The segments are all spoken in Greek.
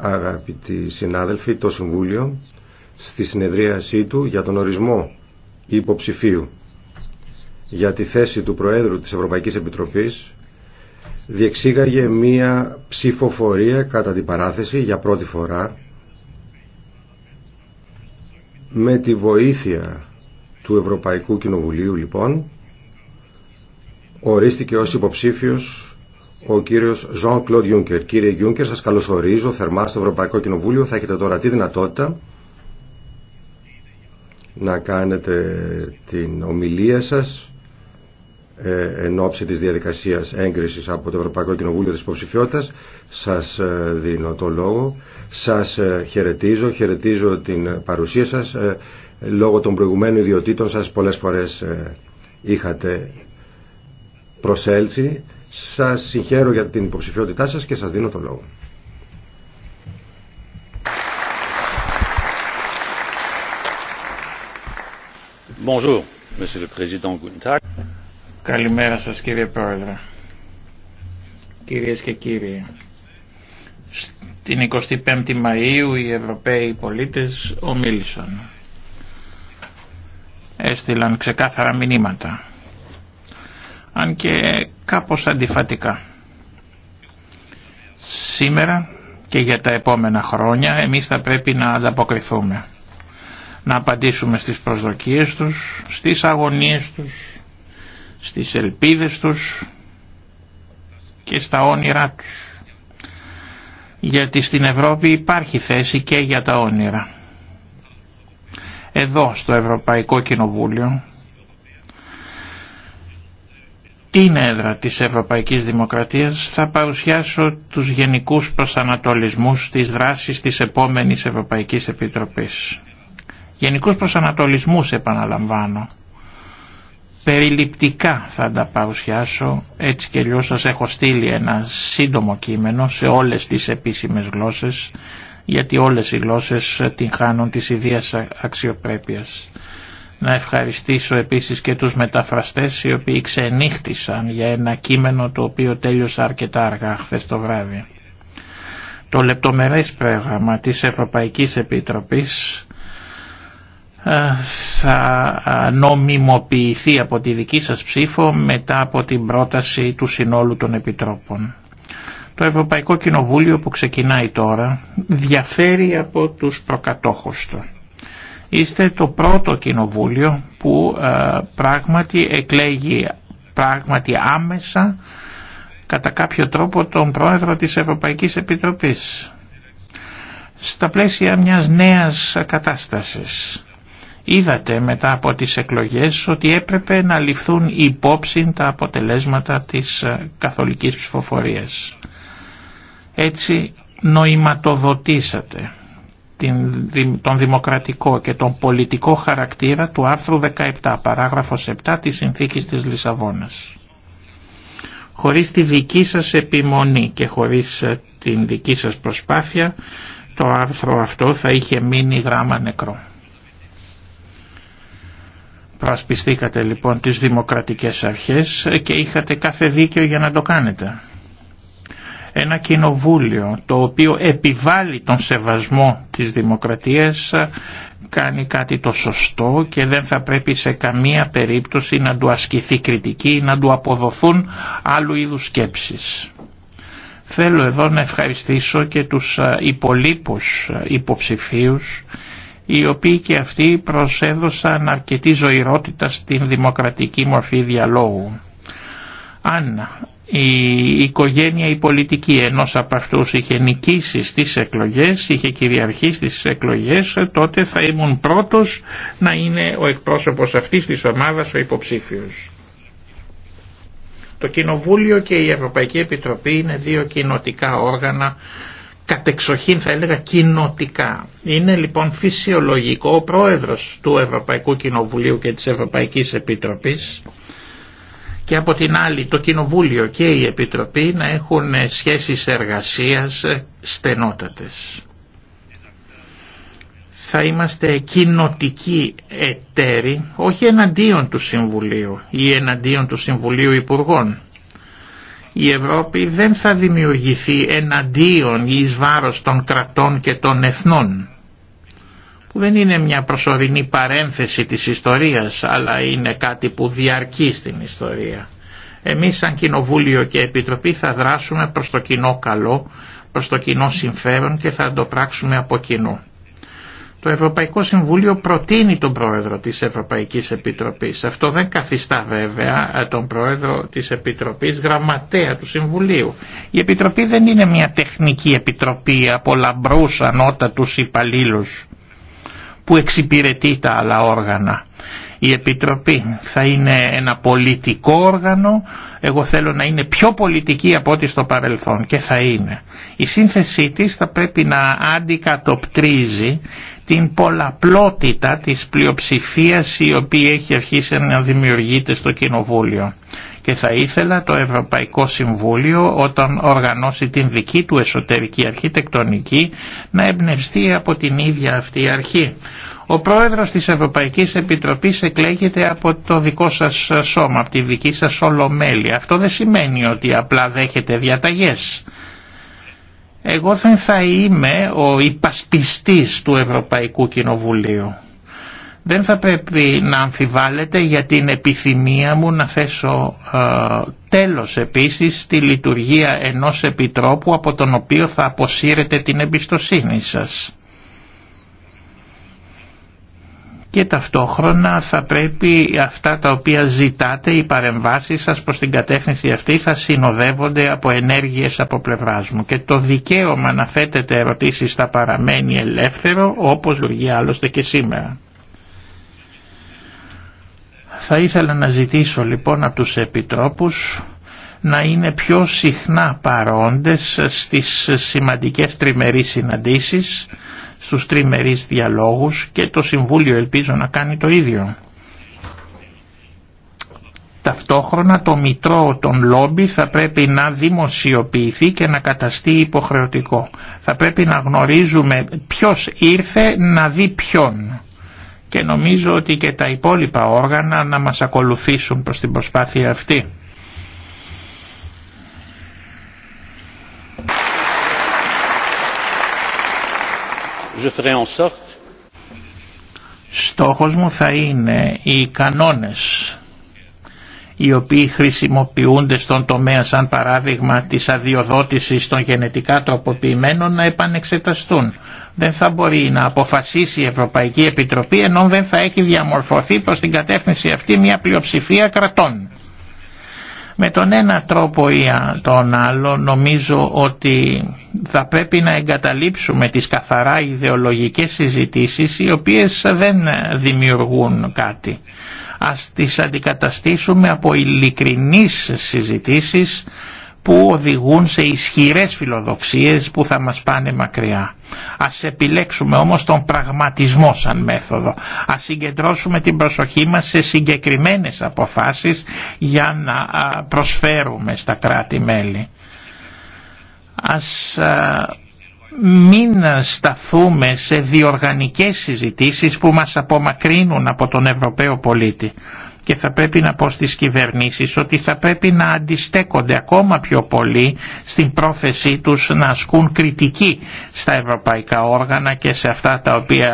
αγαπητοί συνάδελφοι, το Συμβούλιο στη συνεδρίασή του για τον ορισμό υποψηφίου για τη θέση του Προέδρου της Ευρωπαϊκής Επιτροπής διεξήγαγε μία ψηφοφορία κατά την παράθεση για πρώτη φορά με τη βοήθεια του Ευρωπαϊκού Κοινοβουλίου λοιπόν ορίστηκε ως υποψήφιος ο κύριο Jean-Claude Juncker. Κύριε Juncker, σα καλωσορίζω θερμά στο Ευρωπαϊκό Κοινοβούλιο. Θα έχετε τώρα τη δυνατότητα να κάνετε την ομιλία σας ε, εν ώψη της διαδικασίας έγκρισης από το Ευρωπαϊκό Κοινοβούλιο της Υποψηφιότητας. Σας ε, δίνω το λόγο. Σας ε, χαιρετίζω, χαιρετίζω την παρουσία σας. Λόγω των προηγουμένων ιδιωτήτων σας πολλές ε, είχατε προσέλθει σας συγχαίρω για την υποψηφιότητά σας και σας δίνω το λόγο. Bonjour, Monsieur le Président Καλημέρα σας κύριε Πρόεδρε. Κυρίες και κύριοι, Στην 25η Μαΐου οι Ευρωπαίοι πολίτες ομίλησαν. Έστειλαν ξεκάθαρα μηνύματα αν και κάπως αντιφατικά. Σήμερα και για τα επόμενα χρόνια εμείς θα πρέπει να ανταποκριθούμε, να απαντήσουμε στις προσδοκίες τους, στις αγωνίες τους, στις ελπίδες τους και στα όνειρά τους. Γιατί στην Ευρώπη υπάρχει θέση και για τα όνειρα. Εδώ στο Ευρωπαϊκό Κοινοβούλιο την έδρα της Ευρωπαϊκής Δημοκρατίας θα παρουσιάσω τους γενικούς προσανατολισμούς της δράσης της επόμενης Ευρωπαϊκής Επιτροπής. Γενικούς προσανατολισμούς επαναλαμβάνω. Περιληπτικά θα τα παρουσιάσω, έτσι και αλλιώς σας έχω στείλει ένα σύντομο κείμενο σε όλες τις επίσημες γλώσσες, γιατί όλες οι γλώσσες την χάνουν της ιδίας αξιοπρέπειας. Να ευχαριστήσω επίσης και τους μεταφραστές οι οποίοι ξενύχτησαν για ένα κείμενο το οποίο τέλειωσα αρκετά αργά χθες το βράδυ. Το λεπτομερές πρόγραμμα της Ευρωπαϊκής Επιτροπής ε, θα ε, νομιμοποιηθεί από τη δική σας ψήφο μετά από την πρόταση του συνόλου των Επιτρόπων. Το Ευρωπαϊκό Κοινοβούλιο που ξεκινάει τώρα διαφέρει από τους προκατόχους του Είστε το πρώτο κοινοβούλιο που ε, πράγματι εκλέγει πράγματι άμεσα κατά κάποιο τρόπο τον πρόεδρο της Ευρωπαϊκής Επιτροπής στα πλαίσια μιας νέας κατάστασης. Είδατε μετά από τις εκλογές ότι έπρεπε να ληφθούν υπόψη τα αποτελέσματα της ε, καθολικής ψηφοφορίας. Έτσι νοηματοδοτήσατε τον δημοκρατικό και τον πολιτικό χαρακτήρα του άρθρου 17, παράγραφος 7 της Συνθήκης της Λισαβόνας. Χωρίς τη δική σας επιμονή και χωρίς ε, την δική σας προσπάθεια, το άρθρο αυτό θα είχε μείνει γράμμα νεκρό. Προασπιστήκατε λοιπόν τις δημοκρατικές αρχές ε, και είχατε κάθε δίκαιο για να το κάνετε ένα κοινοβούλιο το οποίο επιβάλλει τον σεβασμό της δημοκρατίας ε, κάνει κάτι το σωστό και δεν θα πρέπει σε καμία περίπτωση να του ασκηθεί κριτική ή να του αποδοθούν άλλου είδους σκέψεις. Θέλω εδώ να ευχαριστήσω και τους ε, υπολείπους ε, υποψηφίους οι οποίοι και αυτοί προσέδωσαν αρκετή ζωηρότητα στην δημοκρατική μορφή διαλόγου. Αν η οικογένεια η πολιτική ενός από αυτούς είχε νικήσει στις εκλογές, είχε κυριαρχεί στις εκλογές, τότε θα ήμουν πρώτος να είναι ο εκπρόσωπος αυτής της ομάδας ο υποψήφιος. Το Κοινοβούλιο και η Ευρωπαϊκή Επιτροπή είναι δύο κοινοτικά όργανα, κατεξοχήν θα έλεγα κοινοτικά. Είναι λοιπόν φυσιολογικό ο πρόεδρος του Ευρωπαϊκού Κοινοβουλίου και της Ευρωπαϊκής Επιτροπής και από την άλλη το Κοινοβούλιο και η Επιτροπή να έχουν σχέσεις εργασίας στενότατες. Θα είμαστε κοινοτικοί εταίροι, όχι εναντίον του Συμβουλίου ή εναντίον του Συμβουλίου Υπουργών. Η Ευρώπη δεν θα δημιουργηθεί εναντίον ή εις βάρος των κρατών και των εθνών δεν είναι μια προσωρινή παρένθεση της ιστορίας αλλά είναι κάτι που διαρκεί στην ιστορία. Εμείς σαν Κοινοβούλιο και Επιτροπή θα δράσουμε προς το κοινό καλό, προς το κοινό συμφέρον και θα το πράξουμε από κοινού. Το Ευρωπαϊκό Συμβούλιο προτείνει τον Πρόεδρο της Ευρωπαϊκής Επιτροπής. Αυτό δεν καθιστά βέβαια τον Πρόεδρο της Επιτροπής γραμματέα του Συμβουλίου. Η Επιτροπή δεν είναι μια τεχνική επιτροπή από λαμπρούς ανώτατους υπαλλήλους που εξυπηρετεί τα άλλα όργανα. Η Επιτροπή θα είναι ένα πολιτικό όργανο, εγώ θέλω να είναι πιο πολιτική από ό,τι στο παρελθόν και θα είναι. Η σύνθεσή της θα πρέπει να αντικατοπτρίζει την πολλαπλότητα της πλειοψηφίας η οποία έχει αρχίσει να δημιουργείται στο Κοινοβούλιο και θα ήθελα το Ευρωπαϊκό Συμβούλιο όταν οργανώσει την δική του εσωτερική αρχιτεκτονική να εμπνευστεί από την ίδια αυτή αρχή. Ο πρόεδρος της Ευρωπαϊκής Επιτροπής εκλέγεται από το δικό σας σώμα, από τη δική σας ολομέλεια. Αυτό δεν σημαίνει ότι απλά δέχεται διαταγές. Εγώ δεν θα είμαι ο υπασπιστής του Ευρωπαϊκού Κοινοβουλίου. Δεν θα πρέπει να αμφιβάλλετε για την επιθυμία μου να θέσω ε, τέλος επίσης στη λειτουργία ενός επιτρόπου από τον οποίο θα αποσύρετε την εμπιστοσύνη σας. Και ταυτόχρονα θα πρέπει αυτά τα οποία ζητάτε, οι παρεμβάσεις σας προς την κατεύθυνση αυτή θα συνοδεύονται από ενέργειες από πλευράς μου. Και το δικαίωμα να θέτετε ερωτήσεις θα παραμένει ελεύθερο όπως λειτουργεί άλλωστε και σήμερα. Θα ήθελα να ζητήσω λοιπόν από τους επιτρόπους να είναι πιο συχνά παρόντες στις σημαντικές τριμερείς συναντήσεις, στους τριμερείς διαλόγους και το Συμβούλιο ελπίζω να κάνει το ίδιο. Ταυτόχρονα το μητρό των λόμπι θα πρέπει να δημοσιοποιηθεί και να καταστεί υποχρεωτικό. Θα πρέπει να γνωρίζουμε ποιος ήρθε να δει ποιον και νομίζω ότι και τα υπόλοιπα όργανα να μας ακολουθήσουν προς την προσπάθεια αυτή. Je ferai Στόχος μου θα είναι οι κανόνες οι οποίοι χρησιμοποιούνται στον τομέα σαν παράδειγμα της αδειοδότησης των γενετικά τροποποιημένων να επανεξεταστούν. Δεν θα μπορεί να αποφασίσει η Ευρωπαϊκή Επιτροπή ενώ δεν θα έχει διαμορφωθεί προς την κατεύθυνση αυτή μια πλειοψηφία κρατών. Με τον ένα τρόπο ή τον άλλο νομίζω ότι θα πρέπει να εγκαταλείψουμε τις καθαρά ιδεολογικές συζητήσεις οι οποίες δεν δημιουργούν κάτι. Ας τις αντικαταστήσουμε από ειλικρινείς συζητήσεις που οδηγούν σε ισχυρές φιλοδοξίες που θα μας πάνε μακριά. Ας επιλέξουμε όμως τον πραγματισμό σαν μέθοδο. Ας συγκεντρώσουμε την προσοχή μας σε συγκεκριμένες αποφάσεις για να προσφέρουμε στα κράτη-μέλη. Ας μην σταθούμε σε διοργανικές συζητήσεις που μας απομακρύνουν από τον Ευρωπαίο πολίτη. Και θα πρέπει να πω στις κυβερνήσεις ότι θα πρέπει να αντιστέκονται ακόμα πιο πολύ στην πρόθεσή τους να ασκούν κριτική στα ευρωπαϊκά όργανα και σε αυτά τα οποία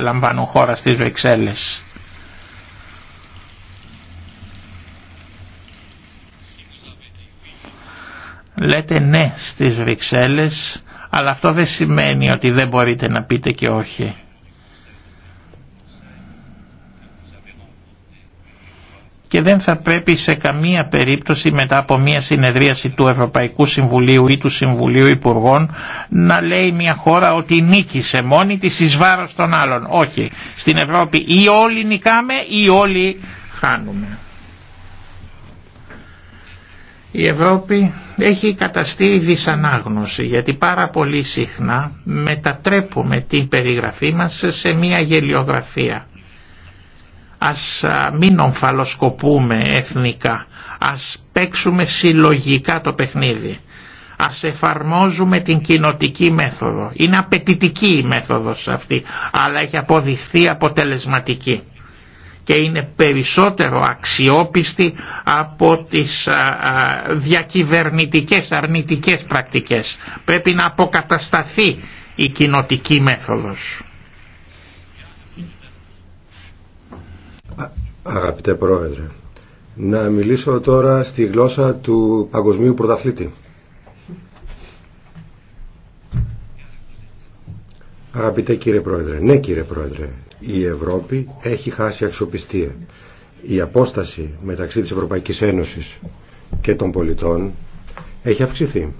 λαμβάνουν χώρα στις Βεξέλλες. Λέτε ναι στις Βρυξέλλες αλλά αυτό δεν σημαίνει ότι δεν μπορείτε να πείτε και όχι. και δεν θα πρέπει σε καμία περίπτωση μετά από μια συνεδρίαση του Ευρωπαϊκού Συμβουλίου ή του Συμβουλίου Υπουργών να λέει μια χώρα ότι νίκησε μόνη της εις βάρος των άλλων. Όχι. Στην Ευρώπη ή όλοι νικάμε ή όλοι χάνουμε. Η Ευρώπη έχει καταστεί δυσανάγνωση γιατί πάρα πολύ συχνά μετατρέπουμε την περιγραφή μας σε μια γελιογραφία. Ας μην ομφαλοσκοπούμε εθνικά, ας παίξουμε συλλογικά το παιχνίδι, ας εφαρμόζουμε την κοινοτική μέθοδο. Είναι απαιτητική η μέθοδος αυτή, αλλά έχει αποδειχθεί αποτελεσματική και είναι περισσότερο αξιόπιστη από τις διακυβερνητικές αρνητικές πρακτικές. Πρέπει να αποκατασταθεί η κοινοτική μέθοδος. Αγαπητέ Πρόεδρε, να μιλήσω τώρα στη γλώσσα του παγκοσμίου πρωταθλήτη. Αγαπητέ κύριε Πρόεδρε, ναι κύριε Πρόεδρε, η Ευρώπη έχει χάσει αξιοπιστία. Η απόσταση μεταξύ της Ευρωπαϊκής Ένωσης και των πολιτών έχει αυξηθεί.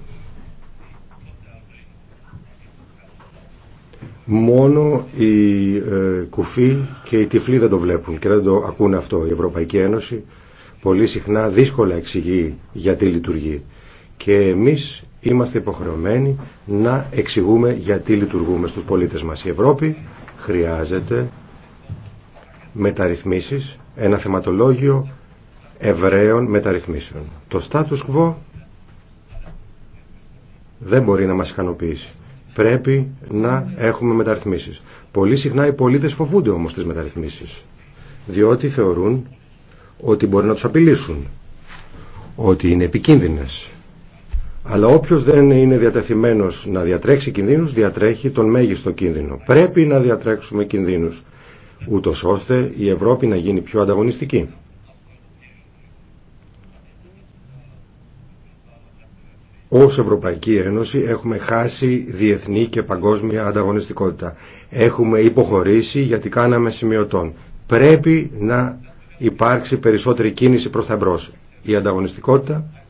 Μόνο οι κουφή ε, κουφοί και οι τυφλοί δεν το βλέπουν και δεν το ακούν αυτό. Η Ευρωπαϊκή Ένωση πολύ συχνά δύσκολα εξηγεί γιατί λειτουργεί. Και εμείς είμαστε υποχρεωμένοι να εξηγούμε γιατί λειτουργούμε στους πολίτες μας. Η Ευρώπη Χρειάζεται μεταρρυθμίσεις, ένα θεματολόγιο ευραίων μεταρρυθμίσεων. Το status quo δεν μπορεί να μας ικανοποιήσει. Πρέπει να έχουμε μεταρρυθμίσεις. Πολύ συχνά οι πολίτες φοβούνται όμως τις μεταρρυθμίσεις, διότι θεωρούν ότι μπορεί να τους απειλήσουν, ότι είναι επικίνδυνες. Αλλά όποιος δεν είναι διατεθειμένος να διατρέξει κινδύνους, διατρέχει τον μέγιστο κίνδυνο. Πρέπει να διατρέξουμε κινδύνους, ούτω ώστε η Ευρώπη να γίνει πιο ανταγωνιστική. Ως Ευρωπαϊκή Ένωση έχουμε χάσει διεθνή και παγκόσμια ανταγωνιστικότητα. Έχουμε υποχωρήσει γιατί κάναμε σημειωτών. Πρέπει να υπάρξει περισσότερη κίνηση προς τα μπρος. Η ανταγωνιστικότητα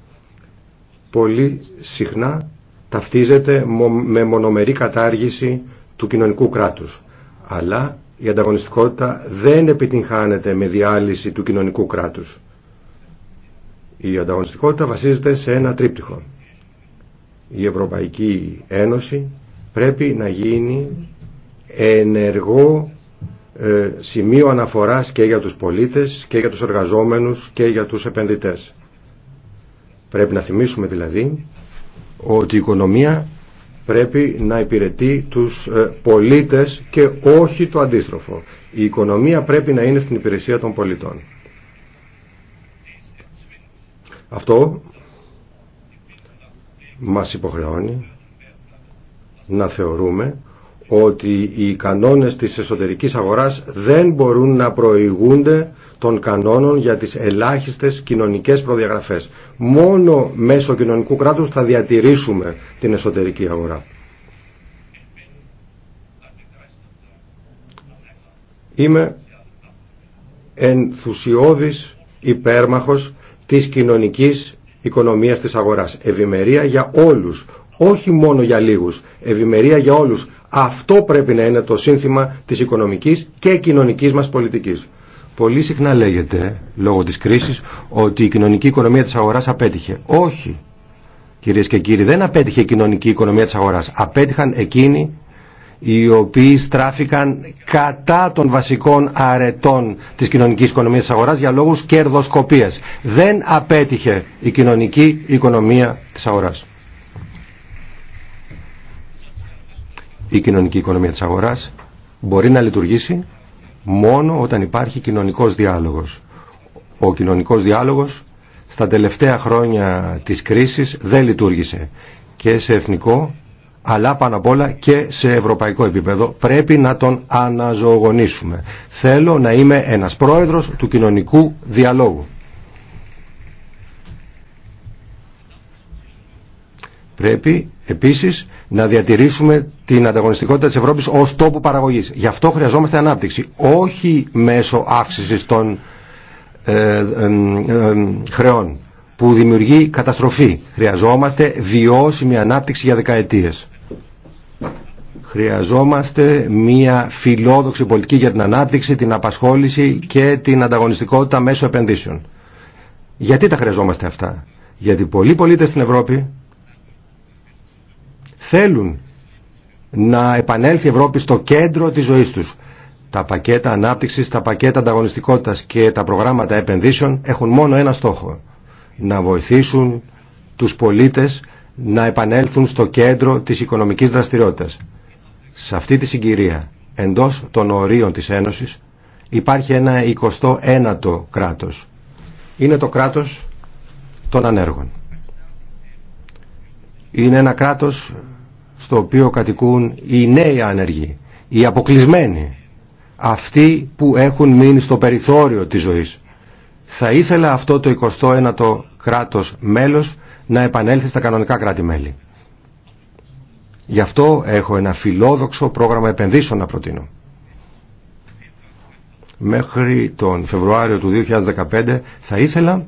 πολύ συχνά ταυτίζεται με μονομερή κατάργηση του κοινωνικού κράτους. Αλλά η ανταγωνιστικότητα δεν επιτυγχάνεται με διάλυση του κοινωνικού κράτους. Η ανταγωνιστικότητα βασίζεται σε ένα τρίπτυχο. Η Ευρωπαϊκή Ένωση πρέπει να γίνει ενεργό ε, σημείο αναφοράς και για τους πολίτες και για τους εργαζόμενους και για τους επενδυτές. Πρέπει να θυμίσουμε δηλαδή ότι η οικονομία πρέπει να υπηρετεί τους ε, πολίτες και όχι το αντίστροφο. Η οικονομία πρέπει να είναι στην υπηρεσία των πολιτών. Αυτό μας υποχρεώνει να θεωρούμε ότι οι κανόνες της εσωτερικής αγοράς δεν μπορούν να προηγούνται των κανόνων για τις ελάχιστες κοινωνικές προδιαγραφές. Μόνο μέσω κοινωνικού κράτους θα διατηρήσουμε την εσωτερική αγορά. Είμαι ενθουσιώδης υπέρμαχος της κοινωνικής οικονομίας της αγοράς. Ευημερία για όλους, όχι μόνο για λίγους, ευημερία για όλους. Αυτό πρέπει να είναι το σύνθημα της οικονομικής και κοινωνικής μας πολιτικής. Πολύ συχνά λέγεται, λόγω της κρίσης, ότι η κοινωνική οικονομία της αγοράς απέτυχε. Όχι, κυρίες και κύριοι, δεν απέτυχε η κοινωνική οικονομία της αγοράς. Απέτυχαν εκείνοι οι οποίοι στράφηκαν κατά των βασικών αρετών της κοινωνικής οικονομίας της αγοράς για λόγους κερδοσκοπίας. Δεν απέτυχε η κοινωνική οικονομία της αγοράς. Η κοινωνική οικονομία της αγοράς μπορεί να λειτουργήσει μόνο όταν υπάρχει κοινωνικός διάλογος. Ο κοινωνικός διάλογος στα τελευταία χρόνια της κρίσης δεν λειτουργήσε και σε εθνικό αλλά πάνω απ' όλα και σε ευρωπαϊκό επίπεδο πρέπει να τον αναζωογονήσουμε. Θέλω να είμαι ένας πρόεδρος του κοινωνικού διαλόγου. Πρέπει Επίσης, να διατηρήσουμε την ανταγωνιστικότητα της Ευρώπης ως τόπου παραγωγής. Γι' αυτό χρειαζόμαστε ανάπτυξη, όχι μέσω αύξηση των ε, χρεών που δημιουργεί καταστροφή. Χρειαζόμαστε βιώσιμη ανάπτυξη για δεκαετίες. Χρειαζόμαστε μια φιλόδοξη πολιτική για την ανάπτυξη, την απασχόληση και την ανταγωνιστικότητα μέσω επενδύσεων. Γιατί τα χρειαζόμαστε αυτά. Γιατί πολλοί πολίτες στην Ευρώπη θέλουν να επανέλθει η Ευρώπη στο κέντρο της ζωής τους. Τα πακέτα ανάπτυξης, τα πακέτα ανταγωνιστικότητας και τα προγράμματα επενδύσεων έχουν μόνο ένα στόχο. Να βοηθήσουν τους πολίτες να επανέλθουν στο κέντρο της οικονομικής δραστηριότητας. Σε αυτή τη συγκυρία, εντός των ορίων της Ένωσης, υπάρχει ένα 29ο κράτος. Είναι το κράτος των ανέργων. Είναι ένα κράτος στο οποίο κατοικούν οι νέοι άνεργοι, οι αποκλεισμένοι, αυτοί που έχουν μείνει στο περιθώριο της ζωής. Θα ήθελα αυτό το 29ο κράτος μέλος να επανέλθει στα κανονικά κράτη-μέλη. Γι' αυτό έχω ένα φιλόδοξο πρόγραμμα επενδύσεων να προτείνω. Μέχρι τον Φεβρουάριο του 2015 θα ήθελα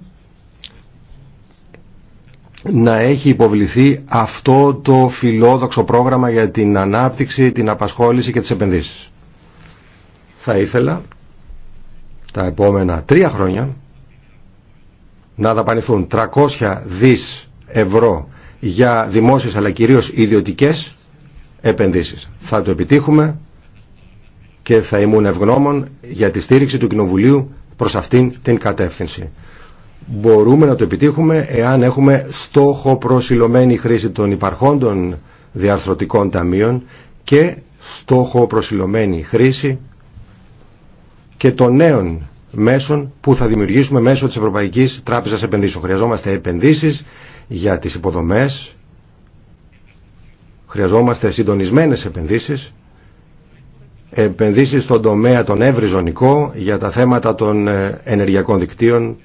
να έχει υποβληθεί αυτό το φιλόδοξο πρόγραμμα για την ανάπτυξη, την απασχόληση και τις επενδύσεις. Θα ήθελα τα επόμενα τρία χρόνια να δαπανηθούν 300 δις ευρώ για δημόσιες αλλά κυρίως ιδιωτικές επενδύσεις. Θα το επιτύχουμε και θα ήμουν ευγνώμων για τη στήριξη του Κοινοβουλίου προς αυτήν την κατεύθυνση μπορούμε να το επιτύχουμε εάν έχουμε στόχο προσιλωμένη χρήση των υπαρχόντων διαρθρωτικών ταμείων και στόχο προσιλωμένη χρήση και των νέων μέσων που θα δημιουργήσουμε μέσω της Ευρωπαϊκής Τράπεζας Επενδύσεων. Χρειαζόμαστε επενδύσεις για τις υποδομές, χρειαζόμαστε συντονισμένες επενδύσεις, επενδύσεις στον τομέα τον ευρυζωνικό για τα θέματα των ε, ενεργειακών δικτύων,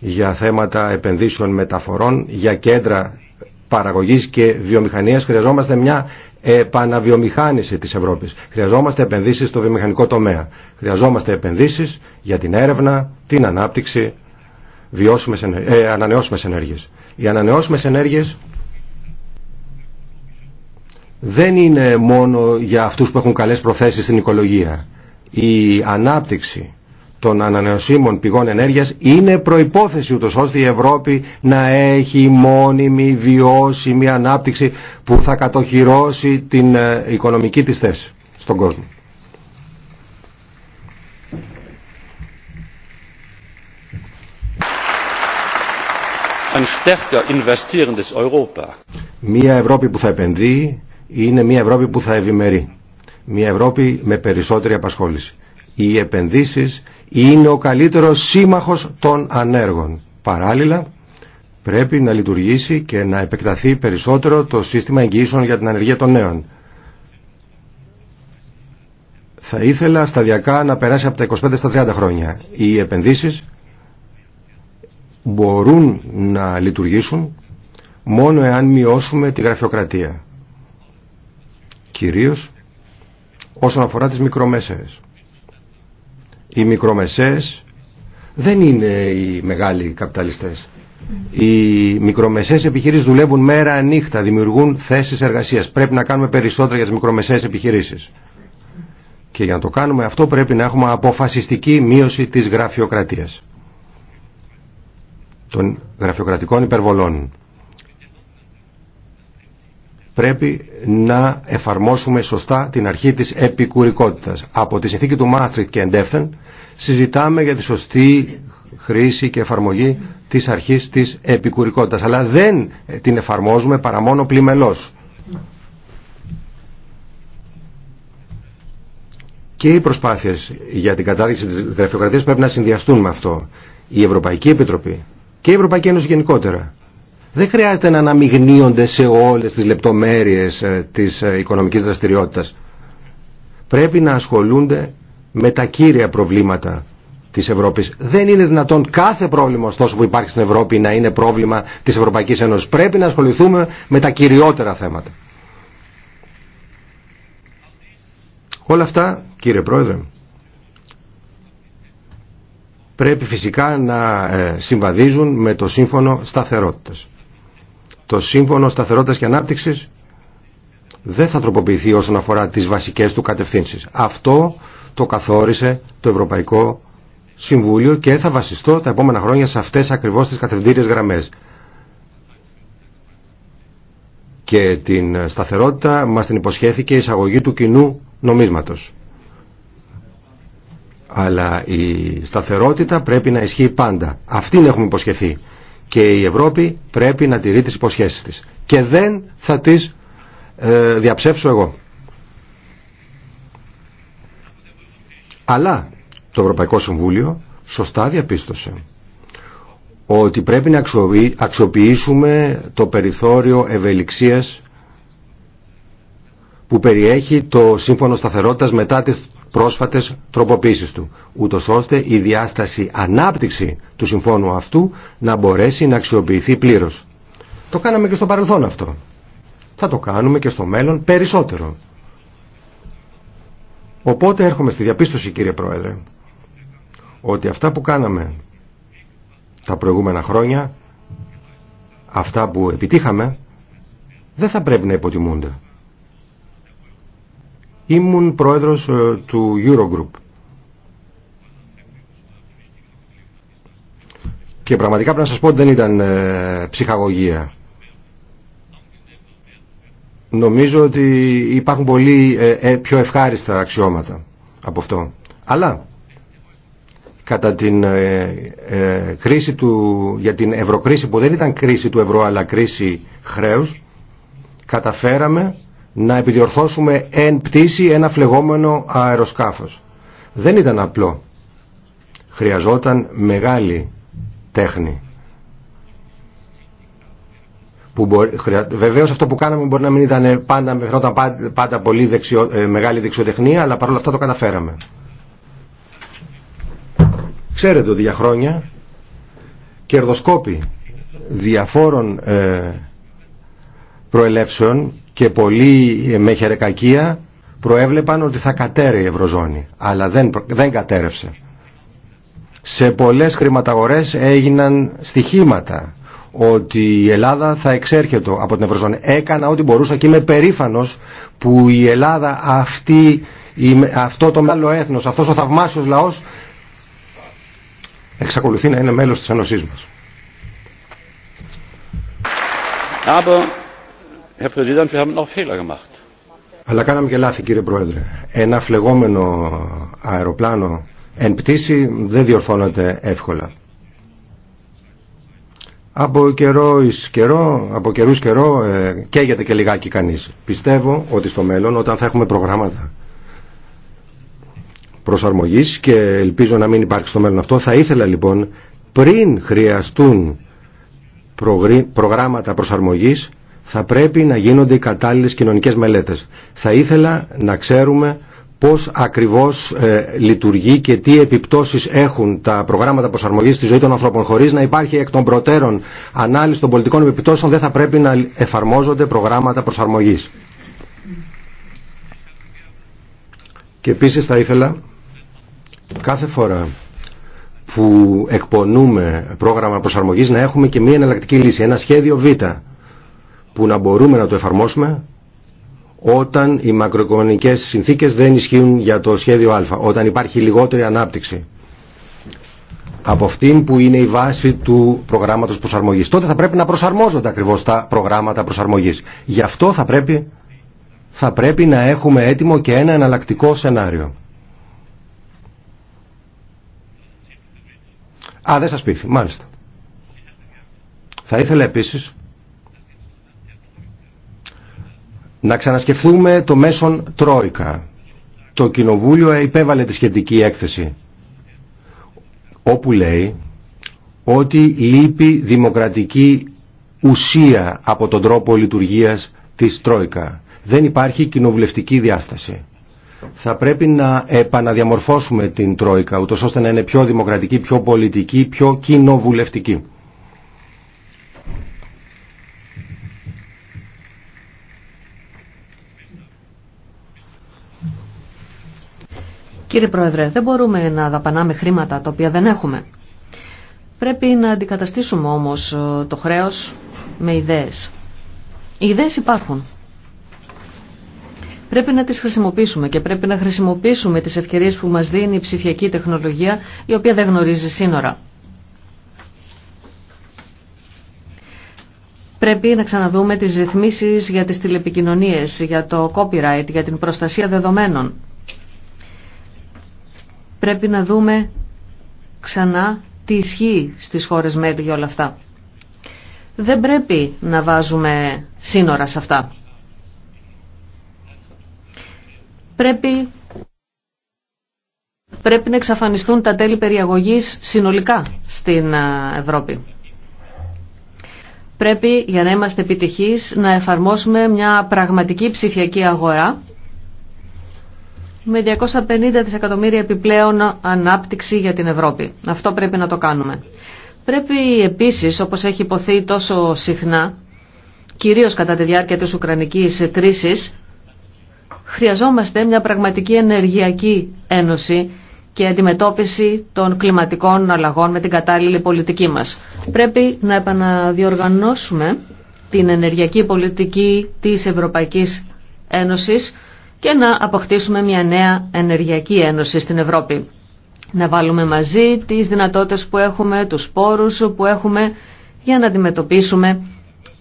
για θέματα επενδύσεων μεταφορών, για κέντρα παραγωγής και βιομηχανίας. Χρειαζόμαστε μια επαναβιομηχάνηση της Ευρώπης. Χρειαζόμαστε επενδύσεις στο βιομηχανικό τομέα. Χρειαζόμαστε επενδύσεις για την έρευνα, την ανάπτυξη, βιώσιμες, ε, ανανεώσιμες ενέργειες. Οι ανανεώσιμες ενέργειες δεν είναι μόνο για αυτούς που έχουν καλές προθέσεις στην οικολογία. Η ανάπτυξη των ανανεωσίμων πηγών ενέργειας είναι προϋπόθεση ούτως ώστε η Ευρώπη να έχει μόνιμη βιώσιμη ανάπτυξη που θα κατοχυρώσει την ε, οικονομική της θέση στον κόσμο. Μια Ευρώπη που θα επενδύει είναι μια Ευρώπη που θα ευημερεί. Μια Ευρώπη με περισσότερη απασχόληση. Οι επενδύσεις είναι ο καλύτερος σύμμαχος των ανέργων. Παράλληλα, πρέπει να λειτουργήσει και να επεκταθεί περισσότερο το σύστημα εγγυήσεων για την ανεργία των νέων. Θα ήθελα σταδιακά να περάσει από τα 25 στα 30 χρόνια. Οι επενδύσεις μπορούν να λειτουργήσουν μόνο εάν μειώσουμε τη γραφειοκρατία. Κυρίως όσον αφορά τις μικρομέσαες. Οι μικρομεσαίες δεν είναι οι μεγάλοι καπιταλιστές. Οι μικρομεσαίες επιχειρήσεις δουλεύουν μέρα νύχτα, δημιουργούν θέσεις εργασίας. Πρέπει να κάνουμε περισσότερα για τις μικρομεσαίες επιχειρήσεις. Και για να το κάνουμε αυτό πρέπει να έχουμε αποφασιστική μείωση της γραφειοκρατίας. Των γραφειοκρατικών υπερβολών. Πρέπει να εφαρμόσουμε σωστά την αρχή της επικουρικότητας. Από τη συνθήκη του Μάστρικ και εντεύθεν συζητάμε για τη σωστή χρήση και εφαρμογή της αρχής της επικουρικότητας. Αλλά δεν την εφαρμόζουμε παρά μόνο πλημελώς. Και οι προσπάθειες για την κατάργηση της γραφειοκρατίας πρέπει να συνδυαστούν με αυτό. Η Ευρωπαϊκή Επιτροπή και η Ευρωπαϊκή Ένωση γενικότερα. Δεν χρειάζεται να αναμειγνύονται σε όλες τις λεπτομέρειες ε, της ε, οικονομικής δραστηριότητας. Πρέπει να ασχολούνται με τα κύρια προβλήματα της Ευρώπης. Δεν είναι δυνατόν κάθε πρόβλημα ωστόσο που υπάρχει στην Ευρώπη να είναι πρόβλημα της Ευρωπαϊκής Ένωσης. Πρέπει να ασχοληθούμε με τα κυριότερα θέματα. Όλα αυτά, κύριε Πρόεδρε, πρέπει φυσικά να ε, συμβαδίζουν με το Σύμφωνο Σταθερότητας. Το Σύμφωνο Σταθερότητας και Ανάπτυξης δεν θα τροποποιηθεί όσον αφορά τις βασικές του κατευθύνσεις. Αυτό το καθόρισε το Ευρωπαϊκό Συμβούλιο και θα βασιστώ τα επόμενα χρόνια σε αυτές ακριβώς τις καθευντήριες γραμμές. Και την σταθερότητα μας την υποσχέθηκε η εισαγωγή του κοινού νομίσματος. Αλλά η σταθερότητα πρέπει να ισχύει πάντα. Αυτήν έχουμε υποσχεθεί. Και η Ευρώπη πρέπει να τηρεί τις υποσχέσεις της. Και δεν θα τις ε, διαψεύσω εγώ. Αλλά το Ευρωπαϊκό Συμβούλιο σωστά διαπίστωσε ότι πρέπει να αξιοποιήσουμε το περιθώριο ευελιξίας που περιέχει το Σύμφωνο Σταθερότητας μετά τις πρόσφατες τροποποίησεις του, ούτως ώστε η διάσταση ανάπτυξη του συμφώνου αυτού να μπορέσει να αξιοποιηθεί πλήρως. Το κάναμε και στο παρελθόν αυτό. Θα το κάνουμε και στο μέλλον περισσότερο. Οπότε έρχομαι στη διαπίστωση κύριε Πρόεδρε ότι αυτά που κάναμε τα προηγούμενα χρόνια αυτά που επιτύχαμε δεν θα πρέπει να υποτιμούνται. Ήμουν πρόεδρος ε, του Eurogroup και πραγματικά πρέπει να σας πω ότι δεν ήταν ε, ψυχαγωγία. Νομίζω ότι υπάρχουν πολύ ε, ε, πιο ευχάριστα αξιώματα από αυτό. Αλλά κατά την ε, κρίση του, για την ευρωκρίση που δεν ήταν κρίση του ευρώ αλλά κρίση χρέους, καταφέραμε να επιδιορθώσουμε εν πτήση ένα φλεγόμενο αεροσκάφος. Δεν ήταν απλό. Χρειαζόταν μεγάλη τέχνη που μπορεί, βεβαίως αυτό που κάναμε μπορεί να μην ήταν πάντα, πάντα, πολύ ε, μεγάλη δεξιοτεχνία, αλλά παρόλα αυτά το καταφέραμε. Ξέρετε ότι για χρόνια κερδοσκόποι διαφόρων ε, προελεύσεων και πολύ ε, με χερεκακία προέβλεπαν ότι θα κατέρευε η Ευρωζώνη, αλλά δεν, δεν κατέρευσε. Σε πολλές χρηματαγορές έγιναν στοιχήματα ότι η Ελλάδα θα εξέρχεται από την Ευρωζώνη. Έκανα ό,τι μπορούσα και είμαι περήφανος που η Ελλάδα αυτή, αυτό το μεγάλο έθνος, αυτός ο θαυμάσιος λαός εξακολουθεί να είναι μέλος της Ένωσής μας. Aber, Herr Präsident, wir haben noch Fehler gemacht. Αλλά κάναμε και λάθη κύριε Πρόεδρε. Ένα φλεγόμενο αεροπλάνο εν πτήση δεν διορθώνεται εύκολα από καιρό καιρό, από καιρούς καιρό ε, καίγεται και λιγάκι κανείς. Πιστεύω ότι στο μέλλον όταν θα έχουμε προγράμματα προσαρμογής και ελπίζω να μην υπάρξει στο μέλλον αυτό, θα ήθελα λοιπόν πριν χρειαστούν προγράμματα προσαρμογής θα πρέπει να γίνονται οι κατάλληλες κοινωνικές μελέτες. Θα ήθελα να ξέρουμε πώς ακριβώς ε, λειτουργεί και τι επιπτώσεις έχουν τα προγράμματα προσαρμογής στη ζωή των ανθρώπων χωρίς να υπάρχει εκ των προτέρων ανάλυση των πολιτικών επιπτώσεων δεν θα πρέπει να εφαρμόζονται προγράμματα προσαρμογής. Και επίσης θα ήθελα κάθε φορά που εκπονούμε πρόγραμμα προσαρμογής να έχουμε και μία εναλλακτική λύση, ένα σχέδιο Β που να μπορούμε να το εφαρμόσουμε όταν οι μακροοικονομικές συνθήκες δεν ισχύουν για το σχέδιο Α, όταν υπάρχει λιγότερη ανάπτυξη από αυτήν που είναι η βάση του προγράμματος προσαρμογής. Τότε θα πρέπει να προσαρμόζονται ακριβώς τα προγράμματα προσαρμογής. Γι' αυτό θα πρέπει, θα πρέπει να έχουμε έτοιμο και ένα εναλλακτικό σενάριο. Α, δεν σας πείθει. Μάλιστα. Θα ήθελα επίσης να ξανασκεφτούμε το μέσον Τρόικα. Το Κοινοβούλιο υπέβαλε τη σχετική έκθεση όπου λέει ότι λείπει δημοκρατική ουσία από τον τρόπο λειτουργίας της Τρόικα. Δεν υπάρχει κοινοβουλευτική διάσταση. Θα πρέπει να επαναδιαμορφώσουμε την Τρόικα, ούτως ώστε να είναι πιο δημοκρατική, πιο πολιτική, πιο κοινοβουλευτική. Κύριε Πρόεδρε, δεν μπορούμε να δαπανάμε χρήματα τα οποία δεν έχουμε. Πρέπει να αντικαταστήσουμε όμως ε, το χρέος με ιδέες. Οι ιδέες υπάρχουν. Πρέπει να τις χρησιμοποιήσουμε και πρέπει να χρησιμοποιήσουμε τις ευκαιρίες που μας δίνει η ψηφιακή τεχνολογία η οποία δεν γνωρίζει σύνορα. Πρέπει να ξαναδούμε τις ρυθμίσεις για τις τηλεπικοινωνίες, για το copyright, για την προστασία δεδομένων πρέπει να δούμε ξανά τι ισχύει στις χώρες μέλη για όλα αυτά. Δεν πρέπει να βάζουμε σύνορα σε αυτά. Πρέπει, πρέπει να εξαφανιστούν τα τέλη περιαγωγής συνολικά στην Ευρώπη. Πρέπει για να είμαστε επιτυχείς να εφαρμόσουμε μια πραγματική ψηφιακή αγορά με 250 δισεκατομμύρια επιπλέον ανάπτυξη για την Ευρώπη. Αυτό πρέπει να το κάνουμε. Πρέπει επίσης, όπως έχει υποθεί τόσο συχνά, κυρίως κατά τη διάρκεια της Ουκρανικής κρίσης, χρειαζόμαστε μια πραγματική ενεργειακή ένωση και αντιμετώπιση των κλιματικών αλλαγών με την κατάλληλη πολιτική μας. Πρέπει να επαναδιοργανώσουμε την ενεργειακή πολιτική της Ευρωπαϊκής Ένωσης και να αποκτήσουμε μια νέα ενεργειακή ένωση στην Ευρώπη. Να βάλουμε μαζί τις δυνατότητες που έχουμε, τους πόρους που έχουμε για να αντιμετωπίσουμε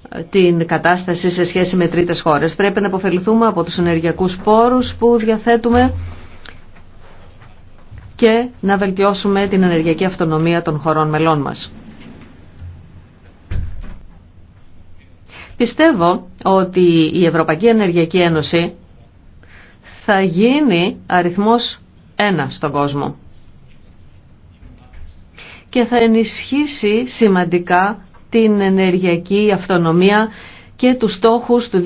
ε, την κατάσταση σε σχέση με τρίτες χώρες. Πρέπει να αποφεληθούμε από τους ενεργειακούς πόρους που διαθέτουμε και να βελτιώσουμε την ενεργειακή αυτονομία των χωρών μελών μας. Πιστεύω ότι η Ευρωπαϊκή Ενεργειακή Ένωση θα γίνει αριθμός ένα στον κόσμο και θα ενισχύσει σημαντικά την ενεργειακή αυτονομία και τους στόχους του 2020.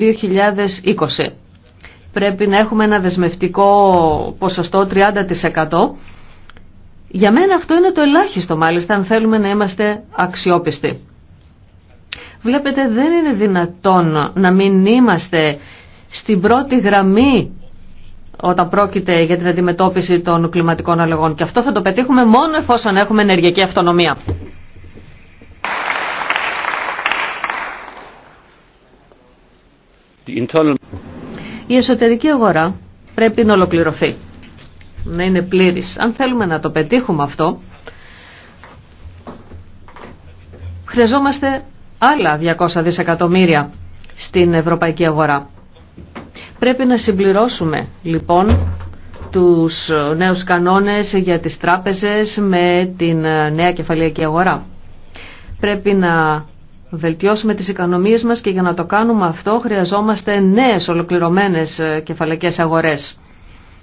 Πρέπει να έχουμε ένα δεσμευτικό ποσοστό 30%. Για μένα αυτό είναι το ελάχιστο μάλιστα αν θέλουμε να είμαστε αξιόπιστοι. Βλέπετε δεν είναι δυνατόν να μην είμαστε στην πρώτη γραμμή όταν πρόκειται για την αντιμετώπιση των κλιματικών αλλαγών. Και αυτό θα το πετύχουμε μόνο εφόσον έχουμε ενεργειακή αυτονομία. Η εσωτερική αγορά πρέπει να ολοκληρωθεί, να είναι πλήρης. Αν θέλουμε να το πετύχουμε αυτό, χρειαζόμαστε άλλα 200 δισεκατομμύρια στην ευρωπαϊκή αγορά. Πρέπει να συμπληρώσουμε λοιπόν τους νέους κανόνες για τις τράπεζες με την ε, νέα κεφαλιακή αγορά. Πρέπει να βελτιώσουμε τις οικονομίες μας και για να το κάνουμε αυτό χρειαζόμαστε νέες ολοκληρωμένες ε, κεφαλαϊκές αγορές.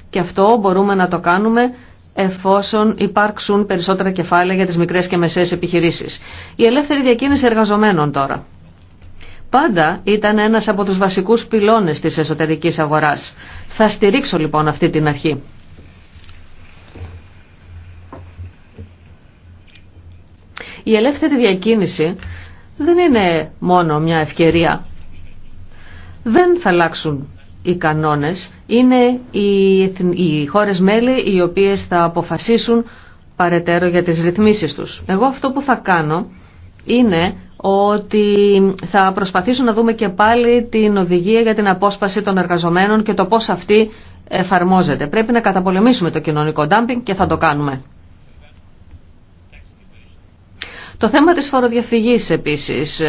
Και αυτό μπορούμε να το κάνουμε εφόσον υπάρξουν περισσότερα κεφάλαια για τις μικρές και μεσαίες επιχειρήσεις. Η ελεύθερη διακίνηση εργαζομένων τώρα πάντα ήταν ένας από τους βασικούς πυλώνες της εσωτερικής αγοράς. Θα στηρίξω λοιπόν αυτή την αρχή. Η ελεύθερη διακίνηση δεν είναι μόνο μια ευκαιρία. Δεν θα αλλάξουν οι κανόνες. Είναι οι, οι χώρες μέλη οι οποίες θα αποφασίσουν παρετέρω για τις ρυθμίσεις τους. Εγώ αυτό που θα κάνω είναι ότι θα προσπαθήσουν να δούμε και πάλι την οδηγία για την απόσπαση των εργαζομένων και το πώς αυτή εφαρμόζεται. Πρέπει να καταπολεμήσουμε το κοινωνικό ντάμπινγκ και θα το κάνουμε. Το θέμα της φοροδιαφυγής επίσης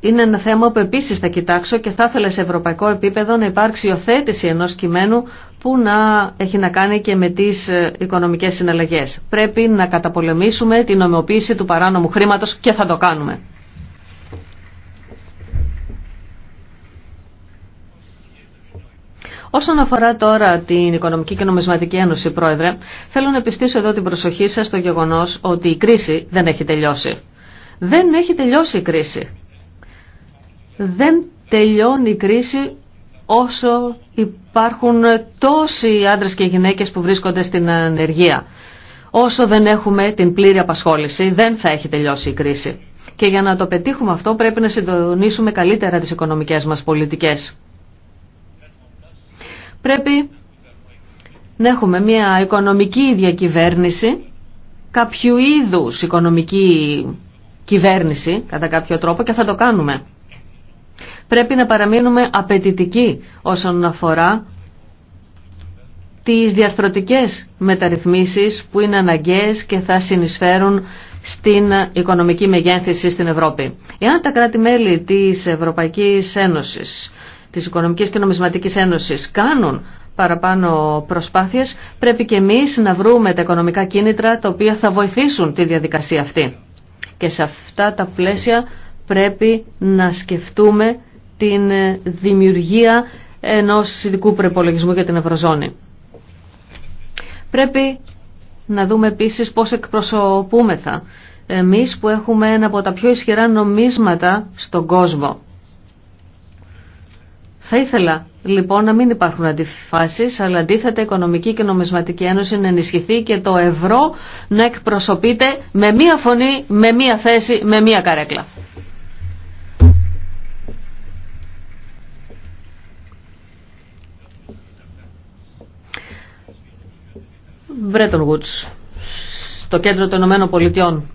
είναι ένα θέμα που επίσης θα κοιτάξω και θα ήθελα σε ευρωπαϊκό επίπεδο να υπάρξει υιοθέτηση ενός κειμένου που να έχει να κάνει και με τις ε, οικονομικές συναλλαγές. Πρέπει να καταπολεμήσουμε την νομιμοποίηση του παράνομου χρήματος και θα το κάνουμε. Όσον αφορά τώρα την Οικονομική και Νομισματική Ένωση, Πρόεδρε, θέλω να επιστήσω εδώ την προσοχή σας στο γεγονός ότι η κρίση δεν έχει τελειώσει. Δεν έχει τελειώσει η κρίση. Δεν τελειώνει η κρίση όσο υπάρχουν τόσοι άντρες και γυναίκες που βρίσκονται στην ανεργία. Όσο δεν έχουμε την πλήρη απασχόληση δεν θα έχει τελειώσει η κρίση. Και για να το πετύχουμε αυτό πρέπει να συντονίσουμε καλύτερα τις οικονομικές μας πολιτικές. Πρέπει να έχουμε μια οικονομική διακυβέρνηση, κάποιου είδους οικονομική κυβέρνηση κατά κάποιο τρόπο και θα το κάνουμε πρέπει να παραμείνουμε απαιτητικοί όσον αφορά τις διαρθρωτικές μεταρρυθμίσεις που είναι αναγκαίες και θα συνεισφέρουν στην οικονομική μεγέθυνση στην Ευρώπη. Εάν τα κράτη-μέλη της Ευρωπαϊκής Ένωσης, της Οικονομικής και Νομισματικής Ένωσης κάνουν παραπάνω προσπάθειες, πρέπει και εμείς να βρούμε τα οικονομικά κίνητρα τα οποία θα βοηθήσουν τη διαδικασία αυτή. Και σε αυτά τα πλαίσια πρέπει να σκεφτούμε την ε, δημιουργία ενός ειδικού προπολογισμού για την Ευρωζώνη. Πρέπει να δούμε επίσης πώς εκπροσωπούμεθα εμείς που έχουμε ένα από τα πιο ισχυρά νομίσματα στον κόσμο. Θα ήθελα λοιπόν να μην υπάρχουν αντιφάσεις, αλλά αντίθετα η Οικονομική και Νομισματική Ένωση να ενισχυθεί και το ευρώ να εκπροσωπείται με μία φωνή, με μία θέση, με μία καρέκλα. Bretton Woods, στο κέντρο των Ηνωμένων Πολιτειών.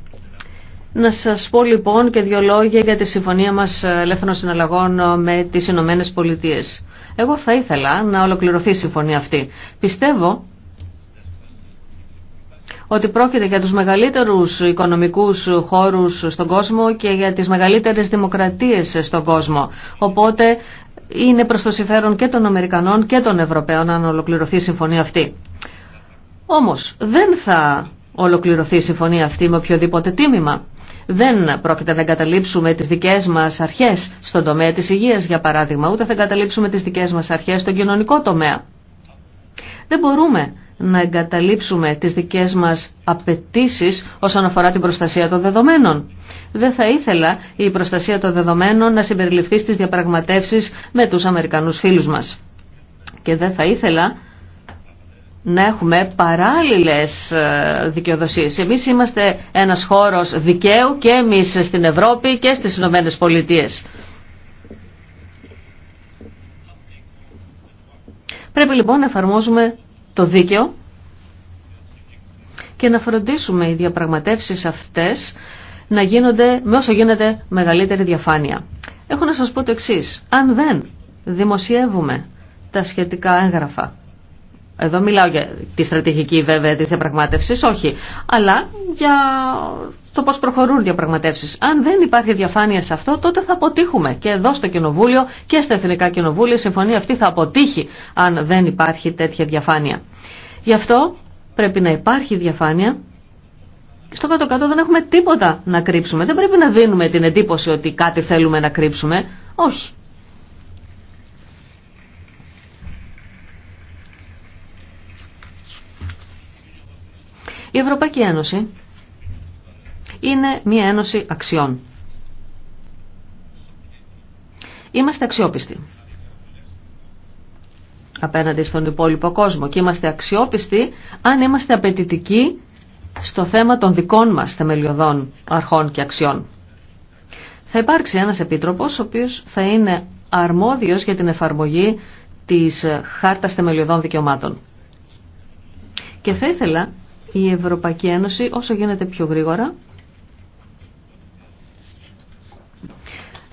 Να σας πω λοιπόν και δύο λόγια για τη συμφωνία μας ε, ελεύθερων συναλλαγών ε, με τις Ηνωμένε Πολιτείε. Εγώ θα ήθελα να ολοκληρωθεί η συμφωνία αυτή. Πιστεύω ότι πρόκειται για τους μεγαλύτερους οικονομικούς χώρους στον κόσμο και για τις μεγαλύτερες δημοκρατίες στον κόσμο. Οπότε είναι προς το συμφέρον και των Αμερικανών και των Ευρωπαίων να ολοκληρωθεί η συμφωνία αυτή. Όμως δεν θα ολοκληρωθεί η συμφωνία αυτή με οποιοδήποτε τίμημα. Δεν πρόκειται να εγκαταλείψουμε τις δικές μας αρχές στον τομέα της υγείας, για παράδειγμα, ούτε θα εγκαταλείψουμε τις δικές μας αρχές στον κοινωνικό τομέα. Δεν μπορούμε να εγκαταλείψουμε τις δικές μας απαιτήσει όσον αφορά την προστασία των δεδομένων. Δεν θα ήθελα η προστασία των δεδομένων να συμπεριληφθεί στις διαπραγματεύσεις με τους Αμερικανούς φίλους μας. Και δεν θα ήθελα να έχουμε παράλληλες ε, δικαιοδοσίες. Εμείς είμαστε ένας χώρος δικαίου και εμείς στην Ευρώπη και στις Ηνωμένε Πολιτείες. Πρέπει λοιπόν να εφαρμόζουμε το δίκαιο και να φροντίσουμε οι διαπραγματεύσεις αυτές να γίνονται με όσο γίνεται μεγαλύτερη διαφάνεια. Έχω να σας πω το εξής. Αν δεν δημοσιεύουμε τα σχετικά έγγραφα εδώ μιλάω για τη στρατηγική βέβαια της διαπραγμάτευσης, όχι, αλλά για το πώς προχωρούν οι διαπραγματεύσεις. Αν δεν υπάρχει διαφάνεια σε αυτό, τότε θα αποτύχουμε. Και εδώ στο Κοινοβούλιο και στα Εθνικά Κοινοβούλια η συμφωνία αυτή θα αποτύχει αν δεν υπάρχει τέτοια διαφάνεια. Γι' αυτό πρέπει να υπάρχει διαφάνεια. Στο κάτω-κάτω δεν έχουμε τίποτα να κρύψουμε. Δεν πρέπει να δίνουμε την εντύπωση ότι κάτι θέλουμε να κρύψουμε. Όχι. Η Ευρωπαϊκή Ένωση είναι μια ένωση αξιών. Είμαστε αξιόπιστοι απέναντι στον υπόλοιπο κόσμο και είμαστε αξιόπιστοι αν είμαστε απαιτητικοί στο θέμα των δικών μας θεμελιωδών αρχών και αξιών. Θα υπάρξει ένας επίτροπος ο οποίος θα είναι αρμόδιος για την εφαρμογή της Χάρτας Θεμελιωδών Δικαιωμάτων. Και θα ήθελα η Ευρωπαϊκή Ένωση όσο γίνεται πιο γρήγορα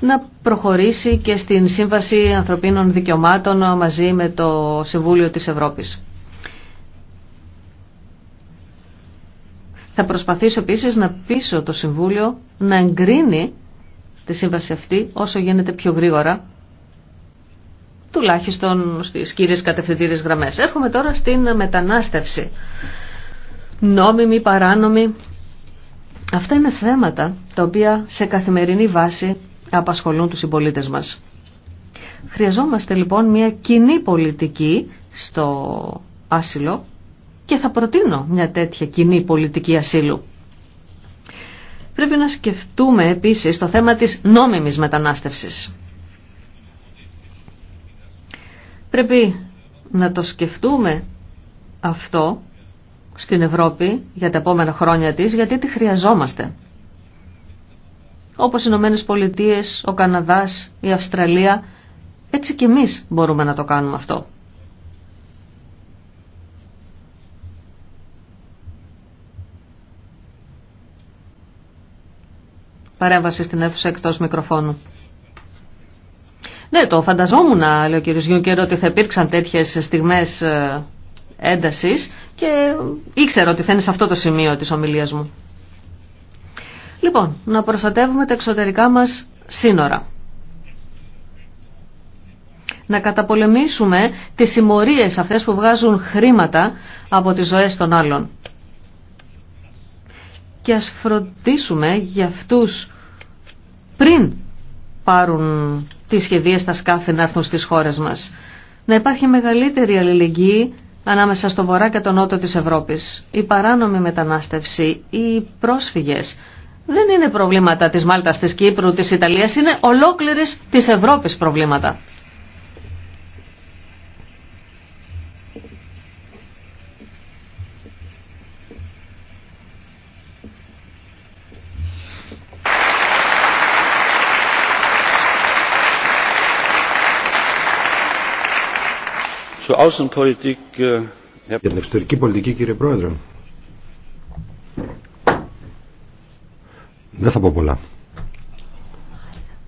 να προχωρήσει και στην Σύμβαση Ανθρωπίνων Δικαιωμάτων μαζί με το Συμβούλιο της Ευρώπης. Θα προσπαθήσω επίσης να πείσω το Συμβούλιο να εγκρίνει τη σύμβαση αυτή όσο γίνεται πιο γρήγορα, τουλάχιστον στις κύριες κατευθυντήριες γραμμές. Έρχομαι τώρα στην μετανάστευση νόμιμη, παράνομη. Αυτά είναι θέματα τα οποία σε καθημερινή βάση απασχολούν τους συμπολίτες μας. Χρειαζόμαστε λοιπόν μια κοινή πολιτική στο άσυλο και θα προτείνω μια τέτοια κοινή πολιτική ασύλου. Πρέπει να σκεφτούμε επίσης το θέμα της νόμιμης μετανάστευσης. Πρέπει να το σκεφτούμε αυτό στην Ευρώπη για τα επόμενα χρόνια της, γιατί τη χρειαζόμαστε. Όπως οι Ηνωμένε Πολιτείε, ο Καναδάς, η Αυστραλία, έτσι και εμείς μπορούμε να το κάνουμε αυτό. Παρέμβαση στην αίθουσα εκτός μικροφώνου. Ναι, το φανταζόμουν, λέει ο κ. Γιούγκερ, ότι θα υπήρξαν τέτοιες στιγμές ε, έντασης, και ήξερα ότι θα είναι σε αυτό το σημείο της ομιλίας μου. Λοιπόν, να προστατεύουμε τα εξωτερικά μας σύνορα. Να καταπολεμήσουμε τις συμμορίες αυτές που βγάζουν χρήματα από τις ζωές των άλλων. Και ας φροντίσουμε για αυτούς πριν πάρουν τις σχεδίες στα σκάφη να έρθουν στις χώρες μας. Να υπάρχει μεγαλύτερη αλληλεγγύη ανάμεσα στο βορρά και το νότο της Ευρώπης. Η παράνομη μετανάστευση, οι πρόσφυγες δεν είναι προβλήματα της Μάλτας, της Κύπρου, της Ιταλίας, είναι ολόκληρης της Ευρώπης προβλήματα. Äh, Για την εξωτερική πολιτική κύριε Πρόεδρε. Δεν θα πω πολλά.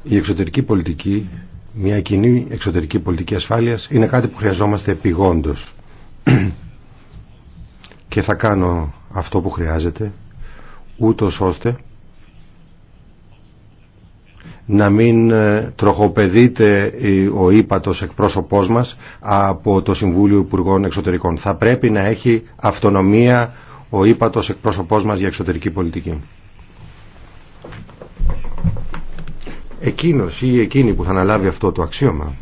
Η εξωτερική πολιτική, μια κοινή εξωτερική πολιτική ασφάλειας είναι κάτι που χρειαζόμαστε επιγόντως. Και θα κάνω αυτό που χρειάζεται ούτως ώστε να μην ε, τροχοπεδείται ο ύπατος εκπρόσωπός μας από το Συμβούλιο Υπουργών Εξωτερικών. Θα πρέπει να έχει αυτονομία ο ύπατος εκπρόσωπός μας για εξωτερική πολιτική. Εκείνος ή εκείνη που θα αναλάβει αυτό το αξίωμα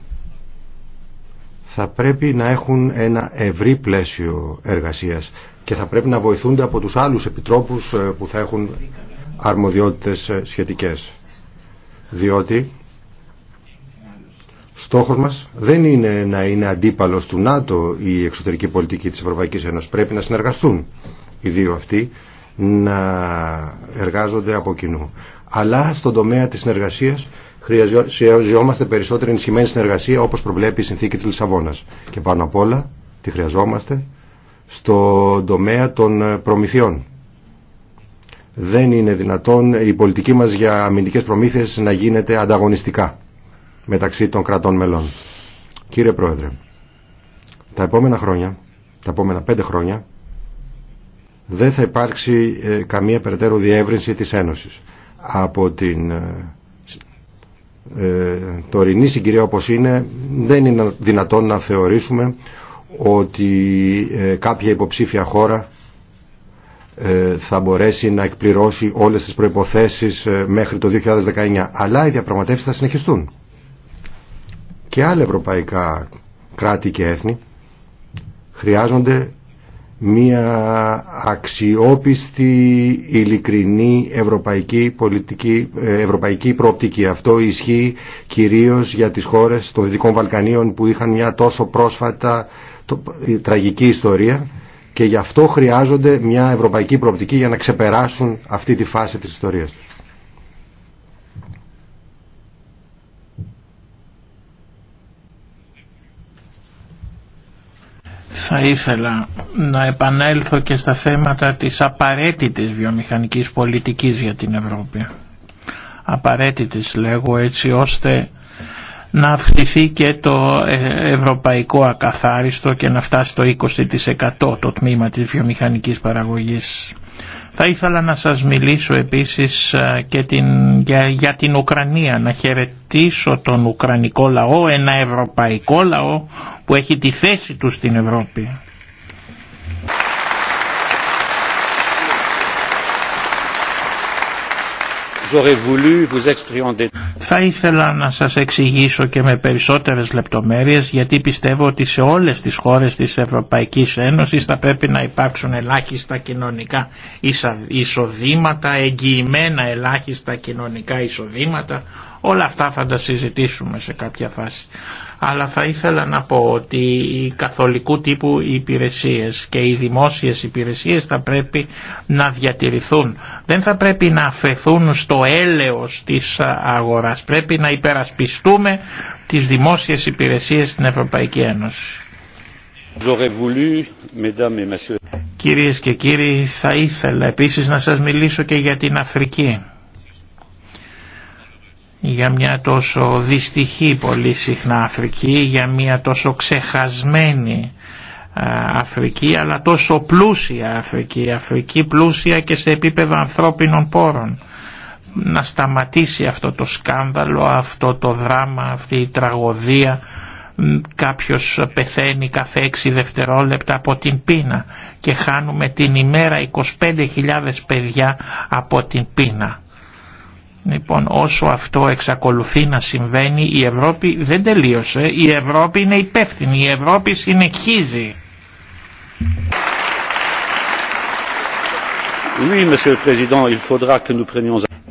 θα πρέπει να έχουν ένα ευρύ πλαίσιο εργασίας και θα πρέπει να βοηθούνται από τους άλλους επιτρόπους ε, που θα έχουν αρμοδιότητες ε, σχετικές διότι στόχος μας δεν είναι να είναι αντίπαλος του ΝΑΤΟ η εξωτερική πολιτική της Ευρωπαϊκής Ένωσης. Πρέπει να συνεργαστούν οι δύο αυτοί, να εργάζονται από κοινού. Αλλά στον τομέα της συνεργασίας χρειαζόμαστε περισσότερη ενισχυμένη συνεργασία όπως προβλέπει η συνθήκη της Λισαβόνας. Και πάνω απ' όλα τη χρειαζόμαστε στον τομέα των προμηθειών δεν είναι δυνατόν η πολιτική μας για αμυντικές προμήθειες να γίνεται ανταγωνιστικά μεταξύ των κρατών μελών. Κύριε Πρόεδρε, τα επόμενα χρόνια, τα επόμενα πέντε χρόνια, δεν θα υπάρξει ε, καμία περαιτέρω διεύρυνση της Ένωσης. Από την ε, ε, τωρινή συγκυρία όπως είναι, δεν είναι δυνατόν να θεωρήσουμε ότι ε, κάποια υποψήφια χώρα ε, θα μπορέσει να εκπληρώσει όλες τις προϋποθέσεις ε, μέχρι το 2019. Αλλά οι διαπραγματεύσεις θα συνεχιστούν. Και άλλα ευρωπαϊκά κράτη και έθνη χρειάζονται μια αξιόπιστη, ειλικρινή ευρωπαϊκή, πολιτική, ε, ευρωπαϊκή προοπτική. Αυτό ισχύει κυρίως για τις χώρες των Δυτικών Βαλκανίων που είχαν μια τόσο πρόσφατα τραγική ιστορία και γι' αυτό χρειάζονται μια ευρωπαϊκή προοπτική για να ξεπεράσουν αυτή τη φάση της ιστορίας τους. Θα ήθελα να επανέλθω και στα θέματα της απαραίτητης βιομηχανικής πολιτικής για την Ευρώπη. Απαραίτητης λέγω έτσι ώστε να αυξηθεί και το ε, ευρωπαϊκό ακαθάριστο και να φτάσει το 20% το τμήμα της βιομηχανικής παραγωγής. Θα ήθελα να σας μιλήσω επίσης ε, και την, για, για την Ουκρανία, να χαιρετήσω τον Ουκρανικό λαό, ένα ευρωπαϊκό λαό που έχει τη θέση του στην Ευρώπη. Θα ήθελα να σας εξηγήσω και με περισσότερες λεπτομέρειες γιατί πιστεύω ότι σε όλες τις χώρες της Ευρωπαϊκής Ένωσης θα πρέπει να υπάρξουν ελάχιστα κοινωνικά εισοδήματα, εγγυημένα ελάχιστα κοινωνικά εισοδήματα Όλα αυτά θα τα συζητήσουμε σε κάποια φάση. Αλλά θα ήθελα να πω ότι οι καθολικού τύπου υπηρεσίες και οι δημόσιες υπηρεσίες θα πρέπει να διατηρηθούν. Δεν θα πρέπει να αφαιθούν στο έλεος της αγοράς. Πρέπει να υπερασπιστούμε τις δημόσιες υπηρεσίες στην Ευρωπαϊκή Ένωση. Κυρίες και κύριοι, θα ήθελα επίσης να σας μιλήσω και για την Αφρική για μια τόσο δυστυχή πολύ συχνά Αφρική, για μια τόσο ξεχασμένη Αφρική αλλά τόσο πλούσια Αφρική, Αφρική πλούσια και σε επίπεδο ανθρώπινων πόρων. Να σταματήσει αυτό το σκάνδαλο, αυτό το δράμα, αυτή η τραγωδία κάποιος πεθαίνει κάθε έξι δευτερόλεπτα από την πείνα και χάνουμε την ημέρα 25.000 παιδιά από την πείνα. Λοιπόν, όσο αυτό εξακολουθεί να συμβαίνει, η Ευρώπη δεν τελείωσε. Η Ευρώπη είναι υπεύθυνη. Η Ευρώπη συνεχίζει.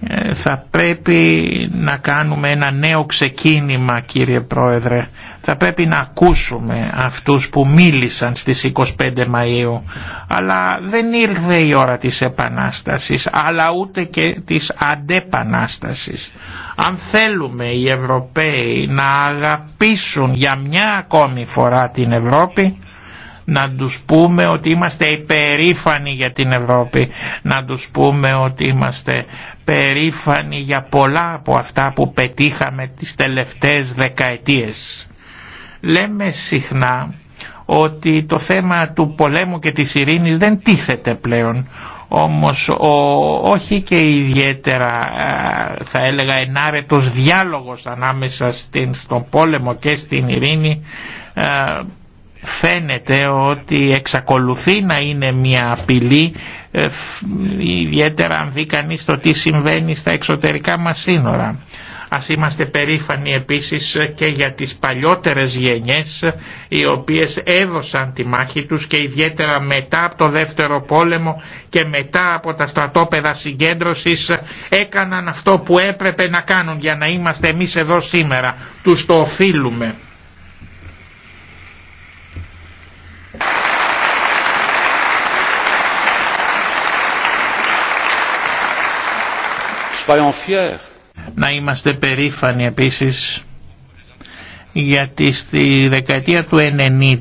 Ε, θα πρέπει να κάνουμε ένα νέο ξεκίνημα κύριε Πρόεδρε. Θα πρέπει να ακούσουμε αυτούς που μίλησαν στις 25 Μαΐου. Αλλά δεν ήρθε η ώρα της Επανάστασης, αλλά ούτε και της αντεπανάστασης. Αν θέλουμε οι Ευρωπαίοι να αγαπήσουν για μια ακόμη φορά την Ευρώπη, να τους πούμε ότι είμαστε υπερήφανοι για την Ευρώπη, να τους πούμε ότι είμαστε περήφανοι για πολλά από αυτά που πετύχαμε τις τελευταίες δεκαετίες. Λέμε συχνά ότι το θέμα του πολέμου και της ειρήνης δεν τίθεται πλέον, όμως όχι και ιδιαίτερα θα έλεγα ενάρετος διάλογος ανάμεσα στην, στον πόλεμο και στην ειρήνη φαίνεται ότι εξακολουθεί να είναι μια απειλή ε, ιδιαίτερα αν δει κανεί το τι συμβαίνει στα εξωτερικά μας σύνορα. Ας είμαστε περήφανοι επίσης και για τις παλιότερες γενιές οι οποίες έδωσαν τη μάχη τους και ιδιαίτερα μετά από το δεύτερο πόλεμο και μετά από τα στρατόπεδα συγκέντρωσης έκαναν αυτό που έπρεπε να κάνουν για να είμαστε εμείς εδώ σήμερα. Τους το οφείλουμε. Να είμαστε περήφανοι επίσης γιατί στη δεκαετία του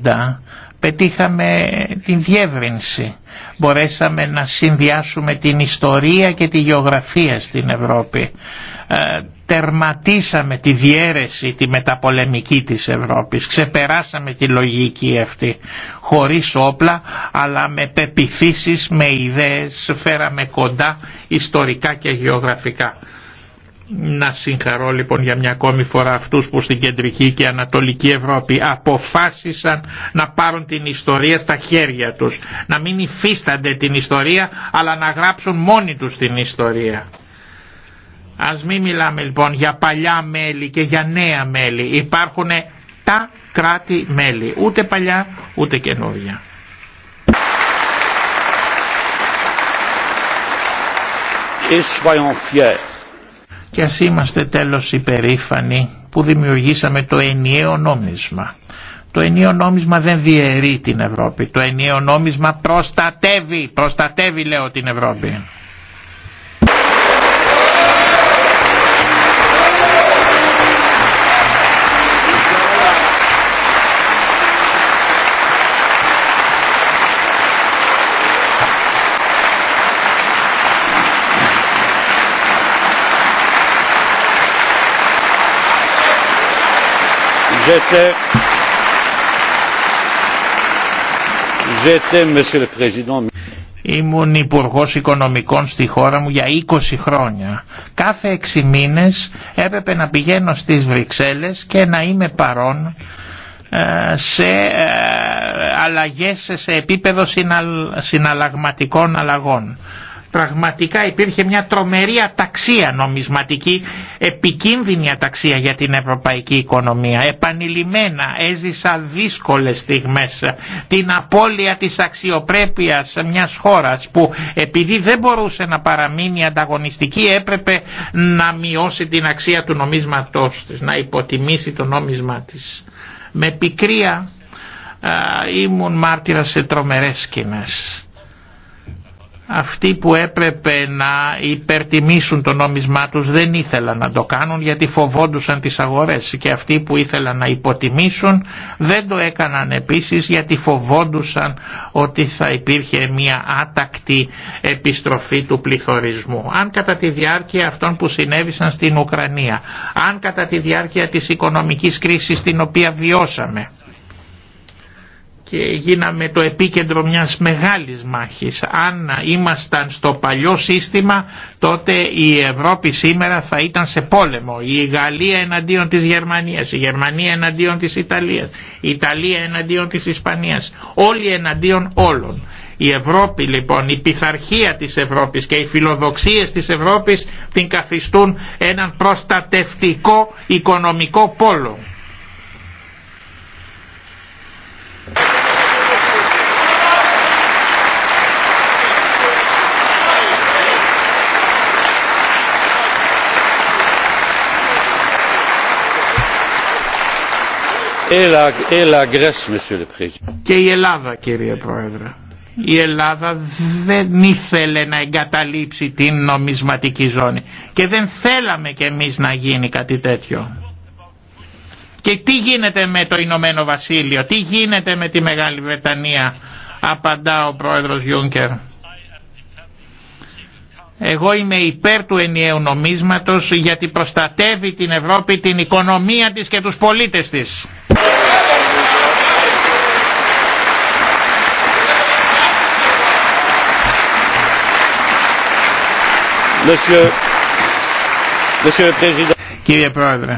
90 πετύχαμε την διεύρυνση μπορέσαμε να συνδυάσουμε την ιστορία και τη γεωγραφία στην Ευρώπη. Ε, τερματίσαμε τη διέρεση, τη μεταπολεμική της Ευρώπης. Ξεπεράσαμε τη λογική αυτή. Χωρίς όπλα, αλλά με πεπιθήσεις, με ιδέες, φέραμε κοντά ιστορικά και γεωγραφικά. Να συγχαρώ λοιπόν για μια ακόμη φορά αυτούς που στην κεντρική και ανατολική Ευρώπη αποφάσισαν να πάρουν την ιστορία στα χέρια τους. Να μην υφίστανται την ιστορία αλλά να γράψουν μόνοι τους την ιστορία. Ας μην μιλάμε λοιπόν για παλιά μέλη και για νέα μέλη. Υπάρχουν τα κράτη-μέλη, ούτε παλιά ούτε καινούργια. Et soyons και ας είμαστε τέλος υπερήφανοι που δημιουργήσαμε το ενιαίο νόμισμα. Το ενιαίο νόμισμα δεν διαιρεί την Ευρώπη, το ενιαίο νόμισμα προστατεύει, προστατεύει λέω την Ευρώπη. Ήμουν υπουργό οικονομικών στη χώρα μου για 20 χρόνια. Κάθε 6 μήνες έπρεπε να πηγαίνω στις Βρυξέλλες και να είμαι παρόν ε, σε ε, αλλαγές σε επίπεδο συναλλαγματικών αλλαγών. Πραγματικά υπήρχε μια τρομερή αταξία νομισματική, επικίνδυνη αταξία για την ευρωπαϊκή οικονομία. Επανειλημμένα έζησα δύσκολες στιγμές την απώλεια της αξιοπρέπειας μιας χώρας που επειδή δεν μπορούσε να παραμείνει ανταγωνιστική έπρεπε να μειώσει την αξία του νομίσματός της, να υποτιμήσει το νόμισμα της. Με πικρία ήμουν μάρτυρα σε τρομερές σκηνές αυτοί που έπρεπε να υπερτιμήσουν το νόμισμά τους δεν ήθελαν να το κάνουν γιατί φοβόντουσαν τις αγορές και αυτοί που ήθελαν να υποτιμήσουν δεν το έκαναν επίσης γιατί φοβόντουσαν ότι θα υπήρχε μια άτακτη επιστροφή του πληθωρισμού. Αν κατά τη διάρκεια αυτών που συνέβησαν στην Ουκρανία, αν κατά τη διάρκεια της οικονομικής κρίσης την οποία βιώσαμε, και γίναμε το επίκεντρο μιας μεγάλης μάχης. Αν ήμασταν στο παλιό σύστημα τότε η Ευρώπη σήμερα θα ήταν σε πόλεμο. Η Γαλλία εναντίον της Γερμανίας, η Γερμανία εναντίον της Ιταλίας, η Ιταλία εναντίον της Ισπανίας, όλοι εναντίον όλων. Η Ευρώπη λοιπόν, η πειθαρχία της Ευρώπης και οι φιλοδοξίες της Ευρώπης την καθιστούν έναν προστατευτικό οικονομικό πόλο. Και η Ελλάδα κύριε Πρόεδρε. Η Ελλάδα δεν ήθελε να εγκαταλείψει την νομισματική ζώνη και δεν θέλαμε κι εμείς να γίνει κάτι τέτοιο. Και τι γίνεται με το Ηνωμένο Βασίλειο, τι γίνεται με τη Μεγάλη Βρετανία, απαντά ο πρόεδρος Γιούνκερ. Εγώ είμαι υπέρ του ενιαίου νομίσματος γιατί προστατεύει την Ευρώπη, την οικονομία της και τους πολίτες της. Κύριε Πρόεδρε,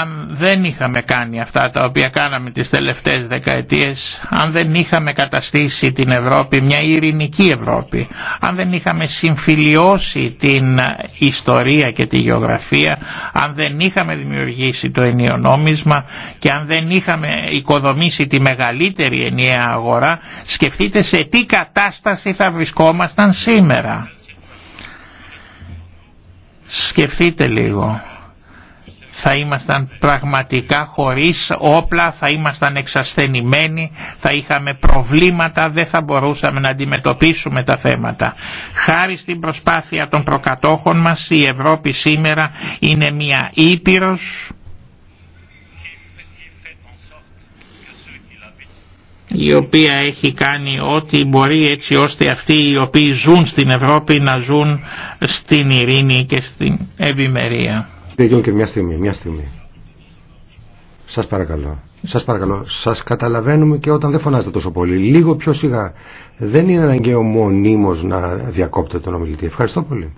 αν δεν είχαμε κάνει αυτά τα οποία κάναμε τις τελευταίες δεκαετίες, αν δεν είχαμε καταστήσει την Ευρώπη μια ειρηνική Ευρώπη, αν δεν είχαμε συμφιλιώσει την ιστορία και τη γεωγραφία, αν δεν είχαμε δημιουργήσει το ενίο νόμισμα και αν δεν είχαμε οικοδομήσει τη μεγαλύτερη ενιαία αγορά, σκεφτείτε σε τι κατάσταση θα βρισκόμασταν σήμερα. Σκεφτείτε λίγο. Θα ήμασταν πραγματικά χωρίς όπλα, θα ήμασταν εξασθενημένοι, θα είχαμε προβλήματα, δεν θα μπορούσαμε να αντιμετωπίσουμε τα θέματα. Χάρη στην προσπάθεια των προκατόχων μας η Ευρώπη σήμερα είναι μια ήπειρος η οποία έχει κάνει ό,τι μπορεί έτσι ώστε αυτοί οι οποίοι ζουν στην Ευρώπη να ζουν στην ειρήνη και στην ευημερία. Κύριε και μια στιγμή, μια στιγμή. Σας παρακαλώ. Σας παρακαλώ, σας καταλαβαίνουμε και όταν δεν φωνάζετε τόσο πολύ. Λίγο πιο σιγά. Δεν είναι αναγκαίο μονίμως να διακόπτε τον ομιλητή. Ευχαριστώ πολύ.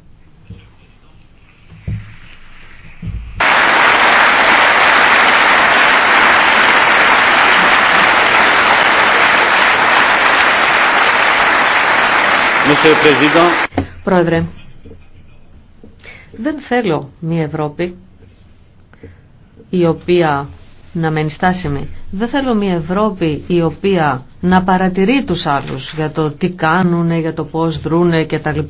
Πρόεδρε, δεν θέλω μια Ευρώπη η οποία να μένει στάσιμη. Δεν θέλω μια Ευρώπη η οποία να παρατηρεί τους άλλους για το τι κάνουν, για το πώς δρούνε κτλ.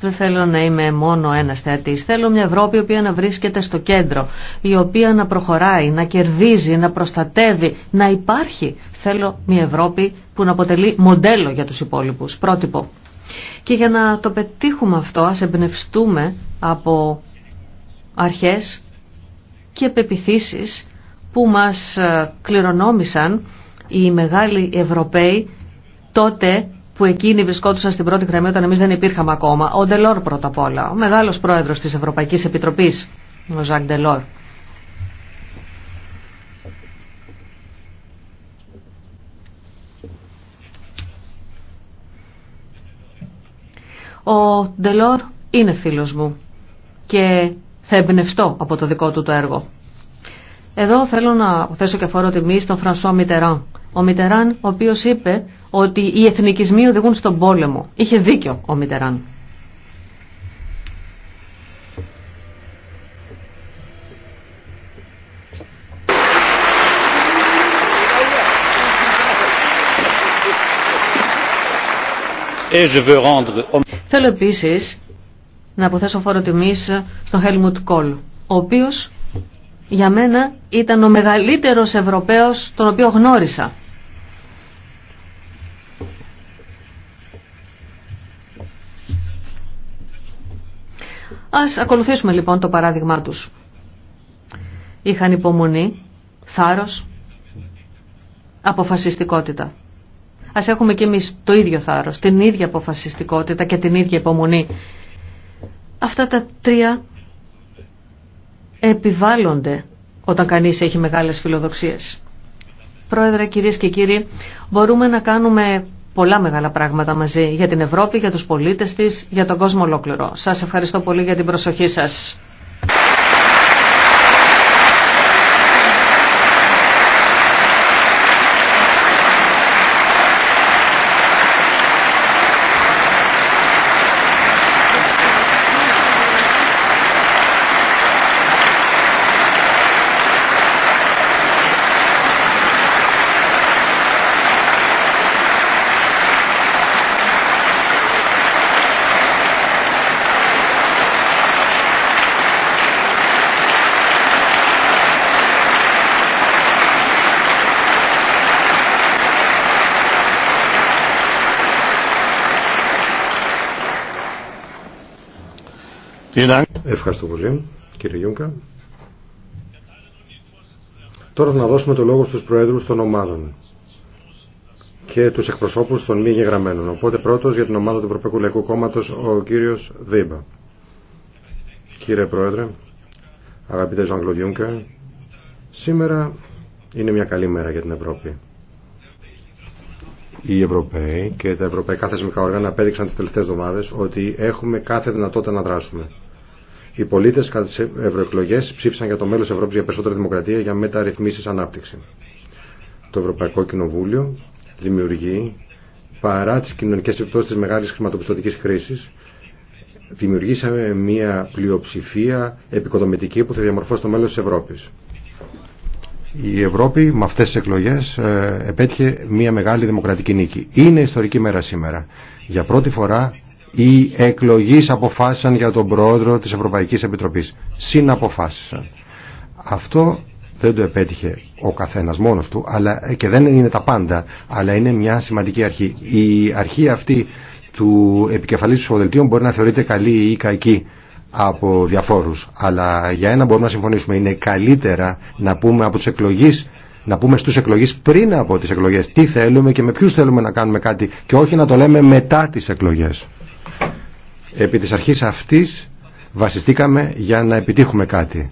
Δεν θέλω να είμαι μόνο ένας θεατής. Θέλω μια Ευρώπη η οποία να βρίσκεται στο κέντρο, η οποία να προχωράει, να κερδίζει, να προστατεύει, να υπάρχει. Θέλω μια Ευρώπη που να αποτελεί μοντέλο για τους υπόλοιπους, πρότυπο. Και για να το πετύχουμε αυτό, ας εμπνευστούμε από αρχές και πεπιθήσεις που μας ε, κληρονόμησαν οι μεγάλοι Ευρωπαίοι τότε που εκείνοι βρισκόντουσαν στην πρώτη γραμμή όταν εμείς δεν υπήρχαμε ακόμα. Ο Ντελόρ πρώτα απ' όλα, ο μεγάλος πρόεδρος της Ευρωπαϊκής Επιτροπής, ο Ζακ Ντελόρ. Ο Ντελόρ είναι φίλος μου και θα εμπνευστώ από το δικό του το έργο. Εδώ θέλω να θέσω και αφορώ τιμή στον Φρανσό Μιτεράν. Ο Μιτεράν ο οποίος είπε ότι οι εθνικισμοί οδηγούν στον πόλεμο. Είχε δίκιο ο Μιτεράν. Θέλω επίση να αποθέσω φόρο τιμή στον Χέλμουντ Κόλ, ο οποίος για μένα ήταν ο μεγαλύτερος Ευρωπαίος τον οποίο γνώρισα. Ας ακολουθήσουμε λοιπόν το παράδειγμά τους. Είχαν υπομονή, θάρρος, αποφασιστικότητα. Ας έχουμε και εμείς το ίδιο θάρρος, την ίδια αποφασιστικότητα και την ίδια υπομονή. Αυτά τα τρία επιβάλλονται όταν κανείς έχει μεγάλες φιλοδοξίες. Πρόεδρε, κυρίες και κύριοι, μπορούμε να κάνουμε πολλά μεγάλα πράγματα μαζί για την Ευρώπη, για τους πολίτες της, για τον κόσμο ολόκληρο. Σας ευχαριστώ πολύ για την προσοχή σας. Ευχαριστώ πολύ, κύριε Γιούγκα. Τώρα θα δώσουμε το λόγο στους Προέδρους των ομάδων και τους εκπροσώπους των μη γεγραμμένων. Οπότε πρώτος για την ομάδα του Ευρωπαϊκού Λαϊκού Κόμματος ο κύριος Δίμπα. Κύριε Πρόεδρε, αγαπητέ Ζωάν Γιούγκα, σήμερα είναι μια καλή μέρα για την Ευρώπη. Οι Ευρωπαίοι και τα ευρωπαϊκά θεσμικά όργανα απέδειξαν τις τελευταίες εβδομάδες ότι έχουμε κάθε δυνατότητα να δράσουμε. Οι πολίτε κατά τι ευρωεκλογέ ψήφισαν για το μέλο Ευρώπη για περισσότερη δημοκρατία για μεταρρυθμίσει ανάπτυξη. Το Ευρωπαϊκό Κοινοβούλιο δημιουργεί, παρά τι κοινωνικέ επιπτώσει τη μεγάλη χρηματοπιστωτική χρήση. δημιουργήσαμε μια πλειοψηφία επικοδομητική που θα διαμορφώσει το μέλλον της Ευρώπης. Η Ευρώπη με αυτές τις εκλογές ε, επέτυχε μια μεγάλη δημοκρατική νίκη. Είναι ιστορική μέρα σήμερα. Για πρώτη φορά οι εκλογείς αποφάσισαν για τον πρόεδρο της Ευρωπαϊκής Επιτροπής. Συναποφάσισαν. Αυτό δεν το επέτυχε ο καθένας μόνος του αλλά, και δεν είναι τα πάντα, αλλά είναι μια σημαντική αρχή. Η αρχή αυτή του επικεφαλής ψηφοδελτίων μπορεί να θεωρείται καλή ή κακή από διαφόρους, αλλά για ένα μπορούμε να συμφωνήσουμε. Είναι καλύτερα να πούμε από τους να πούμε στους εκλογείς πριν από τις εκλογές τι θέλουμε και με ποιους θέλουμε να κάνουμε κάτι και όχι να το λέμε μετά τις εκλογές. Επί της αρχής αυτής βασιστήκαμε για να επιτύχουμε κάτι.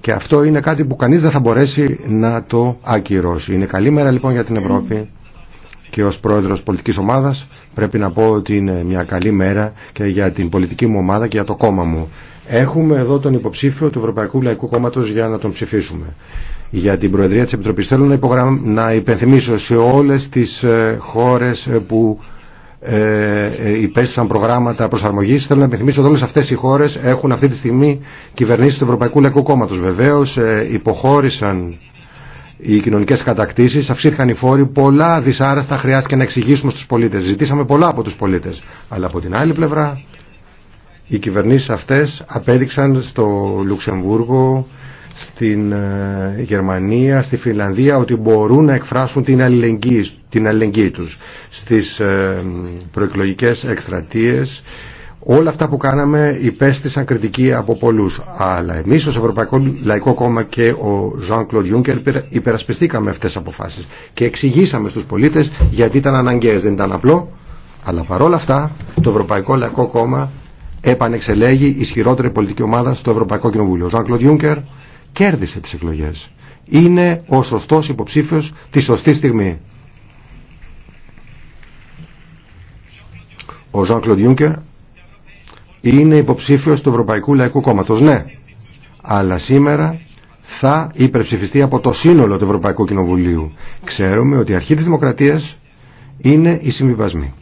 Και αυτό είναι κάτι που κανείς δεν θα μπορέσει να το ακυρώσει. Είναι καλή μέρα λοιπόν για την Ευρώπη και ως πρόεδρος πολιτικής ομάδας πρέπει να πω ότι είναι μια καλή μέρα και για την πολιτική μου ομάδα και για το κόμμα μου. Έχουμε εδώ τον υποψήφιο του Ευρωπαϊκού Λαϊκού Κόμματος για να τον ψηφίσουμε. Για την Προεδρία της Επιτροπής θέλω να, υπενθυμίσω σε όλες τις ε, χώρες ε, που ε, ε, υπέστησαν προγράμματα προσαρμογή. Θέλω να επιθυμίσω ότι όλε αυτέ οι χώρε έχουν αυτή τη στιγμή κυβερνήσει του Ευρωπαϊκού Λαϊκού Κόμματο. Βεβαίω ε, υποχώρησαν οι κοινωνικέ κατακτήσει, αυξήθηκαν οι φόροι, πολλά δυσάρεστα χρειάστηκε να εξηγήσουμε στου πολίτε. Ζητήσαμε πολλά από του πολίτε. Αλλά από την άλλη πλευρά, οι κυβερνήσει αυτέ απέδειξαν στο Λουξεμβούργο, στην ε, Γερμανία, στη Φιλανδία ότι μπορούν να εκφράσουν την αλληλεγγύη την αλληλεγγύη τους στις ε, προεκλογικές εκστρατείες. Όλα αυτά που κάναμε υπέστησαν κριτική από πολλούς. Αλλά εμείς ως Ευρωπαϊκό Λαϊκό Κόμμα και ο Ζαν Κλοντ Ιούνκερ υπερασπιστήκαμε αυτές τις αποφάσεις και εξηγήσαμε στους πολίτες γιατί ήταν αναγκαίες. Δεν ήταν απλό, αλλά παρόλα αυτά το Ευρωπαϊκό Λαϊκό Κόμμα επανεξελέγει ισχυρότερη πολιτική ομάδα στο Ευρωπαϊκό Κοινοβούλιο. Ο Ζαν Κλοντ Ιούνκερ κέρδισε τις εκλογές. Είναι ο σωστός υποψήφιος τη σωστή στιγμή. Ο Ζαν Κλοντ-Γιούγκερ είναι υποψήφιος του Ευρωπαϊκού Λαϊκού Κόμματος. Ναι, αλλά σήμερα θα υπερψηφιστεί από το σύνολο του Ευρωπαϊκού Κοινοβουλίου. Ξέρουμε ότι η αρχή της δημοκρατίας είναι η συμβιβασμοί.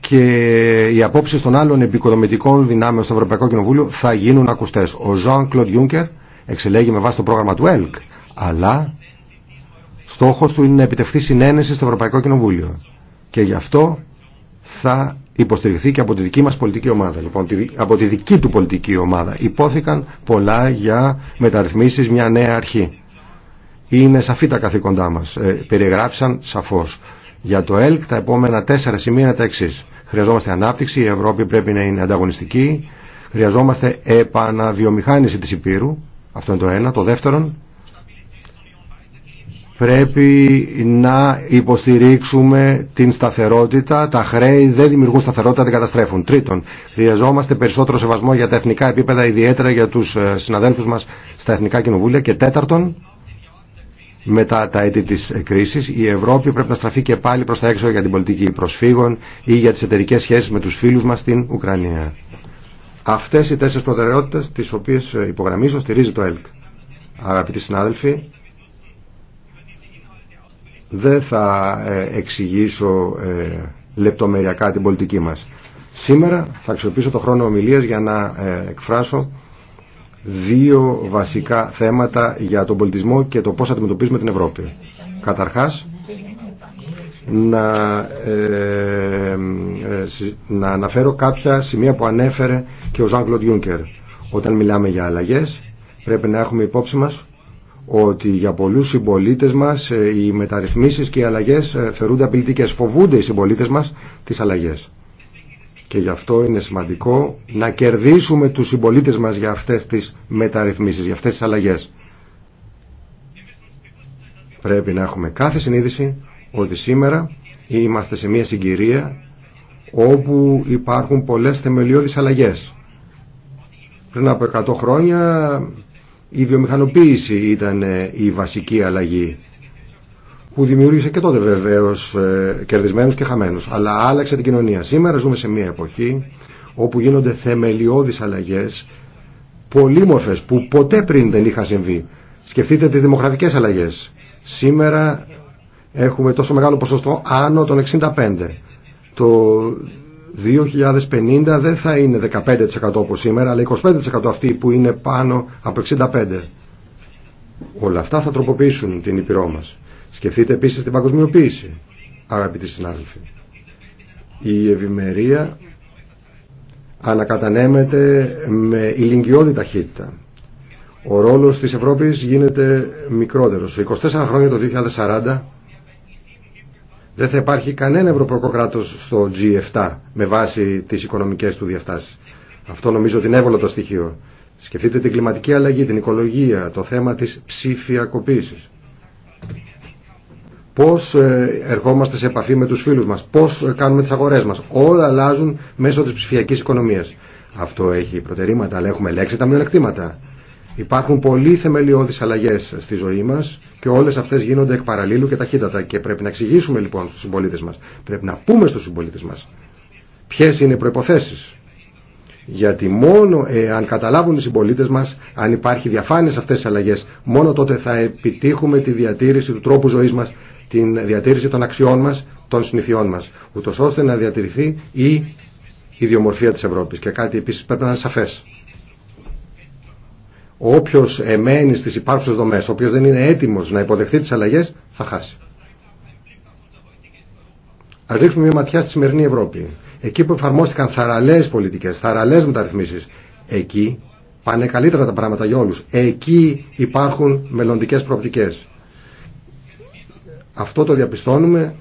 Και οι απόψει των άλλων επικοδομητικών δυνάμεων στο Ευρωπαϊκό Κοινοβούλιο θα γίνουν ακουστέ. Ο Ζαν Κλοντ Κλοντ-Γιούγκερ εξελέγει με βάση το πρόγραμμα του ΕΛΚ, αλλά στόχο του είναι να επιτευχθεί συνένεση στο Ευρωπαϊκό Κοινοβούλιο. Και γι' αυτό θα υποστηριχθεί και από τη δική μας πολιτική ομάδα. Λοιπόν, από τη δική του πολιτική ομάδα υπόθηκαν πολλά για μεταρρυθμίσεις μια νέα αρχή. Είναι σαφή τα καθήκοντά μας. Ε, περιγράψαν σαφώς. Για το ΕΛΚ τα επόμενα τέσσερα σημεία είναι τα εξή. Χρειαζόμαστε ανάπτυξη, η Ευρώπη πρέπει να είναι ανταγωνιστική. Χρειαζόμαστε επαναβιομηχάνηση της Υπήρου. Αυτό είναι το ένα. Το δεύτερον, πρέπει να υποστηρίξουμε την σταθερότητα. Τα χρέη δεν δημιουργούν σταθερότητα, δεν καταστρέφουν. Τρίτον, χρειαζόμαστε περισσότερο σεβασμό για τα εθνικά επίπεδα, ιδιαίτερα για τους ε, συναδέλφους μας στα εθνικά κοινοβούλια. Και τέταρτον, μετά τα έτη της κρίσης, η Ευρώπη πρέπει να στραφεί και πάλι προς τα έξω για την πολιτική προσφύγων ή για τις εταιρικέ σχέσεις με τους φίλους μας στην Ουκρανία. Αυτές οι τέσσερις προτεραιότητες τις οποίες ε, υπογραμμίζω στηρίζει το ΕΛΚ. Αγαπητοί συνάδελφοι, δεν θα ε, εξηγήσω ε, λεπτομεριακά την πολιτική μας. Σήμερα θα αξιοποιήσω το χρόνο ομιλίας για να ε, εκφράσω δύο βασικά θέματα για τον πολιτισμό και το πώς αντιμετωπίζουμε την Ευρώπη. Καταρχάς, να, αναφέρω κάποια σημεία που ανέφερε και ο Ζαν Κλοντ Όταν μιλάμε για αλλαγές, πρέπει να έχουμε υπόψη μας ότι για πολλούς συμπολίτε μας ε, οι μεταρρυθμίσεις και οι αλλαγές ε, θεωρούνται απειλητικές. Φοβούνται οι συμπολίτε μας τις αλλαγές. Και γι' αυτό είναι σημαντικό να κερδίσουμε τους συμπολίτε μας για αυτές τις μεταρρυθμίσεις, για αυτές τις αλλαγές. Πρέπει να έχουμε κάθε συνείδηση ότι σήμερα είμαστε σε μια συγκυρία όπου υπάρχουν πολλές θεμελιώδεις αλλαγές. Πριν από 100 χρόνια η βιομηχανοποίηση ήταν ε, η βασική αλλαγή που δημιούργησε και τότε βεβαίω ε, κερδισμένους και χαμένους, αλλά άλλαξε την κοινωνία. Σήμερα ζούμε σε μια εποχή όπου γίνονται θεμελιώδεις αλλαγές, πολύμορφες που ποτέ πριν δεν είχαν συμβεί. Σκεφτείτε τις δημογραφικές αλλαγές. Σήμερα έχουμε τόσο μεγάλο ποσοστό άνω των 65. Το 2050 δεν θα είναι 15% όπως σήμερα, αλλά 25% αυτοί που είναι πάνω από 65. Όλα αυτά θα τροποποιήσουν την Ήπειρό μας. Σκεφτείτε επίσης την παγκοσμιοποίηση, αγαπητοί συνάδελφοι. Η ευημερία ανακατανέμεται με ηλικιώδη ταχύτητα. Ο ρόλος της Ευρώπης γίνεται μικρότερος. 24 χρόνια το 2040 δεν θα υπάρχει κανένα ευρωπαϊκό κράτο στο G7 με βάση τι οικονομικέ του διαστάσει. Αυτό νομίζω ότι είναι εύκολο το στοιχείο. Σκεφτείτε την κλιματική αλλαγή, την οικολογία, το θέμα τη ψηφιακοποίηση. Πώ ε, ερχόμαστε σε επαφή με του φίλου μα, πώ ε, κάνουμε τι αγορέ μα. Όλα αλλάζουν μέσω τη ψηφιακή οικονομία. Αυτό έχει προτερήματα, αλλά έχουμε ελέγξει τα μειονεκτήματα. Υπάρχουν πολλοί θεμελιώδεις αλλαγές στη ζωή μας και όλες αυτές γίνονται εκ παραλίλου και ταχύτατα και πρέπει να εξηγήσουμε λοιπόν στους συμπολίτε μας. Πρέπει να πούμε στους συμπολίτε μας ποιες είναι οι προϋποθέσεις. Γιατί μόνο ε, αν καταλάβουν οι συμπολίτε μας, αν υπάρχει διαφάνεια σε αυτές τις αλλαγές, μόνο τότε θα επιτύχουμε τη διατήρηση του τρόπου ζωής μας, την διατήρηση των αξιών μας, των συνηθιών μας, ούτως ώστε να διατηρηθεί η ιδιομορφία της Ευρώπης. Και κάτι επίσης πρέπει να είναι σαφές. Όποιο εμένει στι υπάρχουσε δομέ, όποιο δεν είναι έτοιμο να υποδεχθεί τι αλλαγέ, θα χάσει. Α ρίξουμε μια ματιά στη σημερινή Ευρώπη. Εκεί που εφαρμόστηκαν θαραλέ πολιτικέ, θαραλέ μεταρρυθμίσει, εκεί πάνε καλύτερα τα πράγματα για όλου. Εκεί υπάρχουν μελλοντικέ προοπτικέ. Αυτό το διαπιστώνουμε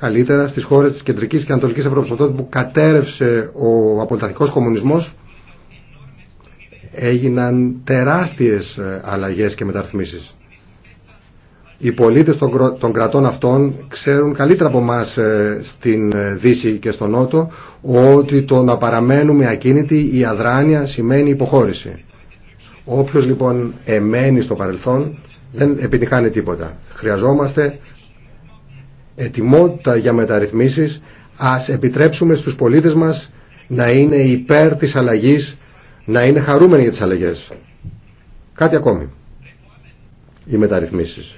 καλύτερα στι χώρε τη κεντρική και ανατολική Ευρώπη. Από που κατέρευσε ο απολυταρχικό κομμουνισμός, έγιναν τεράστιες ε, αλλαγές και μεταρρυθμίσεις. Οι πολίτες των κρατών αυτών ξέρουν καλύτερα από εμά ε, στην ε, Δύση και στον Νότο ότι το να παραμένουμε ακίνητοι η αδράνεια σημαίνει υποχώρηση. Όποιος λοιπόν εμένει στο παρελθόν δεν επιτυχάνει τίποτα. Χρειαζόμαστε ετοιμότητα για μεταρρυθμίσεις. Ας επιτρέψουμε στους πολίτες μας να είναι υπέρ της αλλαγής να είναι χαρούμενοι για τις αλλαγές. Κάτι ακόμη. Οι μεταρρυθμίσεις.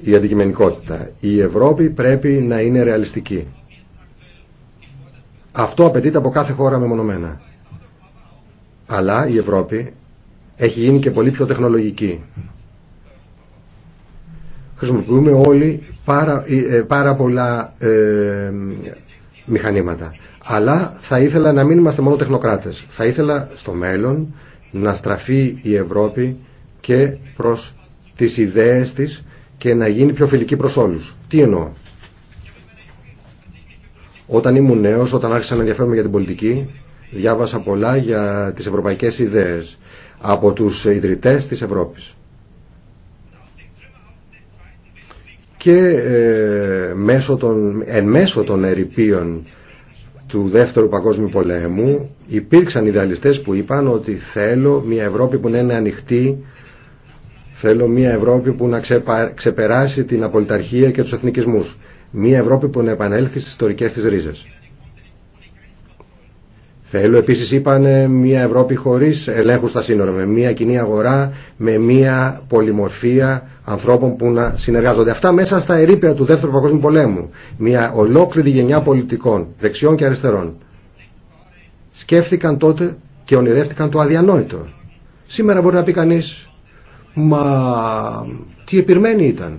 Η αντικειμενικότητα. Η Ευρώπη πρέπει να είναι ρεαλιστική. Αυτό απαιτείται από κάθε χώρα μεμονωμένα. Αλλά η Ευρώπη έχει γίνει και πολύ πιο τεχνολογική. Χρησιμοποιούμε όλοι πάρα, ε, πάρα πολλά ε, μηχανήματα. Αλλά θα ήθελα να μην είμαστε μόνο τεχνοκράτες. Θα ήθελα στο μέλλον να στραφεί η Ευρώπη και προς τις ιδέες της και να γίνει πιο φιλική προς όλους. Τι εννοώ. Όταν ήμουν νέος, όταν άρχισα να ενδιαφέρομαι για την πολιτική, διάβασα πολλά για τις ευρωπαϊκές ιδέες από τους ιδρυτές της Ευρώπης. Και ε, μέσω των, εν μέσω των ερηπείων του Δεύτερου Παγκόσμιου Πολέμου υπήρξαν ιδεαλιστές που είπαν ότι θέλω μια Ευρώπη που να είναι ανοιχτή, θέλω μια Ευρώπη που να ξεπεράσει την απολυταρχία και τους εθνικισμούς, μια Ευρώπη που να επανέλθει στις ιστορικές της ρίζες. Θέλω επίσης είπαν μια Ευρώπη χωρίς ελέγχου στα σύνορα, με μια κοινή αγορά, με μια πολυμορφία, ανθρώπων που να συνεργάζονται. Αυτά μέσα στα ερήπια του Δεύτερου Παγκόσμιου Πολέμου. Μια ολόκληρη γενιά πολιτικών, δεξιών και αριστερών. Σκέφτηκαν τότε και ονειρεύτηκαν το αδιανόητο. Σήμερα μπορεί να πει κανεί, μα τι επιρμένοι ήταν.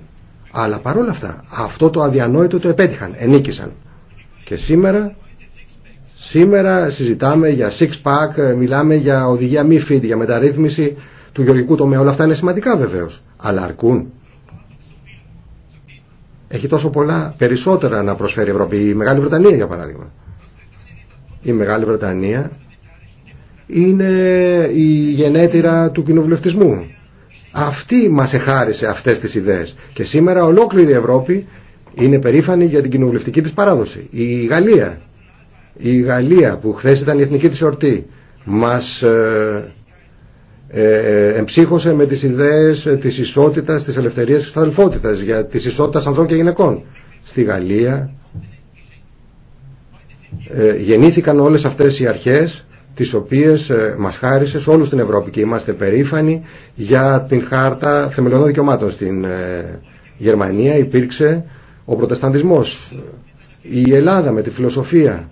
Αλλά παρόλα αυτά, αυτό το αδιανόητο το επέτυχαν, ενίκησαν. Και σήμερα, σήμερα συζητάμε για six pack, μιλάμε για οδηγία μη μη-feed, για μεταρρύθμιση του γεωργικού τομέα. Όλα αυτά είναι σημαντικά βεβαίω. Αλλά αρκούν. Έχει τόσο πολλά περισσότερα να προσφέρει η Ευρώπη. Η Μεγάλη Βρετανία για παράδειγμα. Η Μεγάλη Βρετανία είναι η γενέτειρα του κοινοβουλευτισμού. Αυτή μας εχάρισε αυτές τις ιδέες. Και σήμερα ολόκληρη η Ευρώπη είναι περήφανη για την κοινοβουλευτική της παράδοση. Η Γαλλία, η Γαλλία που χθες ήταν η εθνική της ορτή, μας ε, ε, ε, εμψύχωσε με τις ιδέες ε, της ισότητας, της ελευθερίας και της αδελφότητας για τις ισότητας ανδρών και γυναικών. Στη Γαλλία γεννήθηκαν όλες αυτές οι αρχές τις οποίες μας χάρισε σε όλους την Ευρώπη και είμαστε περήφανοι για την χάρτα θεμελιωδών δικαιωμάτων στην Γερμανία υπήρξε ο προτεσταντισμός η Ελλάδα με τη φιλοσοφία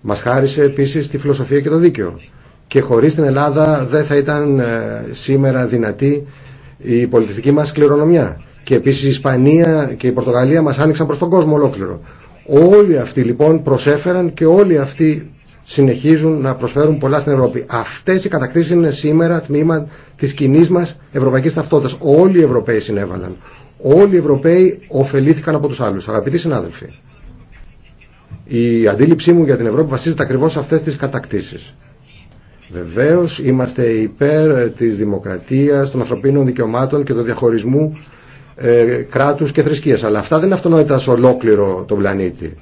μας χάρισε επίσης τη φιλοσοφία και το δίκαιο και χωρίς την Ελλάδα δεν θα ήταν ε, σήμερα δυνατή η πολιτιστική μας κληρονομιά. Και επίσης η Ισπανία και η Πορτογαλία μας άνοιξαν προς τον κόσμο ολόκληρο. Όλοι αυτοί λοιπόν προσέφεραν και όλοι αυτοί συνεχίζουν να προσφέρουν πολλά στην Ευρώπη. Αυτές οι κατακτήσεις είναι σήμερα τμήμα της κοινή μας ευρωπαϊκής ταυτότητας. Όλοι οι Ευρωπαίοι συνέβαλαν. Όλοι οι Ευρωπαίοι ωφελήθηκαν από τους άλλους. Αγαπητοί συνάδελφοι, η αντίληψή μου για την Ευρώπη βασίζεται ακριβώς σε αυτές τις κατακτήσεις. Βεβαίως είμαστε υπέρ ε, της δημοκρατίας, των ανθρωπίνων δικαιωμάτων και του διαχωρισμού ε, κράτους και θρησκείας. Αλλά αυτά δεν είναι αυτονόητα σε ολόκληρο τον πλανήτη.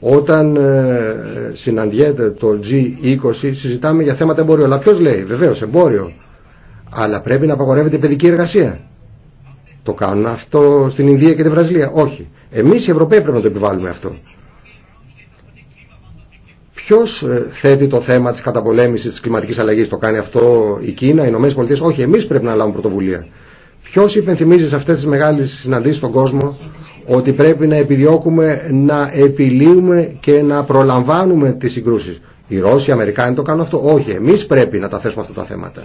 Όταν ε, συναντιέται το G20 συζητάμε για θέματα εμπόριο. Αλλά ποιο λέει βεβαίως εμπόριο. Αλλά πρέπει να απαγορεύεται η παιδική εργασία. Το κάνουν αυτό στην Ινδία και τη Βραζιλία. Όχι. Εμεί οι Ευρωπαίοι πρέπει να το επιβάλλουμε αυτό. Ποιο ε, θέτει το θέμα τη καταπολέμηση τη κλιματική αλλαγή το κάνει αυτό η Κίνα, οι Ηνωμένε Πολιτείε, όχι εμεί πρέπει να λάβουμε πρωτοβουλία. Ποιο υπενθυμίζει σε αυτές τις μεγάλες συναντήσει στον κόσμο ότι πρέπει να επιδιώκουμε να επιλύουμε και να προλαμβάνουμε τι συγκρούσει. Οι Ρώσοι, οι Αμερικάνοι το κάνουν αυτό. Όχι, εμεί πρέπει να τα θέσουμε αυτά τα θέματα.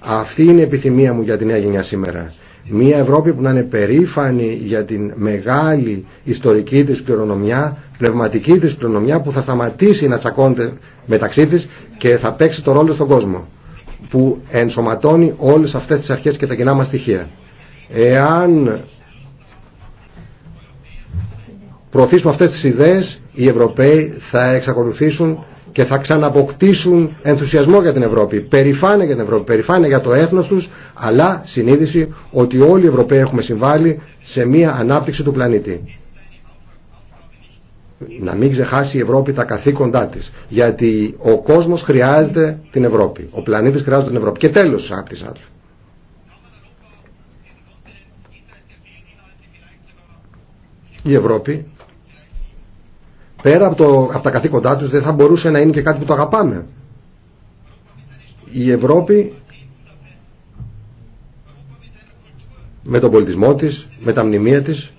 Αυτή είναι η επιθυμία μου για τη νέα γενιά σήμερα. Μια Ευρώπη που να είναι περήφανη για την μεγάλη ιστορική της κληρονομιά πνευματική της κληρονομιά που θα σταματήσει να τσακώνεται μεταξύ της και θα παίξει το ρόλο στον κόσμο που ενσωματώνει όλες αυτές τις αρχές και τα κοινά μας στοιχεία. Εάν προωθήσουμε αυτές τις ιδέες, οι Ευρωπαίοι θα εξακολουθήσουν και θα ξαναποκτήσουν ενθουσιασμό για την Ευρώπη, περηφάνεια για την Ευρώπη, περηφάνε για το έθνος τους, αλλά συνείδηση ότι όλοι οι Ευρωπαίοι έχουμε συμβάλει σε μια ανάπτυξη του πλανήτη να μην ξεχάσει η Ευρώπη τα καθήκοντά της. Γιατί ο κόσμος χρειάζεται την Ευρώπη. Ο πλανήτης χρειάζεται την Ευρώπη. Και τέλος, αγαπητοί συνάδελφοι. Η Ευρώπη, πέρα από, το, από τα καθήκοντά τους, δεν θα μπορούσε να είναι και κάτι που το αγαπάμε. Η Ευρώπη με τον πολιτισμό της, με τα μνημεία της,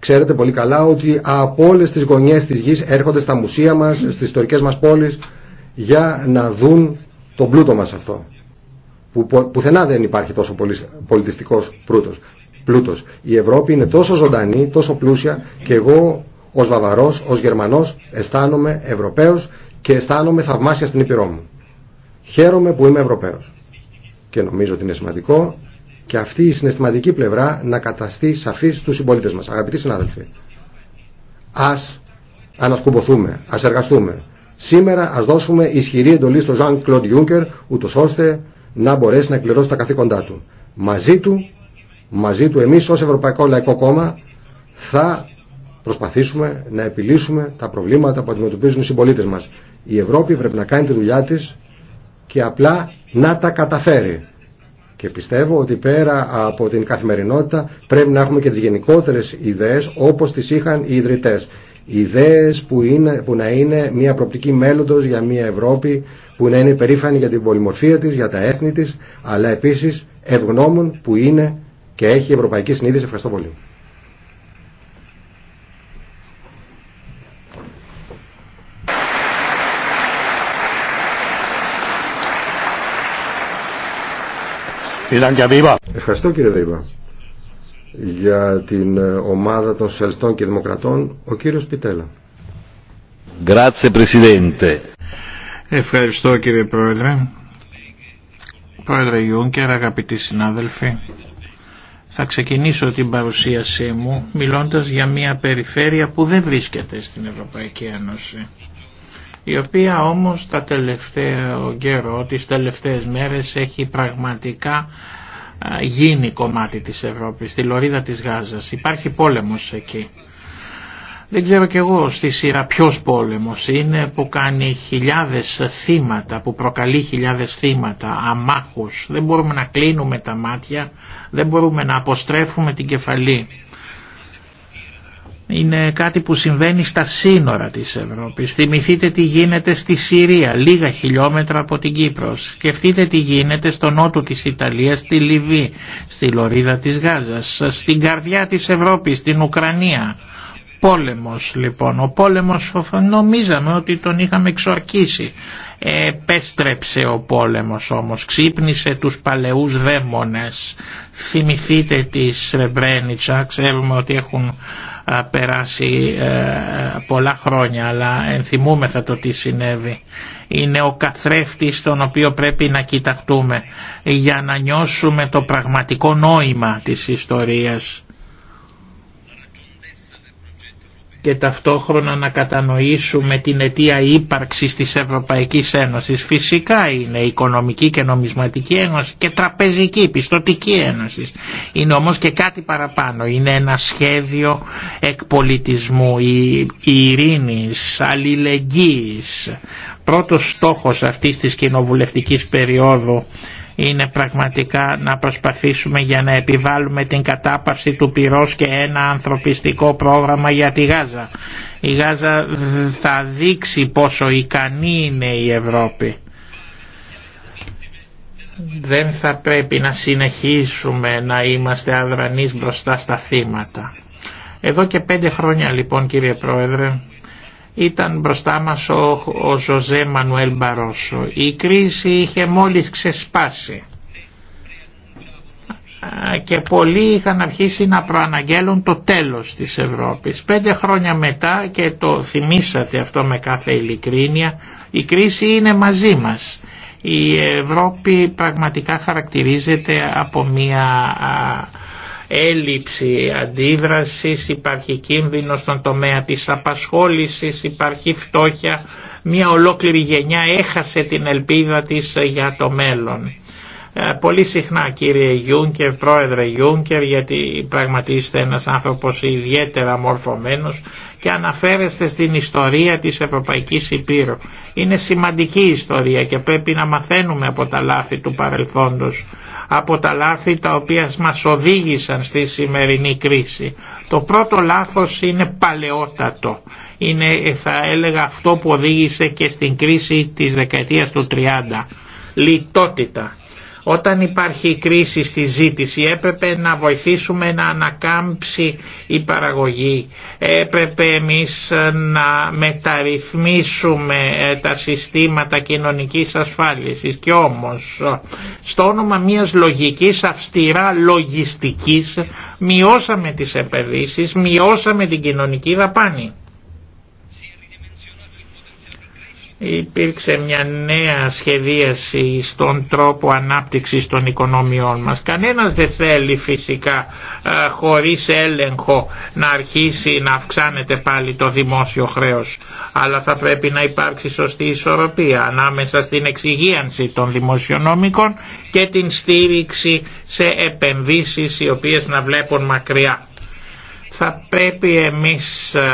Ξέρετε πολύ καλά ότι από όλε τι γωνιέ τη γη έρχονται στα μουσεία μα, στι ιστορικέ μα πόλει για να δουν τον πλούτο μα αυτό. Που πουθενά δεν υπάρχει τόσο πολιτιστικό πλούτο. Η Ευρώπη είναι τόσο ζωντανή, τόσο πλούσια και εγώ ω Βαβαρό, ω Γερμανό αισθάνομαι Ευρωπαίο και αισθάνομαι θαυμάσια στην Ήπειρό μου. Χαίρομαι που είμαι Ευρωπαίο. Και νομίζω ότι είναι σημαντικό και αυτή η συναισθηματική πλευρά να καταστεί σαφή στους συμπολίτες μας. Αγαπητοί συνάδελφοι, ας ανασκουμποθούμε, ας εργαστούμε. Σήμερα ας δώσουμε ισχυρή εντολή στον Ζαν Κλοντ Ιούγκερ, ούτως ώστε να μπορέσει να εκπληρώσει τα καθήκοντά του. Μαζί του, μαζί του εμείς ως Ευρωπαϊκό Λαϊκό Κόμμα θα προσπαθήσουμε να επιλύσουμε τα προβλήματα που αντιμετωπίζουν οι συμπολίτες μας. Η Ευρώπη πρέπει να κάνει τη δουλειά της και απλά να τα καταφέρει. Και πιστεύω ότι πέρα από την καθημερινότητα πρέπει να έχουμε και τις γενικότερες ιδέες όπως τις είχαν οι ιδρυτές. Ιδέες που, είναι, που να είναι μια προπτική μέλλοντος για μια Ευρώπη που να είναι περήφανη για την πολυμορφία της, για τα έθνη της, αλλά επίσης ευγνώμων που είναι και έχει η Ευρωπαϊκή Συνείδηση. Ευχαριστώ πολύ. Ευχαριστώ κύριε Βίβα. Για την ε, ομάδα των Σελστών και Δημοκρατών, ο κύριος Πιτέλα. Ευχαριστώ κύριε Πρόεδρε. Πρόεδρε Ιούνκερ, αγαπητοί συνάδελφοι, θα ξεκινήσω την παρουσίασή μου μιλώντας για μια περιφέρεια που δεν βρίσκεται στην Ευρωπαϊκή Ένωση η οποία όμως τα τελευταίο καιρό, τις τελευταίες μέρες έχει πραγματικά γίνει κομμάτι της Ευρώπης, τη λωρίδα της Γάζας. Υπάρχει πόλεμος εκεί. Δεν ξέρω κι εγώ στη σειρά ποιος πόλεμος είναι που κάνει χιλιάδες θύματα, που προκαλεί χιλιάδες θύματα, αμάχους. Δεν μπορούμε να κλείνουμε τα μάτια, δεν μπορούμε να αποστρέφουμε την κεφαλή είναι κάτι που συμβαίνει στα σύνορα της Ευρώπης. Θυμηθείτε τι γίνεται στη Συρία, λίγα χιλιόμετρα από την Κύπρο. Σκεφτείτε τι γίνεται στο νότο της Ιταλίας, στη Λιβύη, στη Λωρίδα της Γάζας, στην καρδιά της Ευρώπης, στην Ουκρανία. Πόλεμος λοιπόν, ο πόλεμος νομίζαμε ότι τον είχαμε εξορκίσει. Επέστρεψε ο πόλεμος όμως, ξύπνησε τους παλαιούς δαίμονες. Θυμηθείτε τη Σρεμπρένιτσα, ξέρουμε ότι έχουν περάσει ε, πολλά χρόνια αλλά ενθυμούμεθα το τι συνέβη. Είναι ο καθρέφτης τον οποίο πρέπει να κοιταχτούμε για να νιώσουμε το πραγματικό νόημα της ιστορίας. και ταυτόχρονα να κατανοήσουμε την αιτία ύπαρξης της Ευρωπαϊκής Ένωσης. Φυσικά είναι οικονομική και νομισματική ένωση και τραπεζική, πιστοτική ένωση. Είναι όμως και κάτι παραπάνω. Είναι ένα σχέδιο εκπολιτισμού, ειρήνης, αλληλεγγύης. Πρώτος στόχος αυτής της κοινοβουλευτικής περίοδου είναι πραγματικά να προσπαθήσουμε για να επιβάλλουμε την κατάπαυση του πυρός και ένα ανθρωπιστικό πρόγραμμα για τη Γάζα. Η Γάζα θα δείξει πόσο ικανή είναι η Ευρώπη. Δεν θα πρέπει να συνεχίσουμε να είμαστε αδρανείς μπροστά στα θύματα. Εδώ και πέντε χρόνια λοιπόν κύριε Πρόεδρε ήταν μπροστά μας ο, ο Ζωζέ Μανουέλ Μπαρόσο. Η κρίση είχε μόλις ξεσπάσει και πολλοί είχαν αρχίσει να προαναγγέλουν το τέλος της Ευρώπης. Πέντε χρόνια μετά και το θυμήσατε αυτό με κάθε ειλικρίνεια, η κρίση είναι μαζί μας. Η Ευρώπη πραγματικά χαρακτηρίζεται από μια έλλειψη αντίδραση, υπάρχει κίνδυνο στον τομέα της απασχόλησης, υπάρχει φτώχεια. Μια ολόκληρη γενιά έχασε την ελπίδα της για το μέλλον. Ε, πολύ συχνά κύριε Γιούνκερ, πρόεδρε Γιούνκερ, γιατί πραγματίστε ένας άνθρωπος ιδιαίτερα μορφωμένος και αναφέρεστε στην ιστορία της Ευρωπαϊκής Υπήρου. Είναι σημαντική ιστορία και πρέπει να μαθαίνουμε από τα λάθη του παρελθόντος, από τα λάθη τα οποία μας οδήγησαν στη σημερινή κρίση. Το πρώτο λάθος είναι παλαιότατο. Είναι θα έλεγα αυτό που οδήγησε και στην κρίση της δεκαετίας του 30. Λιτότητα όταν υπάρχει κρίση στη ζήτηση έπρεπε να βοηθήσουμε να ανακάμψει η παραγωγή. Έπρεπε εμείς ε, να μεταρρυθμίσουμε ε, τα συστήματα κοινωνικής ασφάλισης. Και όμως, στο όνομα μιας λογικής, αυστηρά λογιστικής, μειώσαμε τις επενδύσεις, μειώσαμε την κοινωνική δαπάνη. υπήρξε μια νέα σχεδίαση στον τρόπο ανάπτυξης των οικονομιών μας. Κανένας δεν θέλει φυσικά χωρίς έλεγχο να αρχίσει να αυξάνεται πάλι το δημόσιο χρέος. Αλλά θα πρέπει να υπάρξει σωστή ισορροπία ανάμεσα στην εξυγίανση των δημοσιονομικών και την στήριξη σε επενδύσεις οι οποίες να βλέπουν μακριά θα πρέπει εμείς, ε,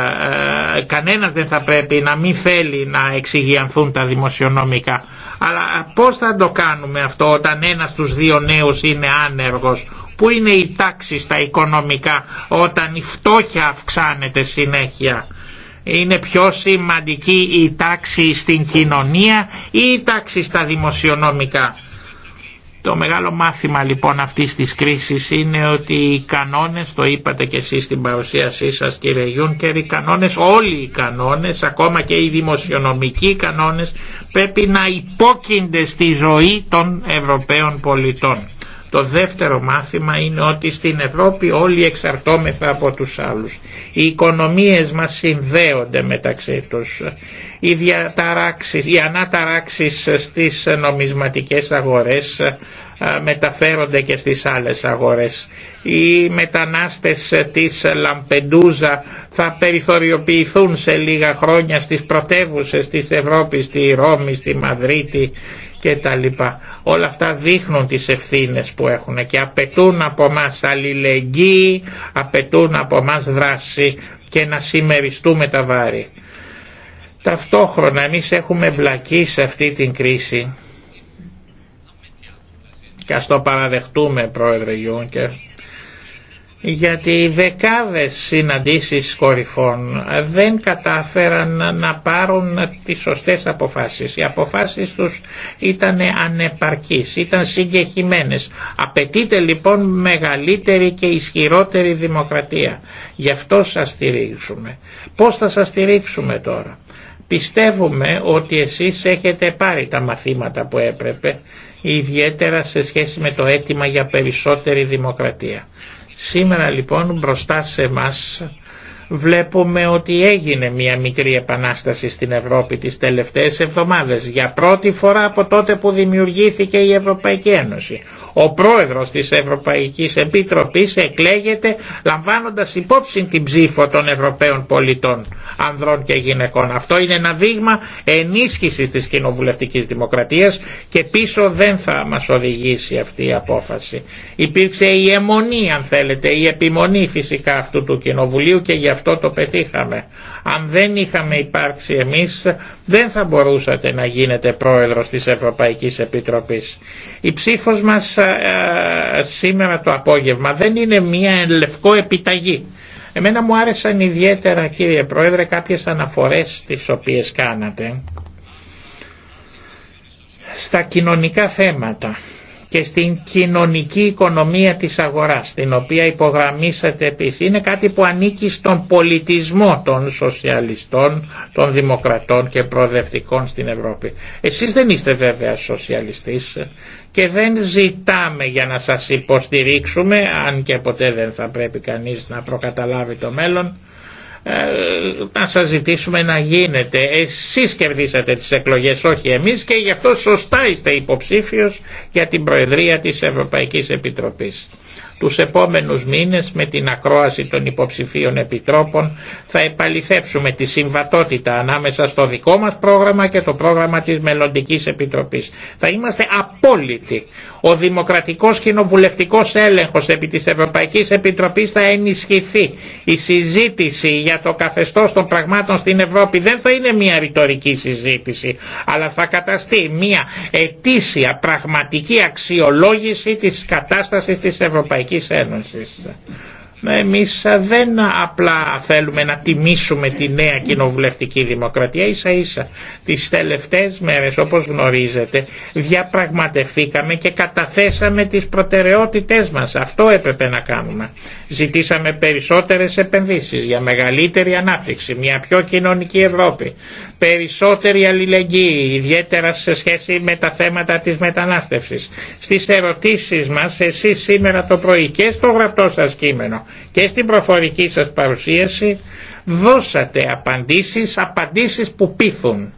ε, κανένας δεν θα πρέπει να μην θέλει να εξηγιανθούν τα δημοσιονομικά. Αλλά ε, πώς θα το κάνουμε αυτό όταν ένας στους δύο νέους είναι άνεργος. Πού είναι η τάξη στα οικονομικά όταν η φτώχεια αυξάνεται συνέχεια. Είναι πιο σημαντική η τάξη στην κοινωνία ή η τάξη στα δημοσιονομικά. Το μεγάλο μάθημα λοιπόν αυτής της κρίσης είναι ότι οι κανόνες, το είπατε και εσείς στην παρουσίασή σας κύριε Γιούνκερ, οι κανόνες, όλοι οι κανόνες, ακόμα και οι δημοσιονομικοί κανόνες πρέπει να υπόκεινται στη ζωή των Ευρωπαίων πολιτών. Το δεύτερο μάθημα είναι ότι στην Ευρώπη όλοι εξαρτώμεθα από τους άλλους. Οι οικονομίες μας συνδέονται μεταξύ τους. Οι, διαταράξεις, οι αναταράξεις στις νομισματικές αγορές ε, μεταφέρονται και στις άλλες αγορές. Οι μετανάστες της Λαμπεντούζα θα περιθωριοποιηθούν σε λίγα χρόνια στις πρωτεύουσες της Ευρώπης, στη Ρώμη, στη Μαδρίτη και τα Όλα αυτά δείχνουν τις ευθύνες που έχουν και απαιτούν από μας αλληλεγγύη, απαιτούν από μας δράση και να συμμεριστούμε τα βάρη. Ταυτόχρονα εμείς έχουμε μπλακεί σε αυτή την κρίση και ας το παραδεχτούμε πρόεδρε Γιούνκερ γιατί οι δεκάδες συναντήσεις κορυφών δεν κατάφεραν να πάρουν τις σωστές αποφάσεις. Οι αποφάσεις τους ήταν ανεπαρκείς, ήταν συγκεχημένες. Απαιτείται λοιπόν μεγαλύτερη και ισχυρότερη δημοκρατία. Γι' αυτό σας στηρίξουμε. Πώς θα σας στηρίξουμε τώρα. Πιστεύουμε ότι εσείς έχετε πάρει τα μαθήματα που έπρεπε, ιδιαίτερα σε σχέση με το αίτημα για περισσότερη δημοκρατία. Σήμερα λοιπόν μπροστά σε μας βλέπουμε ότι έγινε μια μικρή επανάσταση στην Ευρώπη τις τελευταίες εβδομάδες για πρώτη φορά από τότε που δημιουργήθηκε η Ευρωπαϊκή Ένωση. Ο πρόεδρος της Ευρωπαϊκής Επιτροπής εκλέγεται λαμβάνοντας υπόψη την ψήφο των Ευρωπαίων πολιτών, ανδρών και γυναικών. Αυτό είναι ένα δείγμα ενίσχυσης της κοινοβουλευτικής δημοκρατίας και πίσω δεν θα μας οδηγήσει αυτή η απόφαση. Υπήρξε η αιμονή αν θέλετε, η επιμονή φυσικά αυτού του κοινοβουλίου και γι' αυτό το πετύχαμε. Αν δεν είχαμε υπάρξει εμείς δεν θα μπορούσατε να γίνετε πρόεδρος της Ευρωπαϊκής Επιτροπής. Η ψήφος μας ε, ε, σήμερα το απόγευμα δεν είναι μια λευκό επιταγή. Εμένα μου άρεσαν ιδιαίτερα κύριε Πρόεδρε κάποιες αναφορές τις οποίες κάνατε στα κοινωνικά θέματα και στην κοινωνική οικονομία της αγοράς, την οποία υπογραμμίσατε επίσης. Είναι κάτι που ανήκει στον πολιτισμό των σοσιαλιστών, των δημοκρατών και προοδευτικών στην Ευρώπη. Εσείς δεν είστε βέβαια σοσιαλιστής και δεν ζητάμε για να σας υποστηρίξουμε, αν και ποτέ δεν θα πρέπει κανείς να προκαταλάβει το μέλλον, ε, να σας ζητήσουμε να γίνετε. Εσείς κερδίσατε τις εκλογές, όχι εμείς και γι' αυτό σωστά είστε υποψήφιος για την Προεδρία της Ευρωπαϊκής Επιτροπής. Τους επόμενους μήνες με την ακρόαση των υποψηφίων επιτρόπων θα επαληθεύσουμε τη συμβατότητα ανάμεσα στο δικό μας πρόγραμμα και το πρόγραμμα της Μελλοντικής Επιτροπής. Θα είμαστε απόλυτοι. Ο Δημοκρατικός Κοινοβουλευτικός Έλεγχος επί της Ευρωπαϊκής Επιτροπής θα ενισχυθεί. Η συζήτηση για το καθεστώς των πραγμάτων στην Ευρώπη δεν θα είναι μια ρητορική συζήτηση, αλλά θα καταστεί μια ετήσια πραγματική αξιολόγηση της κατάστασης της Ευρωπαϊκής Ευρωπαϊκής Ένωσης. Εμείς δεν απλά θέλουμε να τιμήσουμε τη νέα κοινοβουλευτική δημοκρατία ίσα ίσα. Τις τελευταίες μέρες όπως γνωρίζετε διαπραγματευθήκαμε και καταθέσαμε τις προτεραιότητές μας. Αυτό έπρεπε να κάνουμε. Ζητήσαμε περισσότερες επενδύσεις για μεγαλύτερη ανάπτυξη, μια πιο κοινωνική Ευρώπη, περισσότερη αλληλεγγύη, ιδιαίτερα σε σχέση με τα θέματα της μετανάστευσης. Στις ερωτήσεις μας εσείς σήμερα το πρωί και στο γραπτό σας κείμενο και στην προφορική σας παρουσίαση δώσατε απαντήσεις, απαντήσεις που πείθουν.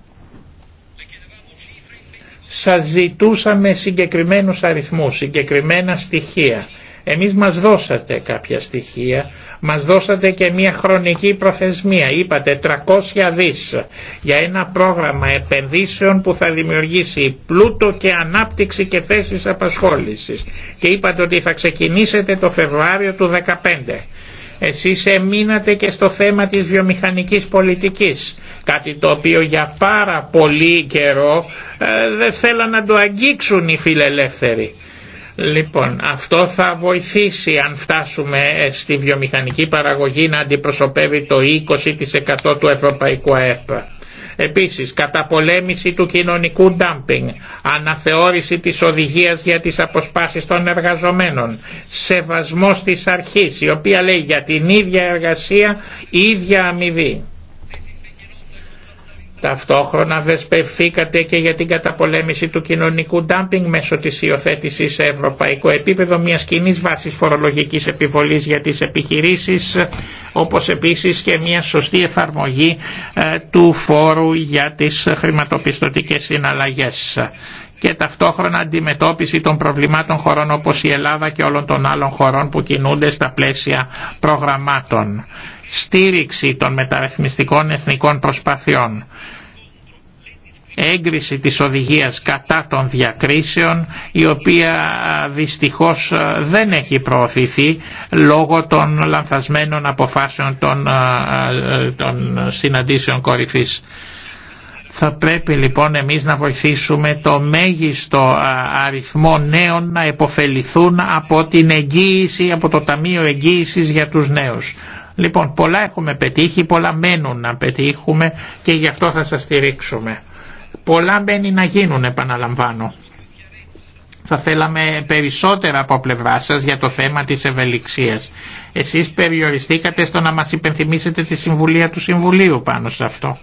Σας ζητούσαμε συγκεκριμένους αριθμούς, συγκεκριμένα στοιχεία. Εμείς μας δώσατε κάποια στοιχεία, μας δώσατε και μια χρονική προθεσμία. Είπατε 300 δις για ένα πρόγραμμα επενδύσεων που θα δημιουργήσει πλούτο και ανάπτυξη και θέσεις απασχόλησης. Και είπατε ότι θα ξεκινήσετε το Φεβρουάριο του 2015. Εσείς εμείνατε και στο θέμα της βιομηχανικής πολιτικής, κάτι το οποίο για πάρα πολύ καιρό ε, δεν θέλαν να το αγγίξουν οι φιλελεύθεροι. Λοιπόν, αυτό θα βοηθήσει αν φτάσουμε ε, στη βιομηχανική παραγωγή να αντιπροσωπεύει το 20% του ευρωπαϊκού ΑΕΠ. Επίσης, καταπολέμηση του κοινωνικού ντάμπινγκ, αναθεώρηση της οδηγίας για τις αποσπάσεις των εργαζομένων, σεβασμός της αρχής, η οποία λέει για την ίδια εργασία, ίδια αμοιβή. Ταυτόχρονα δεσπευθήκατε και για την καταπολέμηση του κοινωνικού ντάμπινγκ μέσω της υιοθέτηση σε ευρωπαϊκό επίπεδο μιας κοινή βάσης φορολογικής επιβολής για τις επιχειρήσεις όπως επίσης και μια σωστή εφαρμογή ε, του φόρου για τις χρηματοπιστωτικές συναλλαγές και ταυτόχρονα αντιμετώπιση των προβλημάτων χωρών όπως η Ελλάδα και όλων των άλλων χωρών που κινούνται στα πλαίσια προγραμμάτων στήριξη των μεταρρυθμιστικών εθνικών προσπαθειών, έγκριση της οδηγίας κατά των διακρίσεων η οποία δυστυχώς δεν έχει προωθηθεί λόγω των λανθασμένων αποφάσεων των, των συναντήσεων κορυφής. Θα πρέπει λοιπόν εμείς να βοηθήσουμε το μέγιστο αριθμό νέων να επωφεληθούν από την εγγύηση, από το Ταμείο Εγγύησης για τους νέους. Λοιπόν, πολλά έχουμε πετύχει, πολλά μένουν να πετύχουμε και γι' αυτό θα σας στηρίξουμε. Πολλά μπαίνει να γίνουν, επαναλαμβάνω. Θα θέλαμε περισσότερα από πλευρά σας για το θέμα της ευελιξίας. Εσείς περιοριστήκατε στο να μας υπενθυμίσετε τη συμβουλία του Συμβουλίου πάνω σε αυτό.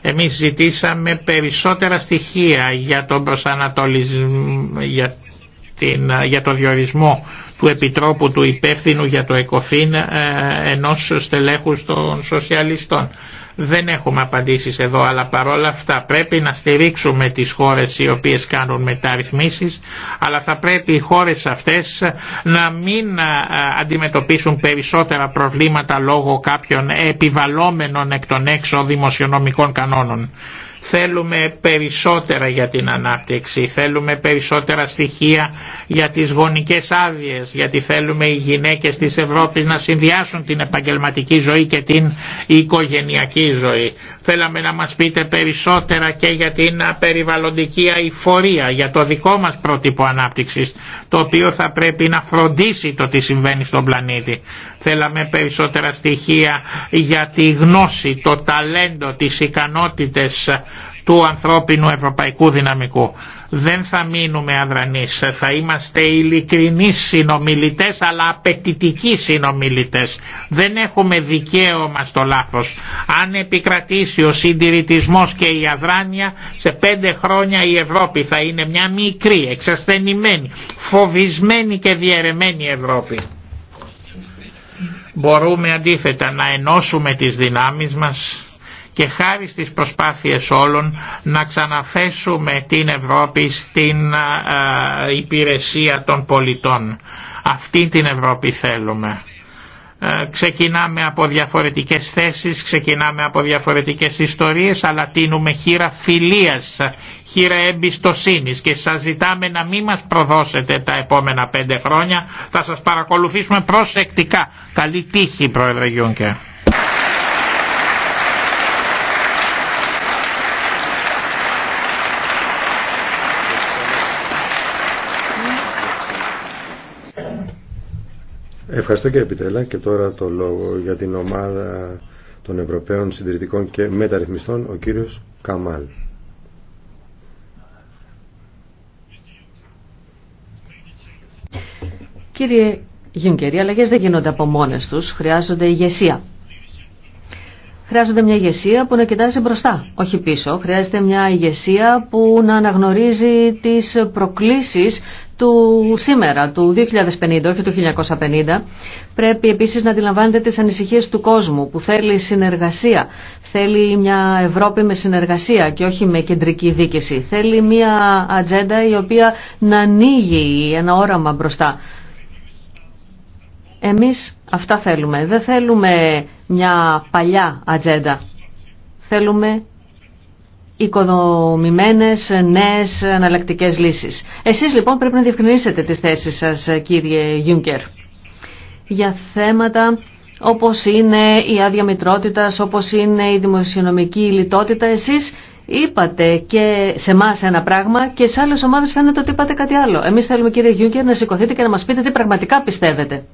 Εμείς ζητήσαμε περισσότερα στοιχεία για τον προσανατολισμό, για ε, για το διορισμό του Επιτρόπου του Υπεύθυνου για το ΕΚΟΦΗΝ ε, ενός στελέχους των σοσιαλιστών. Δεν έχουμε απαντήσεις εδώ, αλλά παρόλα αυτά πρέπει να στηρίξουμε τις χώρες οι οποίες κάνουν μεταρρυθμίσεις, αλλά θα πρέπει οι χώρες αυτές να μην ε, αντιμετωπίσουν περισσότερα προβλήματα λόγω κάποιων επιβαλόμενων εκ των έξω δημοσιονομικών κανόνων. Θέλουμε περισσότερα για την ανάπτυξη, θέλουμε περισσότερα στοιχεία για τις γονικές άδειε, γιατί θέλουμε οι γυναίκες της Ευρώπης να συνδυάσουν την επαγγελματική ζωή και την οικογενειακή ζωή. Θέλαμε να μας πείτε περισσότερα και για την περιβαλλοντική αηφορία, για το δικό μας πρότυπο ανάπτυξης, το οποίο θα πρέπει να φροντίσει το τι συμβαίνει στον πλανήτη. Θέλαμε περισσότερα στοιχεία για τη γνώση, το ταλέντο, τις ικανότητες του ανθρώπινου ευρωπαϊκού δυναμικού. Δεν θα μείνουμε αδρανείς, θα είμαστε ειλικρινεί συνομιλητές αλλά απαιτητικοί συνομιλητές. Δεν έχουμε δικαίωμα στο λάθος. Αν επικρατήσει ο συντηρητισμός και η αδράνεια, σε πέντε χρόνια η Ευρώπη θα είναι μια μικρή, εξασθενημένη, φοβισμένη και διαιρεμένη Ευρώπη. Μπορούμε αντίθετα να ενώσουμε τις δυνάμεις μας και χάρη στις προσπάθειες όλων να ξαναθέσουμε την Ευρώπη στην υπηρεσία των πολιτών. Αυτή την Ευρώπη θέλουμε. Ε, ξεκινάμε από διαφορετικές θέσεις, ξεκινάμε από διαφορετικές ιστορίες, αλλά τίνουμε χείρα φιλίας, χείρα εμπιστοσύνης και σας ζητάμε να μην μας προδώσετε τα επόμενα πέντε χρόνια. Θα σας παρακολουθήσουμε προσεκτικά. Καλή τύχη, Πρόεδρε Γιούνκερ. Ευχαριστώ κύριε Πιτέλα και τώρα το λόγο για την ομάδα των Ευρωπαίων Συντηρητικών και Μεταρρυθμιστών, ο κύριος Καμάλ. Κύριε Γιουνκερή, οι αλλαγές δεν γίνονται από μόνες τους, χρειάζονται ηγεσία. Χρειάζονται μια ηγεσία που να κοιτάζει μπροστά, όχι πίσω. Χρειάζεται μια ηγεσία που να αναγνωρίζει τις προκλήσεις του σήμερα, του 2050, όχι του 1950. Πρέπει επίσης να αντιλαμβάνεται τις ανησυχίες του κόσμου που θέλει συνεργασία. Θέλει μια Ευρώπη με συνεργασία και όχι με κεντρική δίκηση. Θέλει μια ατζέντα η οποία να ανοίγει ένα όραμα μπροστά. Εμείς αυτά θέλουμε. Δεν θέλουμε μια παλιά ατζέντα. Θέλουμε οικοδομημένες νέες αναλλακτικέ λύσεις. Εσείς λοιπόν πρέπει να διευκρινίσετε τις θέσεις σας κύριε Γιούγκερ. για θέματα όπως είναι η άδεια μητρότητας, όπως είναι η δημοσιονομική λιτότητα. Εσείς είπατε και σε εμά ένα πράγμα και σε άλλες ομάδες φαίνεται ότι είπατε κάτι άλλο. Εμείς θέλουμε κύριε Γιούγκερ να σηκωθείτε και να μας πείτε τι πραγματικά πιστεύετε.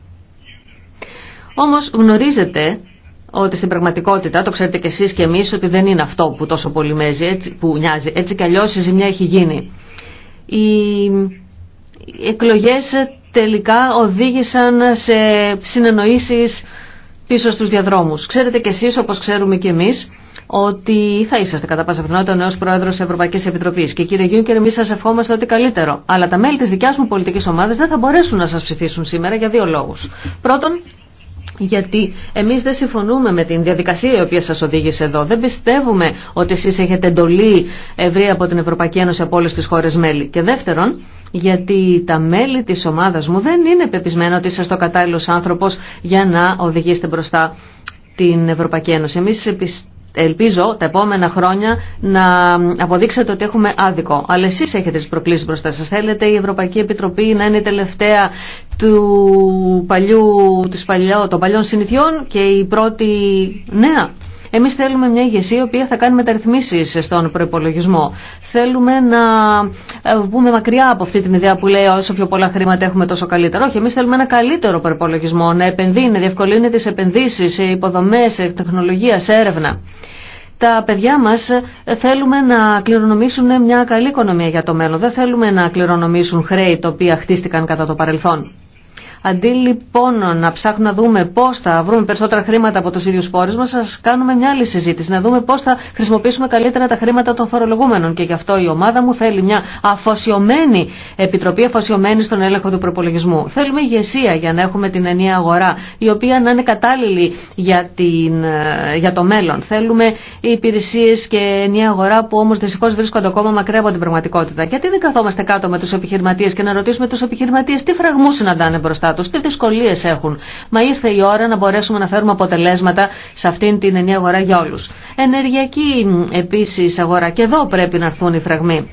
Όμως γνωρίζετε ότι στην πραγματικότητα, το ξέρετε και εσείς και εμείς, ότι δεν είναι αυτό που τόσο πολύ μέζει, έτσι, που νοιάζει. Έτσι κι αλλιώς η ζημιά έχει γίνει. Οι εκλογές τελικά οδήγησαν σε συνεννοήσεις πίσω στους διαδρόμους. Ξέρετε κι εσείς, όπως ξέρουμε κι εμείς, ότι θα είσαστε κατά πάσα πιθανότητα ο νέο πρόεδρο τη Ευρωπαϊκή Επιτροπή. Και κύριε Γιούνκερ, εμεί σα ευχόμαστε ότι καλύτερο. Αλλά τα μέλη τη δικιά μου πολιτική ομάδα δεν θα μπορέσουν να σα ψηφίσουν σήμερα για δύο λόγου. Πρώτον, γιατί εμείς δεν συμφωνούμε με την διαδικασία η οποία σας οδήγησε εδώ. Δεν πιστεύουμε ότι εσείς έχετε εντολή ευρεία από την Ευρωπαϊκή Ένωση από όλες τις χώρες μέλη. Και δεύτερον, γιατί τα μέλη της ομάδας μου δεν είναι πεπισμένα ότι είστε ο κατάλληλος άνθρωπος για να οδηγήσετε μπροστά την Ευρωπαϊκή Ένωση. Εμείς ελπίζω τα επόμενα χρόνια να αποδείξετε ότι έχουμε άδικο. Αλλά εσεί έχετε τι προκλήσει μπροστά σα. Θέλετε η Ευρωπαϊκή Επιτροπή να είναι η τελευταία του παλιού, παλιό, των παλιών συνηθιών και η πρώτη νέα. Εμείς θέλουμε μια ηγεσία η οποία θα κάνει μεταρρυθμίσεις στον προπολογισμό. Θέλουμε να ε, βγούμε μακριά από αυτή την ιδέα που λέει όσο πιο πολλά χρήματα έχουμε τόσο καλύτερο. Όχι, εμείς θέλουμε ένα καλύτερο προπολογισμό, να επενδύει, να διευκολύνει τις επενδύσεις σε υποδομές, σε τεχνολογία, σε έρευνα. Τα παιδιά μας ε, θέλουμε να κληρονομήσουν μια καλή οικονομία για το μέλλον. Δεν θέλουμε να κληρονομήσουν χρέη τα οποία χτίστηκαν κατά το παρελθόν. Αντί λοιπόν να ψάχνουμε να δούμε πώ θα βρούμε περισσότερα χρήματα από του ίδιου πόρου μα, α κάνουμε μια άλλη συζήτηση. Να δούμε πώ θα χρησιμοποιήσουμε καλύτερα τα χρήματα των φορολογούμενων. Και γι' αυτό η ομάδα μου θέλει μια αφοσιωμένη επιτροπή, αφοσιωμένη στον έλεγχο του προπολογισμού. Θέλουμε ηγεσία για να έχουμε την ενιαία αγορά, η οποία να είναι κατάλληλη για, την, για το μέλλον. Θέλουμε υπηρεσίε και ενιαία αγορά που όμω δυστυχώ βρίσκονται ακόμα μακριά από την πραγματικότητα. Γιατί δεν καθόμαστε κάτω με του επιχειρηματίε και να ρωτήσουμε του επιχειρηματίε τι φραγμού συναντάνε μπροστά τι δυσκολίες έχουν. Μα ήρθε η ώρα να μπορέσουμε να φέρουμε αποτελέσματα σε αυτήν την ενιαία αγορά για όλους. Ενεργειακή επίσης αγορά και εδώ πρέπει να έρθουν οι φραγμοί.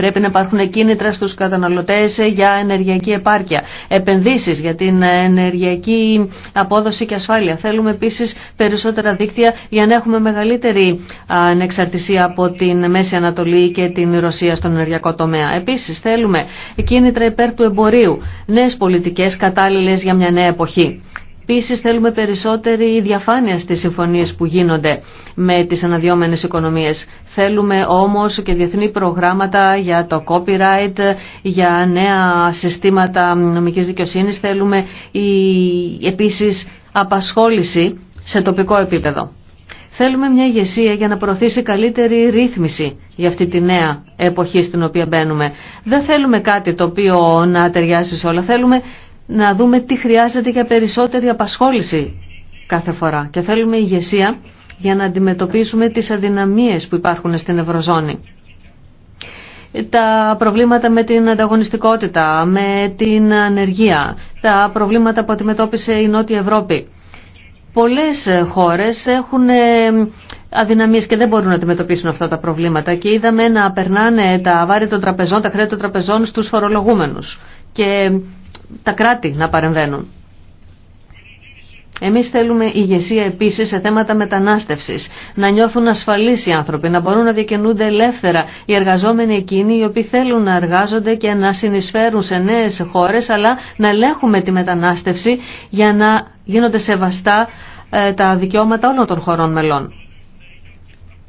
Πρέπει να υπάρχουν κίνητρα στους καταναλωτές για ενεργειακή επάρκεια, επενδύσεις για την ενεργειακή απόδοση και ασφάλεια. Θέλουμε επίσης περισσότερα δίκτυα για να έχουμε μεγαλύτερη ανεξαρτησία από την Μέση Ανατολή και την Ρωσία στον ενεργειακό τομέα. Επίσης θέλουμε κίνητρα υπέρ του εμπορίου, νέες πολιτικές κατάλληλες για μια νέα εποχή. Επίσης θέλουμε περισσότερη διαφάνεια στις συμφωνίες που γίνονται με τις αναδυόμενες οικονομίες. Θέλουμε όμως και διεθνή προγράμματα για το copyright, για νέα συστήματα νομικής δικαιοσύνης. Θέλουμε η, επίσης απασχόληση σε τοπικό επίπεδο. Θέλουμε μια ηγεσία για να προωθήσει καλύτερη ρύθμιση για αυτή τη νέα εποχή στην οποία μπαίνουμε. Δεν θέλουμε κάτι το οποίο να ταιριάσει σε όλα. Θέλουμε να δούμε τι χρειάζεται για περισσότερη απασχόληση κάθε φορά. Και θέλουμε ηγεσία για να αντιμετωπίσουμε τις αδυναμίες που υπάρχουν στην Ευρωζώνη. Τα προβλήματα με την ανταγωνιστικότητα, με την ανεργία, τα προβλήματα που αντιμετώπισε η Νότια Ευρώπη. Πολλές χώρες έχουν ε, αδυναμίες και δεν μπορούν να αντιμετωπίσουν αυτά τα προβλήματα και είδαμε να περνάνε τα βάρη των τραπεζών, τα χρέη των τραπεζών στους φορολογούμενους τα κράτη να παρεμβαίνουν. Εμείς θέλουμε ηγεσία επίσης σε θέματα μετανάστευσης, να νιώθουν ασφαλείς οι άνθρωποι, να μπορούν να διακινούνται ελεύθερα οι εργαζόμενοι εκείνοι οι οποίοι θέλουν να εργάζονται και να συνεισφέρουν σε νέες χώρες, αλλά να ελέγχουμε τη μετανάστευση για να γίνονται σεβαστά ε, τα δικαιώματα όλων των χωρών μελών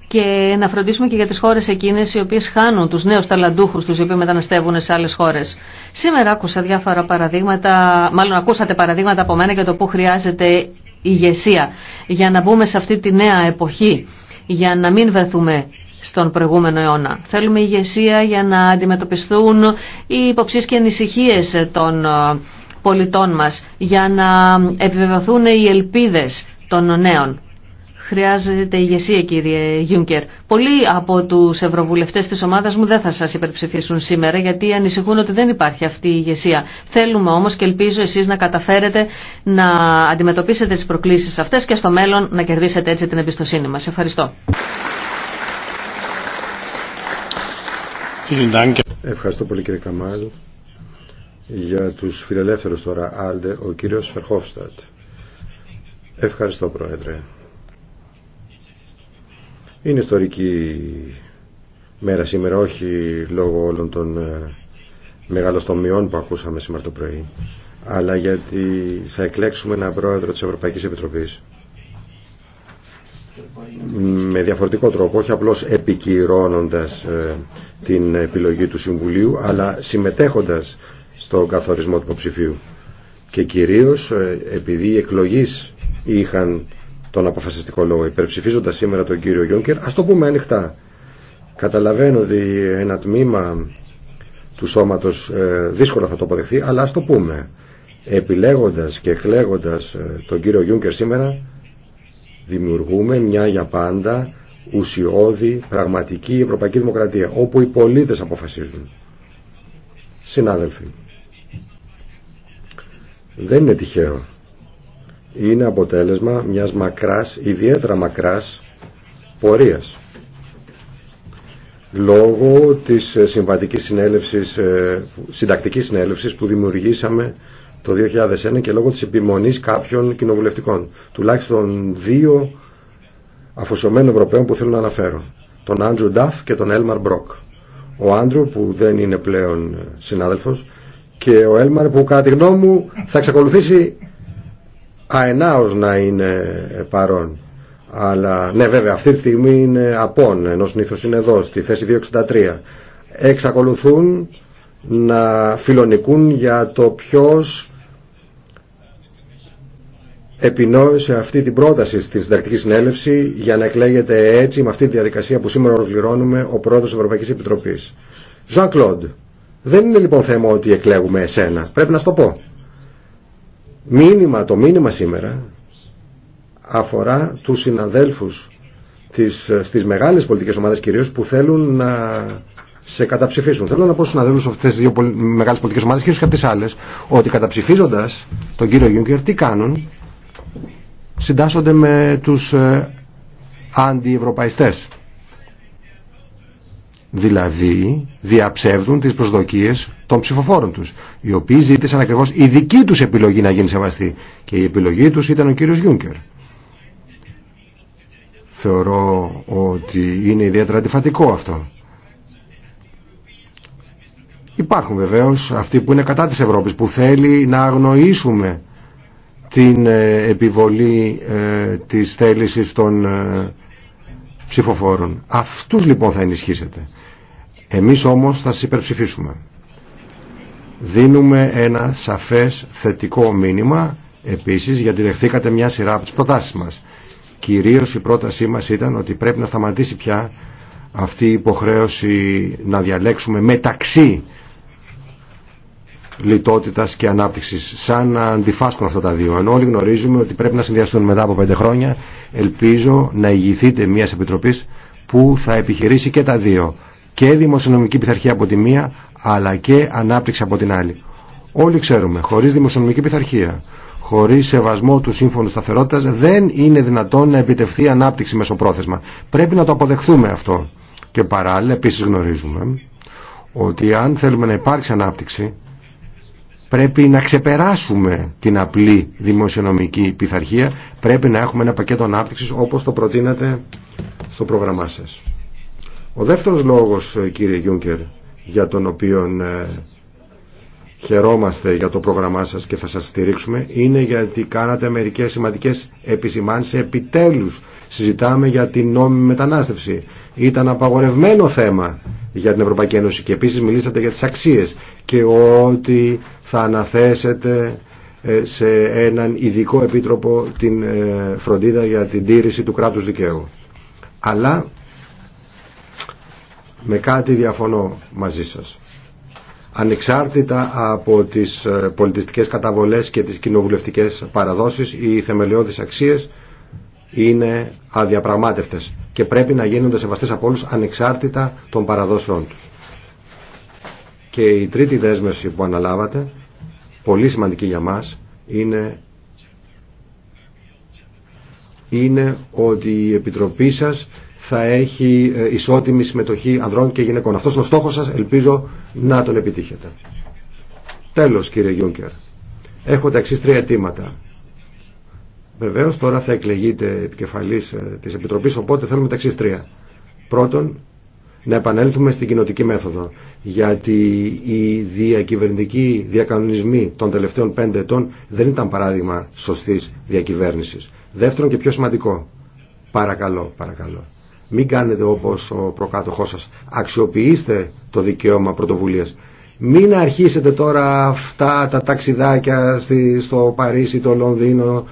και να φροντίσουμε και για τις χώρες εκείνες οι οποίες χάνουν τους νέους ταλαντούχους τους οι οποίοι μεταναστεύουν σε άλλες χώρες. Σήμερα άκουσα διάφορα παραδείγματα, μάλλον ακούσατε παραδείγματα από μένα για το που χρειάζεται ηγεσία για να μπούμε σε αυτή τη νέα εποχή, για να μην βρεθούμε στον προηγούμενο αιώνα. Θέλουμε ηγεσία για να αντιμετωπιστούν οι υποψίες και ανησυχίε των ε, πολιτών μας, για να επιβεβαιωθούν οι ελπίδες των νέων. Χρειάζεται ηγεσία κύριε Γιούγκερ. Πολλοί από τους ευρωβουλευτές της ομάδας μου δεν θα σας υπερψηφίσουν σήμερα γιατί ανησυχούν ότι δεν υπάρχει αυτή η ηγεσία. Θέλουμε όμως και ελπίζω εσείς να καταφέρετε να αντιμετωπίσετε τις προκλήσεις αυτές και στο μέλλον να κερδίσετε έτσι την εμπιστοσύνη μας. Ευχαριστώ. Ευχαριστώ πολύ κύριε Καμάλ. Για τους φιλελεύθερους τώρα, Άλντε, ο κύριος Φερχόφστατ. Ευχαριστώ Πρόεδρε. Είναι ιστορική μέρα σήμερα, όχι λόγω όλων των ε, μεγαλοστομιών που ακούσαμε σήμερα το πρωί, αλλά γιατί θα εκλέξουμε έναν πρόεδρο της Ευρωπαϊκής Επιτροπής με διαφορετικό τρόπο, όχι απλώς επικυρώνοντας ε, την επιλογή του Συμβουλίου, αλλά συμμετέχοντας στον καθορισμό του υποψηφίου. Και κυρίως ε, επειδή οι εκλογείς είχαν τον αποφασιστικό λόγο. Υπερψηφίζοντας σήμερα τον κύριο Γιόνκερ, ας το πούμε ανοιχτά. Καταλαβαίνω ότι ένα τμήμα του σώματος ε, δύσκολα θα το αποδεχθεί, αλλά ας το πούμε. Επιλέγοντας και εκλέγοντας ε, τον κύριο Γιούνκερ σήμερα, δημιουργούμε μια για πάντα ουσιώδη, πραγματική ευρωπαϊκή δημοκρατία, όπου οι πολίτες αποφασίζουν. Συνάδελφοι, δεν είναι τυχαίο είναι αποτέλεσμα μιας μακράς, ιδιαίτερα μακράς πορείας. Λόγω της ε, συμβατικής συνέλευσης, ε, συντακτικής συνέλευσης που δημιουργήσαμε το 2001 και λόγω της επιμονής κάποιων κοινοβουλευτικών. Τουλάχιστον δύο αφοσιωμένων Ευρωπαίων που θέλω να αναφέρω. Τον Άντρου Νταφ και τον Έλμαρ Μπροκ. Ο Άντρου που δεν είναι πλέον ε, συνάδελφος και ο Έλμαρ που κατά τη γνώμη μου θα εξακολουθήσει αενάως να είναι παρόν. Αλλά ναι βέβαια αυτή τη στιγμή είναι απόν, ενώ συνήθω είναι εδώ, στη θέση 263. Εξακολουθούν να φιλονικούν για το ποιος επινόησε αυτή την πρόταση στη συντακτική συνέλευση για να εκλέγεται έτσι με αυτή τη διαδικασία που σήμερα ολοκληρώνουμε ο πρόεδρος της Ευρωπαϊκής Ζαν Κλοντ δεν είναι λοιπόν θέμα ότι εκλέγουμε εσένα. Πρέπει να σου το πω μήνυμα, το μήνυμα σήμερα αφορά τους συναδέλφους της, στις μεγάλες πολιτικές ομάδες κυρίως που θέλουν να σε καταψηφίσουν. Θέλω να πω στους συναδέλφους αυτές τις δύο μεγάλες πολιτικές ομάδες και και από τις άλλες ότι καταψηφίζοντας τον κύριο Γιούγκερ τι κάνουν συντάσσονται με τους ε, αντιευρωπαϊστές δηλαδή διαψεύδουν τις προσδοκίες των ψηφοφόρων τους, οι οποίοι ζήτησαν ακριβώς η δική τους επιλογή να γίνει σεβαστή και η επιλογή τους ήταν ο κύριος Γιούνκερ. Θεωρώ ότι είναι ιδιαίτερα αντιφατικό αυτό. Υπάρχουν βεβαίως αυτοί που είναι κατά της Ευρώπης, που θέλει να αγνοήσουμε την ε, επιβολή ε, της θέλησης των ε, ψηφοφόρων. Αυτούς λοιπόν θα ενισχύσετε. Εμείς όμως θα σας υπερψηφίσουμε. Δίνουμε ένα σαφές θετικό μήνυμα επίσης γιατί δεχθήκατε μια σειρά από τις προτάσεις μας. Κυρίως η πρότασή μας ήταν ότι πρέπει να σταματήσει πια αυτή η υποχρέωση να διαλέξουμε μεταξύ Λιτότητα και ανάπτυξης. Σαν να αντιφάσκουν αυτά τα δύο. Ενώ όλοι γνωρίζουμε ότι πρέπει να συνδυαστούν μετά από πέντε χρόνια, ελπίζω να ηγηθείτε μια επιτροπής που θα επιχειρήσει και τα δύο. Και δημοσιονομική πειθαρχία από τη μία, αλλά και ανάπτυξη από την άλλη. Όλοι ξέρουμε, χωρίς δημοσιονομική πειθαρχία, χωρίς σεβασμό του σύμφωνου σταθερότητα, δεν είναι δυνατόν να επιτευχθεί ανάπτυξη μεσοπρόθεσμα. Πρέπει να το αποδεχθούμε αυτό. Και παράλληλα, επίση γνωρίζουμε ότι αν θέλουμε να υπάρξει ανάπτυξη, Πρέπει να ξεπεράσουμε την απλή δημοσιονομική πειθαρχία. Πρέπει να έχουμε ένα πακέτο ανάπτυξης όπως το προτείνατε στο πρόγραμμά σας. Ο δεύτερος λόγος, ε, κύριε Γιούγκερ, για τον οποίο ε, χαιρόμαστε για το πρόγραμμά σας και θα σας στηρίξουμε είναι γιατί κάνατε μερικές σημαντικές επισημάνσεις επιτέλους συζητάμε για την νόμιμη μετανάστευση ήταν απαγορευμένο θέμα για την Ευρωπαϊκή Ένωση και επίσης μιλήσατε για τις αξίες και ότι θα αναθέσετε ε, σε έναν ειδικό επίτροπο την ε, φροντίδα για την τήρηση του κράτους δικαίου. Αλλά με κάτι διαφωνώ μαζί σας. Ανεξάρτητα από τις ε, πολιτιστικές καταβολές και τις κοινοβουλευτικές παραδόσεις, οι θεμελιώδεις αξίες είναι αδιαπραγμάτευτες και πρέπει να γίνονται σεβαστές από όλους ανεξάρτητα των παραδόσεών τους. Και η τρίτη δέσμευση που αναλάβατε πολύ σημαντική για μας είναι, είναι ότι η Επιτροπή σας θα έχει ε, ισότιμη συμμετοχή ανδρών και γυναικών. Αυτός είναι ο στόχος σας, ελπίζω να τον επιτύχετε. Τέλος κύριε Γιούγκερ, έχω τα εξής τρία αιτήματα. Βεβαίως τώρα θα εκλεγείτε επικεφαλής ε, της Επιτροπής, οπότε θέλουμε τα εξής τρία. Πρώτον, να επανέλθουμε στην κοινοτική μέθοδο. Γιατί οι διακυβερνητικοί διακανονισμοί των τελευταίων πέντε ετών δεν ήταν παράδειγμα σωστή διακυβέρνηση. Δεύτερον και πιο σημαντικό, παρακαλώ, παρακαλώ, μην κάνετε όπω ο προκάτοχό σα. Αξιοποιήστε το δικαίωμα πρωτοβουλία. Μην αρχίσετε τώρα αυτά τα ταξιδάκια στο Παρίσι, το Λονδίνο,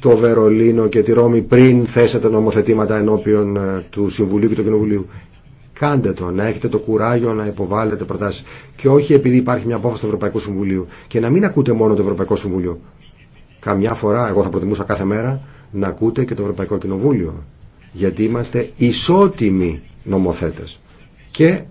το Βερολίνο και τη Ρώμη πριν θέσετε νομοθετήματα ενώπιον ε, του Συμβουλίου και του Κοινοβουλίου. Κάντε το, να έχετε το κουράγιο να υποβάλλετε προτάσει. Και όχι επειδή υπάρχει μια απόφαση του Ευρωπαϊκού Συμβουλίου. Και να μην ακούτε μόνο το Ευρωπαϊκό Συμβούλιο. Καμιά φορά, εγώ θα προτιμούσα κάθε μέρα, να ακούτε και το Ευρωπαϊκό Κοινοβούλιο. Γιατί είμαστε ισότιμοι νομοθέτες. Και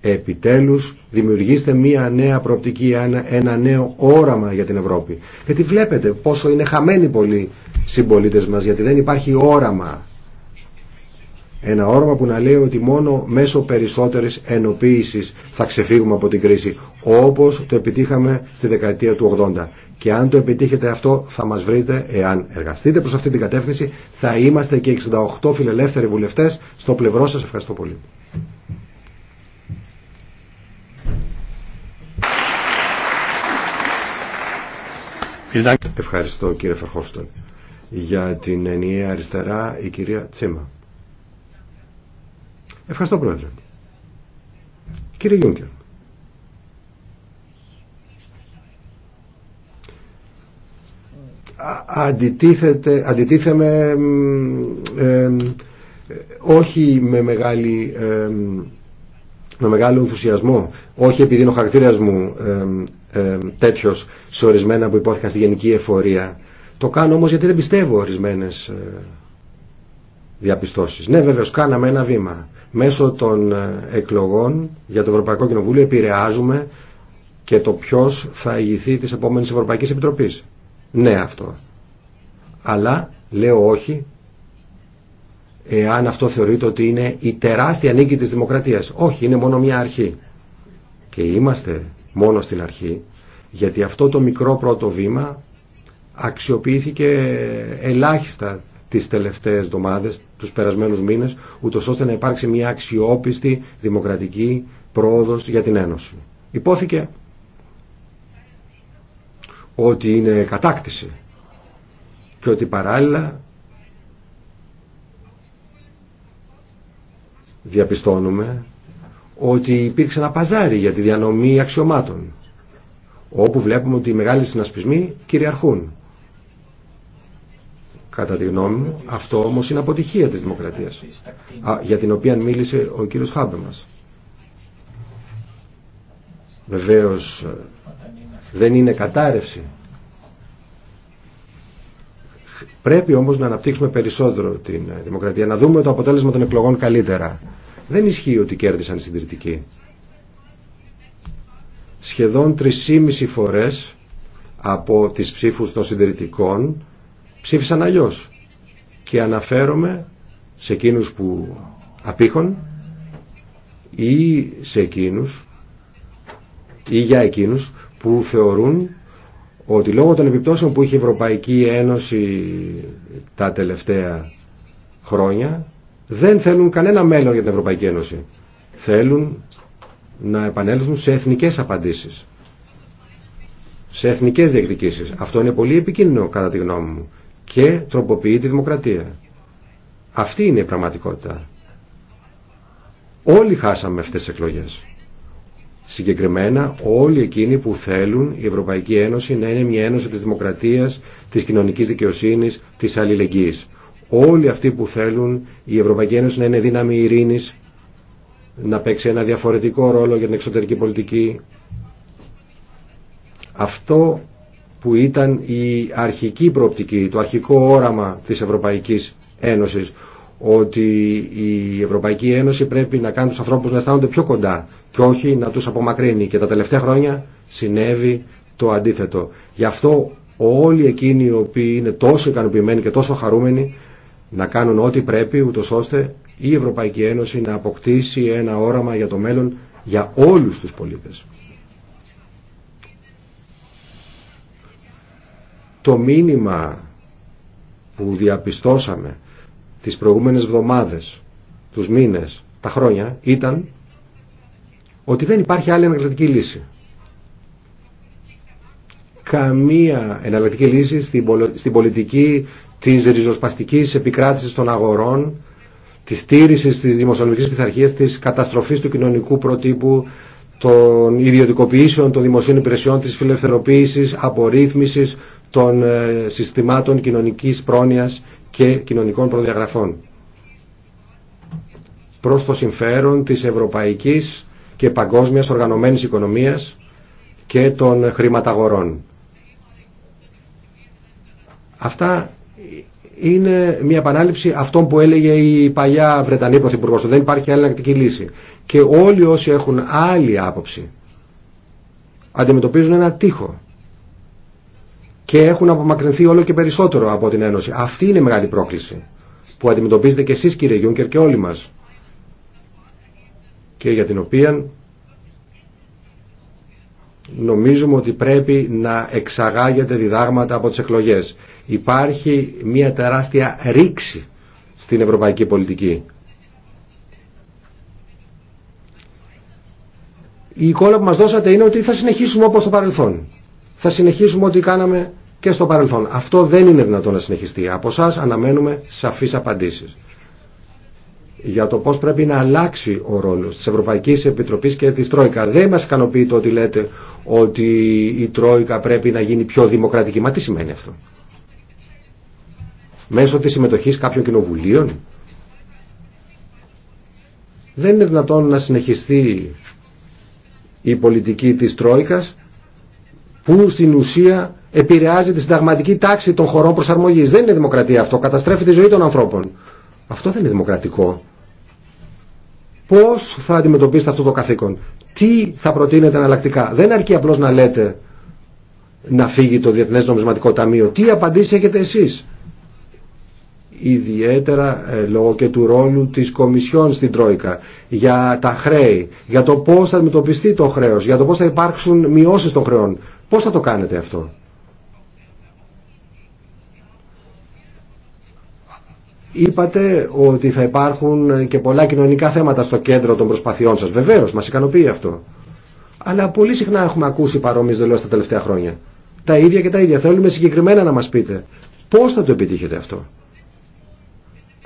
επιτέλους δημιουργήστε μία νέα προοπτική, ένα, νέο όραμα για την Ευρώπη. Γιατί βλέπετε πόσο είναι χαμένοι πολλοί συμπολίτες μας, γιατί δεν υπάρχει όραμα ένα όρμα που να λέει ότι μόνο μέσω περισσότερης ενοποίησης θα ξεφύγουμε από την κρίση, όπως το επιτύχαμε στη δεκαετία του 80. Και αν το επιτύχετε αυτό θα μας βρείτε, εάν εργαστείτε προς αυτή την κατεύθυνση, θα είμαστε και 68 φιλελεύθεροι βουλευτές στο πλευρό σας. Ευχαριστώ πολύ. Ευχαριστώ κύριε Για την ενιαία αριστερά η κυρία Τσίμα. Ευχαριστώ Πρόεδρε. Κύριε Γιούγκερ. Αντιτίθεται, αντιτίθεμε ε, όχι με, μεγάλη, με μεγάλο ενθουσιασμό, όχι επειδή είναι ο χαρακτήρας μου ε, τέτοιος σε ορισμένα που υπόθηκαν στη γενική εφορία. Το κάνω όμως γιατί δεν πιστεύω ορισμένες ε, διαπιστώσεις. Ναι βέβαιως κάναμε ένα βήμα. Μέσω των ε, εκλογών για το Ευρωπαϊκό Κοινοβούλιο επηρεάζουμε και το ποιο θα ηγηθεί της επόμενης Ευρωπαϊκής Επιτροπής. Ναι αυτό. Αλλά λέω όχι εάν αυτό θεωρείται ότι είναι η τεράστια νίκη της δημοκρατίας. Όχι, είναι μόνο μια αρχή. Και είμαστε μόνο στην αρχή, γιατί αυτό το μικρό πρώτο βήμα αξιοποιήθηκε ελάχιστα τις τελευταίες εβδομάδες, τους περασμένους μήνες, ούτως ώστε να υπάρξει μια αξιόπιστη δημοκρατική πρόοδος για την Ένωση. Υπόθηκε ότι είναι κατάκτηση και ότι παράλληλα διαπιστώνουμε ότι υπήρξε ένα παζάρι για τη διανομή αξιωμάτων όπου βλέπουμε ότι οι μεγάλοι συνασπισμοί κυριαρχούν Κατά τη γνώμη μου, αυτό όμως είναι αποτυχία της δημοκρατίας, για την οποία μίλησε ο κύριος Χάμπεμας. Βεβαίως δεν είναι κατάρρευση. Πρέπει όμως να αναπτύξουμε περισσότερο την ε, δημοκρατία, να δούμε το αποτέλεσμα των εκλογών καλύτερα. Δεν ισχύει ότι κέρδισαν οι συντηρητικοί. Σχεδόν 3,5 φορές από τις ψήφους των συντηρητικών ψήφισαν αλλιώ. και αναφέρομαι σε εκείνους που απήχων ή σε εκείνους ή για εκείνους που θεωρούν ότι λόγω των επιπτώσεων που είχε η Ευρωπαϊκή Ένωση τα τελευταία χρόνια δεν θέλουν κανένα μέλλον για την Ευρωπαϊκή Ένωση. Θέλουν να επανέλθουν σε εθνικές απαντήσεις, σε εθνικές διεκδικήσεις. Αυτό είναι πολύ επικίνδυνο κατά τη γνώμη μου και τροποποιεί τη δημοκρατία. Αυτή είναι η πραγματικότητα. Όλοι χάσαμε αυτές τις εκλογές. Συγκεκριμένα όλοι εκείνοι που θέλουν η Ευρωπαϊκή Ένωση να είναι μια ένωση της δημοκρατίας, της κοινωνικής δικαιοσύνης, της αλληλεγγύης. Όλοι αυτοί που θέλουν η Ευρωπαϊκή Ένωση να είναι δύναμη ειρήνης, να παίξει ένα διαφορετικό ρόλο για την εξωτερική πολιτική. Αυτό που ήταν η αρχική προοπτική, το αρχικό όραμα της Ευρωπαϊκής Ένωσης ότι η Ευρωπαϊκή Ένωση πρέπει να κάνει τους ανθρώπους να αισθάνονται πιο κοντά και όχι να τους απομακρύνει. Και τα τελευταία χρόνια συνέβη το αντίθετο. Γι' αυτό όλοι εκείνοι οι οποίοι είναι τόσο ικανοποιημένοι και τόσο χαρούμενοι να κάνουν ό,τι πρέπει ούτως ώστε η Ευρωπαϊκή Ένωση να αποκτήσει ένα όραμα για το μέλλον για όλους τους πολίτες. Το μήνυμα που διαπιστώσαμε τις προηγούμενες εβδομάδες, τους μήνες, τα χρόνια ήταν ότι δεν υπάρχει άλλη εναλλακτική λύση. Καμία εναλλακτική λύση στην πολιτική της ριζοσπαστικής επικράτησης των αγορών, της στήριξης της δημοσιονομικής πειθαρχίας, της καταστροφής του κοινωνικού προτύπου, των ιδιωτικοποιήσεων των δημοσίων υπηρεσιών, της φιλελευθεροποίησης, απορρίθμισης των ε, συστημάτων κοινωνικής πρόνοιας και κοινωνικών προδιαγραφών. Προς το συμφέρον της ευρωπαϊκής και παγκόσμιας οργανωμένης οικονομίας και των χρηματαγορών. Αυτά είναι μια επανάληψη αυτών που έλεγε η παλιά Βρετανή Πρωθυπουργό. Δεν υπάρχει άλλη ανακτική λύση. Και όλοι όσοι έχουν άλλη άποψη αντιμετωπίζουν ένα τείχο και έχουν απομακρυνθεί όλο και περισσότερο από την Ένωση. Αυτή είναι η μεγάλη πρόκληση που αντιμετωπίζετε και εσείς κύριε Γιούνκερ και όλοι μα. και για την οποία νομίζουμε ότι πρέπει να εξαγάγεται διδάγματα από τις εκλογές. Υπάρχει μια τεράστια ρήξη στην ευρωπαϊκή πολιτική. Η εικόνα που μας δώσατε είναι ότι θα συνεχίσουμε όπως στο παρελθόν. Θα συνεχίσουμε ό,τι κάναμε και στο παρελθόν. Αυτό δεν είναι δυνατόν να συνεχιστεί. Από εσά αναμένουμε σαφείς απαντήσεις για το πώς πρέπει να αλλάξει ο ρόλος της Ευρωπαϊκής Επιτροπής και της Τρόικα. Δεν μας ικανοποιεί το ότι λέτε ότι η Τρόικα πρέπει να γίνει πιο δημοκρατική. Μα τι σημαίνει αυτό. Μέσω της συμμετοχής κάποιων κοινοβουλίων. Δεν είναι δυνατόν να συνεχιστεί η πολιτική της Τρόικας που στην ουσία επηρεάζει τη συνταγματική τάξη των χωρών προσαρμογής. Δεν είναι δημοκρατία αυτό. Καταστρέφει τη ζωή των ανθρώπων. Αυτό δεν είναι δημοκρατικό. Πώς θα αντιμετωπίσετε αυτό το καθήκον. Τι θα προτείνετε εναλλακτικά. Δεν αρκεί απλώς να λέτε να φύγει το Διεθνές Νομισματικό Ταμείο. Τι απαντήσεις έχετε εσείς. Ιδιαίτερα ε, λόγω και του ρόλου της Κομισιόν στην Τρόικα για τα χρέη, για το πώς θα αντιμετωπιστεί το χρέος, για το πώς θα υπάρξουν μειώσεις των χρεών. Πώς θα το κάνετε αυτό. Είπατε ότι θα υπάρχουν και πολλά κοινωνικά θέματα στο κέντρο των προσπαθειών σας. Βεβαίως, μας ικανοποιεί αυτό. Αλλά πολύ συχνά έχουμε ακούσει παρόμοιες δηλώσεις τα τελευταία χρόνια. Τα ίδια και τα ίδια. Θέλουμε συγκεκριμένα να μας πείτε. Πώς θα το επιτύχετε αυτό.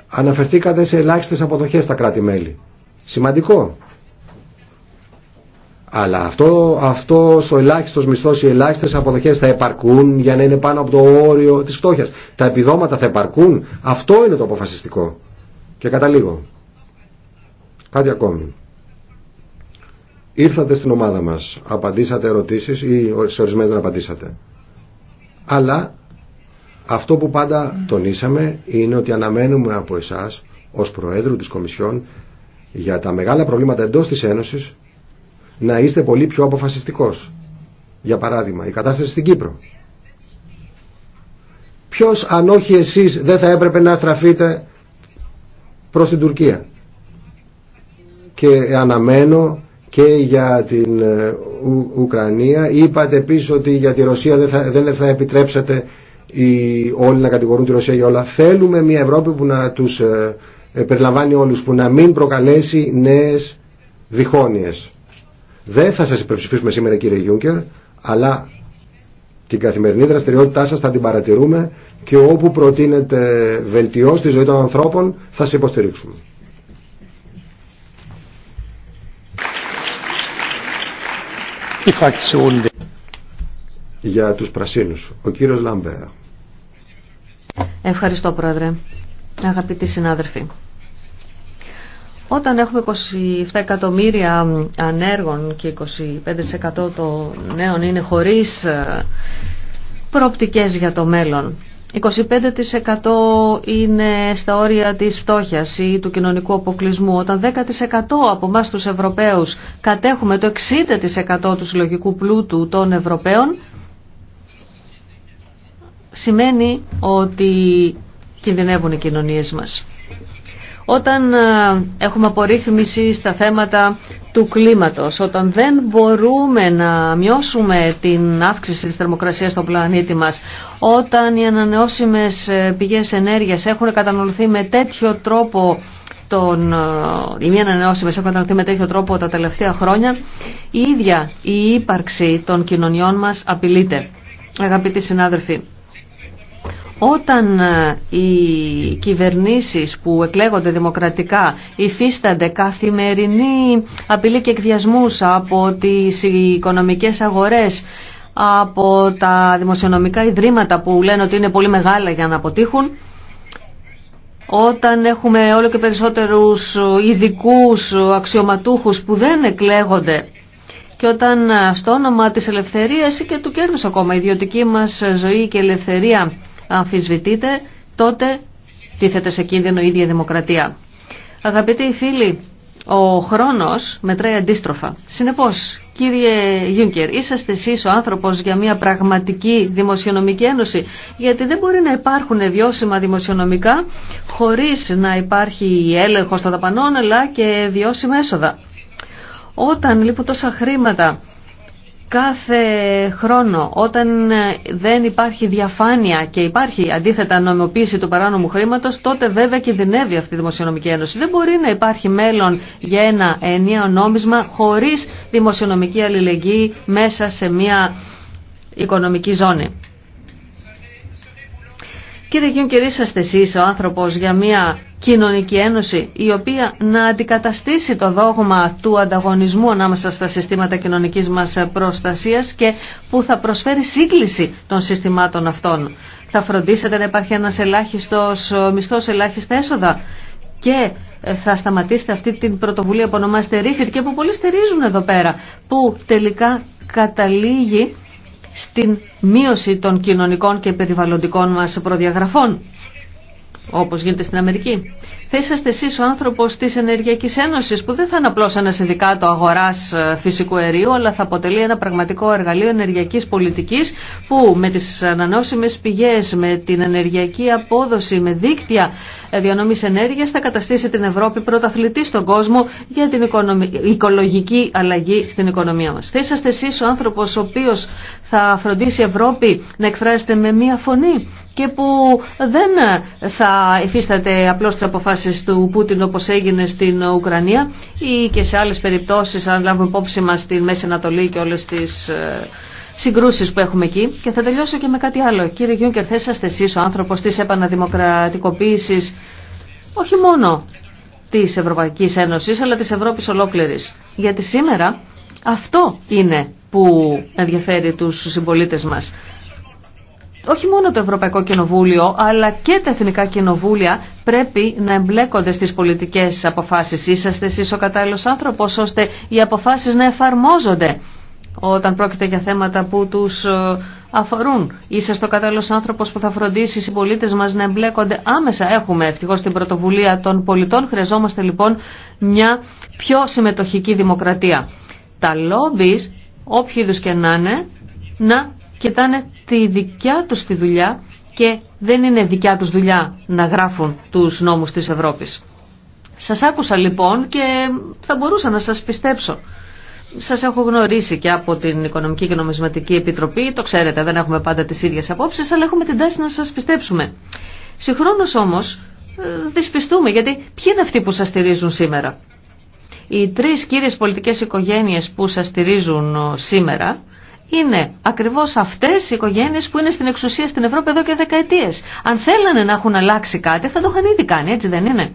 Αναφερθήκατε σε ελάχιστες αποδοχές στα κράτη-μέλη. Σημαντικό. Αλλά αυτό, αυτός ο ελάχιστος μισθός, οι ελάχιστες αποδοχές θα επαρκούν για να είναι πάνω από το όριο της φτώχειας. Τα επιδόματα θα επαρκούν. Αυτό είναι το αποφασιστικό. Και καταλήγω. Κάτι ακόμη. Ήρθατε στην ομάδα μας, απαντήσατε ερωτήσεις ή σε ορισμένες δεν απαντήσατε. Αλλά αυτό που πάντα τονίσαμε είναι ότι αναμένουμε από εσάς ως Προέδρου της Κομισιόν για τα μεγάλα προβλήματα εντός της Ένωσης να είστε πολύ πιο αποφασιστικός. Για παράδειγμα, η κατάσταση στην Κύπρο. Ποιος αν όχι εσείς δεν θα έπρεπε να στραφείτε προς την Τουρκία. Και αναμένω και για την ε, Ουκρανία. Είπατε επίσης ότι για τη Ρωσία δεν θα, δεν θα επιτρέψετε οι, όλοι να κατηγορούν τη Ρωσία για όλα. Θέλουμε μια Ευρώπη που να τους ε, ε, περιλαμβάνει όλους, που να μην προκαλέσει νέες διχόνοιες. Δεν θα σας υπερψηφίσουμε σήμερα κύριε Γιούγκερ, αλλά την καθημερινή δραστηριότητά σας θα την παρατηρούμε και όπου προτείνετε βελτιώσει τη ζωή των ανθρώπων θα σε υποστηρίξουμε. Για τους πρασίνους, ο κύριος Λαμπέα. Ευχαριστώ πρόεδρε, αγαπητοί συνάδελφοι. Όταν έχουμε 27 εκατομμύρια ανέργων και 25% των νέων είναι χωρίς ε, προοπτικές για το μέλλον, 25% είναι στα όρια της φτώχειας ή του κοινωνικού αποκλεισμού. Όταν 10% από εμά τους Ευρωπαίους κατέχουμε το 60% του συλλογικού πλούτου των Ευρωπαίων, σημαίνει ότι κινδυνεύουν οι κοινωνίες μας όταν ε, έχουμε απορρίθμιση στα θέματα του κλίματος, όταν δεν μπορούμε να μειώσουμε την αύξηση της θερμοκρασίας στον πλανήτη μας, όταν οι ανανεώσιμες ε, πηγές ενέργειας έχουν κατανοηθεί με τέτοιο τρόπο τον, ε, οι μη ανανεώσιμε έχουν κατανοηθεί με τέτοιο τρόπο τα τελευταία χρόνια, η ίδια η ύπαρξη των κοινωνιών μας απειλείται. Αγαπητοί συνάδελφοι, όταν ε, οι κυβερνήσεις που εκλέγονται δημοκρατικά υφίστανται καθημερινή απειλή και εκβιασμούς από τις οικονομικές αγορές, από τα δημοσιονομικά ιδρύματα που λένε ότι είναι πολύ μεγάλα για να αποτύχουν, όταν έχουμε όλο και περισσότερους ειδικού αξιωματούχους που δεν εκλέγονται και όταν ε, στο όνομα της ελευθερίας ή και του κέρδους ακόμα ιδιωτική μας ζωή και ελευθερία αμφισβητείται, τότε τίθεται σε κίνδυνο η ίδια η δημοκρατία. Αγαπητοί φίλοι, ο χρόνος μετράει αντίστροφα. Συνεπώς, κύριε Γιούγκερ, είσαστε εσείς ο άνθρωπος για μια πραγματική δημοσιονομική ένωση, γιατί δεν μπορεί να υπάρχουν βιώσιμα δημοσιονομικά χωρίς να υπάρχει έλεγχος των δαπανών, αλλά και βιώσιμα έσοδα. Όταν λοιπόν τόσα χρήματα κάθε χρόνο όταν ε, δεν υπάρχει διαφάνεια και υπάρχει αντίθετα νομιμοποίηση του παράνομου χρήματος, τότε βέβαια κινδυνεύει αυτή η Δημοσιονομική Ένωση. Δεν μπορεί να υπάρχει μέλλον για ένα ενιαίο νόμισμα χωρίς δημοσιονομική αλληλεγγύη μέσα σε μια οικονομική ζώνη. Κύριε Γιούνκερ, είσαστε εσεί ο άνθρωπος για μια κοινωνική ένωση η οποία να αντικαταστήσει το δόγμα του ανταγωνισμού ανάμεσα στα συστήματα κοινωνικής μας προστασίας και που θα προσφέρει σύγκληση των συστημάτων αυτών. Θα φροντίσετε να υπάρχει ένας ελάχιστος μισθός, ελάχιστα έσοδα και ε, θα σταματήσετε αυτή την πρωτοβουλία που ονομάζεται Ρίφιρ και που πολλοί στερίζουν εδώ πέρα που τελικά καταλήγει στην μείωση των κοινωνικών και περιβαλλοντικών μας προδιαγραφών όπως γίνεται στην Αμερική. Θα είσαστε εσείς ο άνθρωπος της Ενεργειακής Ένωσης που δεν θα είναι απλώς ένα συνδικάτο αγοράς ε, φυσικού αερίου αλλά θα αποτελεί ένα πραγματικό εργαλείο ενεργειακής πολιτικής που με τις ανανεώσιμες πηγές, με την ενεργειακή απόδοση, με δίκτυα διανομής ενέργειας θα καταστήσει την Ευρώπη πρωταθλητή στον κόσμο για την οικολογική αλλαγή στην οικονομία μας. Θα είσαστε εσείς ο άνθρωπος ο οποίος θα φροντίσει η Ευρώπη να εκφράζεται με μία φωνή και που δεν θα υφίσταται απλώς τις αποφάσεις του Πούτιν όπως έγινε στην Ουκρανία ή και σε άλλες περιπτώσεις αν λάβουμε υπόψη μας στην Μέση Ανατολή και όλες τις ε, Συγκρούσει που έχουμε εκεί. Και θα τελειώσω και με κάτι άλλο. Κύριε Γιούνκερ, θα είσαστε εσείς ο άνθρωπο τη επαναδημοκρατικοποίηση, όχι μόνο τη Ευρωπαϊκή Ένωση, αλλά τη Ευρώπη ολόκληρη. Γιατί σήμερα αυτό είναι που ενδιαφέρει του συμπολίτε μα. όχι μόνο το Ευρωπαϊκό Κοινοβούλιο, αλλά και τα Εθνικά Κοινοβούλια πρέπει να εμπλέκονται στις πολιτικές αποφάσεις. Είσαστε εσείς ο κατάλληλος άνθρωπος, ώστε οι αποφάσεις να εφαρμόζονται όταν πρόκειται για θέματα που τους ε, αφορούν. Είσαι στο κατάλληλο άνθρωπο που θα φροντίσει οι συμπολίτε μα να εμπλέκονται άμεσα. Έχουμε ευτυχώ την πρωτοβουλία των πολιτών. Χρειαζόμαστε λοιπόν μια πιο συμμετοχική δημοκρατία. Τα λόμπι, όποιοι είδου και να είναι, να κοιτάνε τη δικιά του τη δουλειά και δεν είναι δικιά τους δουλειά να γράφουν τους νόμους της Ευρώπης. Σας άκουσα λοιπόν και θα μπορούσα να σας πιστέψω. Σας έχω γνωρίσει και από την Οικονομική και Νομισματική Επιτροπή, το ξέρετε, δεν έχουμε πάντα τις ίδιες απόψεις, αλλά έχουμε την τάση να σας πιστέψουμε. Συγχρόνως όμως ε, δυσπιστούμε, γιατί ποιοι είναι αυτοί που σας στηρίζουν σήμερα. Οι τρεις κύριες πολιτικές οικογένειες που σας στηρίζουν ε, σήμερα είναι ακριβώς αυτές οι οικογένειες που είναι στην εξουσία στην Ευρώπη εδώ και δεκαετίες. Αν θέλανε να έχουν αλλάξει κάτι θα το είχαν ήδη κάνει, έτσι δεν είναι.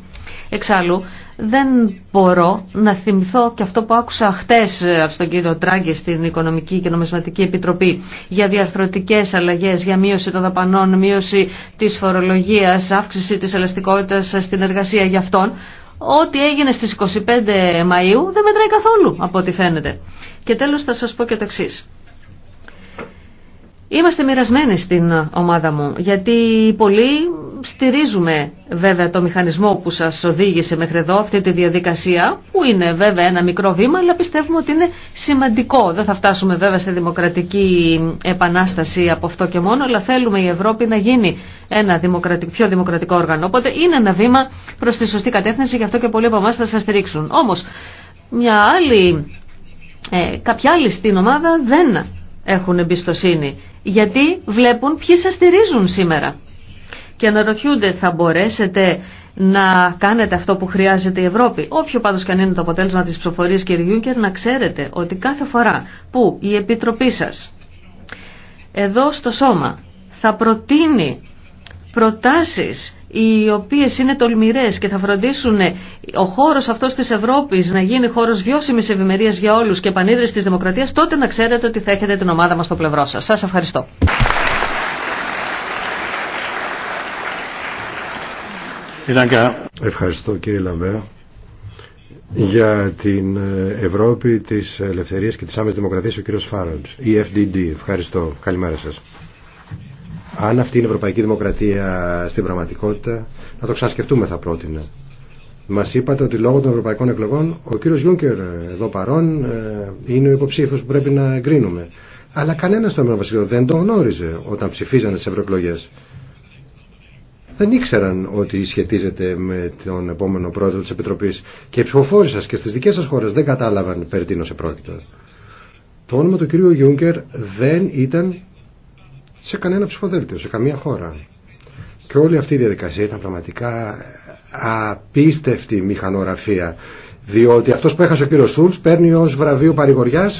Εξάλλου, δεν μπορώ να θυμηθώ και αυτό που άκουσα χτες στον ε, κύριο Τράγκη στην Οικονομική και Νομισματική Επιτροπή για διαρθρωτικές αλλαγές, για μείωση των δαπανών, μείωση της φορολογίας, αύξηση της ελαστικότητας στην εργασία για αυτόν. Ό,τι έγινε στις 25 Μαΐου δεν μετράει καθόλου από ό,τι φαίνεται. Και τέλος θα σας πω και το εξή. Είμαστε μοιρασμένοι στην ομάδα μου, γιατί πολλοί στηρίζουμε βέβαια το μηχανισμό που σας οδήγησε μέχρι εδώ, αυτή τη διαδικασία, που είναι βέβαια ένα μικρό βήμα, αλλά πιστεύουμε ότι είναι σημαντικό. Δεν θα φτάσουμε βέβαια σε δημοκρατική επανάσταση από αυτό και μόνο, αλλά θέλουμε η Ευρώπη να γίνει ένα πιο δημοκρατικό όργανο. Οπότε είναι ένα βήμα προς τη σωστή κατεύθυνση, γι' αυτό και πολλοί από εμά θα σας στηρίξουν. Όμως, μια άλλη, ε, κάποια άλλη στην ομάδα δεν έχουν εμπιστοσύνη, γιατί βλέπουν ποιοι σας στηρίζουν σήμερα και αναρωτιούνται θα μπορέσετε να κάνετε αυτό που χρειάζεται η Ευρώπη. Όποιο πάντως και αν είναι το αποτέλεσμα της ψηφοφορίας κύριε Γιούγκερ να ξέρετε ότι κάθε φορά που η Επιτροπή σας εδώ στο σώμα θα προτείνει προτάσεις οι οποίες είναι τολμηρές και θα φροντίσουν ο χώρος αυτός της Ευρώπης να γίνει χώρος βιώσιμης ευημερίας για όλους και πανίδρες της δημοκρατίας, τότε να ξέρετε ότι θα έχετε την ομάδα μας στο πλευρό σας. Σας ευχαριστώ. Ευχαριστώ κύριε Λαμπέα για την ε, Ευρώπη της Ελευθερίας και της Άμεσης Δημοκρατίας ο κύριος Φάραντς, η FDD. Ευχαριστώ. Καλημέρα σας. Αν αυτή είναι η Ευρωπαϊκή Δημοκρατία στην πραγματικότητα, να το ξανασκεφτούμε θα πρότεινα. Μα είπατε ότι λόγω των ευρωπαϊκών εκλογών ο κύριο Γιούνκερ ε, εδώ παρόν ε, είναι ο υποψήφιο που πρέπει να εγκρίνουμε. Αλλά κανένα στο Ευρωπαϊκό δεν τον γνώριζε όταν ψηφίζανε τι ευρωεκλογέ δεν ήξεραν ότι σχετίζεται με τον επόμενο πρόεδρο της Επιτροπής και οι ψηφοφόροι σας και στις δικές σας χώρες δεν κατάλαβαν περί σε πρόκειται. Το όνομα του κυρίου Γιούγκερ δεν ήταν σε κανένα ψηφοδέλτιο, σε καμία χώρα. Και όλη αυτή η διαδικασία ήταν πραγματικά απίστευτη μηχανογραφία. Διότι αυτός που έχασε ο κύριος Σούλτ παίρνει ως βραβείο παρηγοριά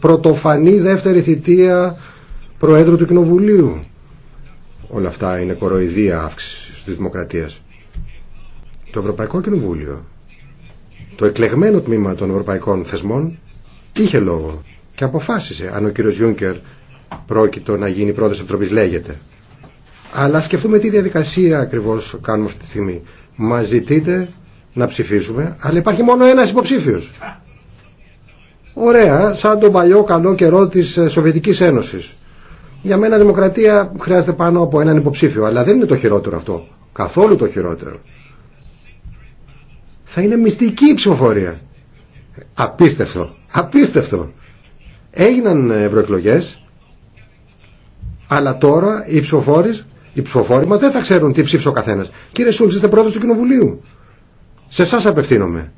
πρωτοφανή δεύτερη θητεία Προέδρου του Κοινοβουλίου. Όλα αυτά είναι κοροϊδία αύξηση τη δημοκρατία. Το Ευρωπαϊκό Κοινοβούλιο, το εκλεγμένο τμήμα των ευρωπαϊκών θεσμών, είχε λόγο και αποφάσισε αν ο κύριο Γιούνκερ πρόκειτο να γίνει πρόεδρος της Επιτροπής λέγεται. Αλλά σκεφτούμε τι διαδικασία ακριβώ κάνουμε αυτή τη στιγμή. Μα ζητείτε να ψηφίσουμε, αλλά υπάρχει μόνο ένα υποψήφιο. Ωραία, σαν τον παλιό καλό καιρό τη Σοβιετική Ένωση. Για μένα δημοκρατία χρειάζεται πάνω από έναν υποψήφιο, αλλά δεν είναι το χειρότερο αυτό. Καθόλου το χειρότερο. Θα είναι μυστική η ψηφοφορία. Απίστευτο. Απίστευτο. Έγιναν ε, ευρωεκλογέ, αλλά τώρα οι ψηφοφόροι, οι ψηφοφόροι μα δεν θα ξέρουν τι ψήφισε ο καθένα. Κύριε Σούλτ, είστε πρόεδρο του Κοινοβουλίου. Σε εσά απευθύνομαι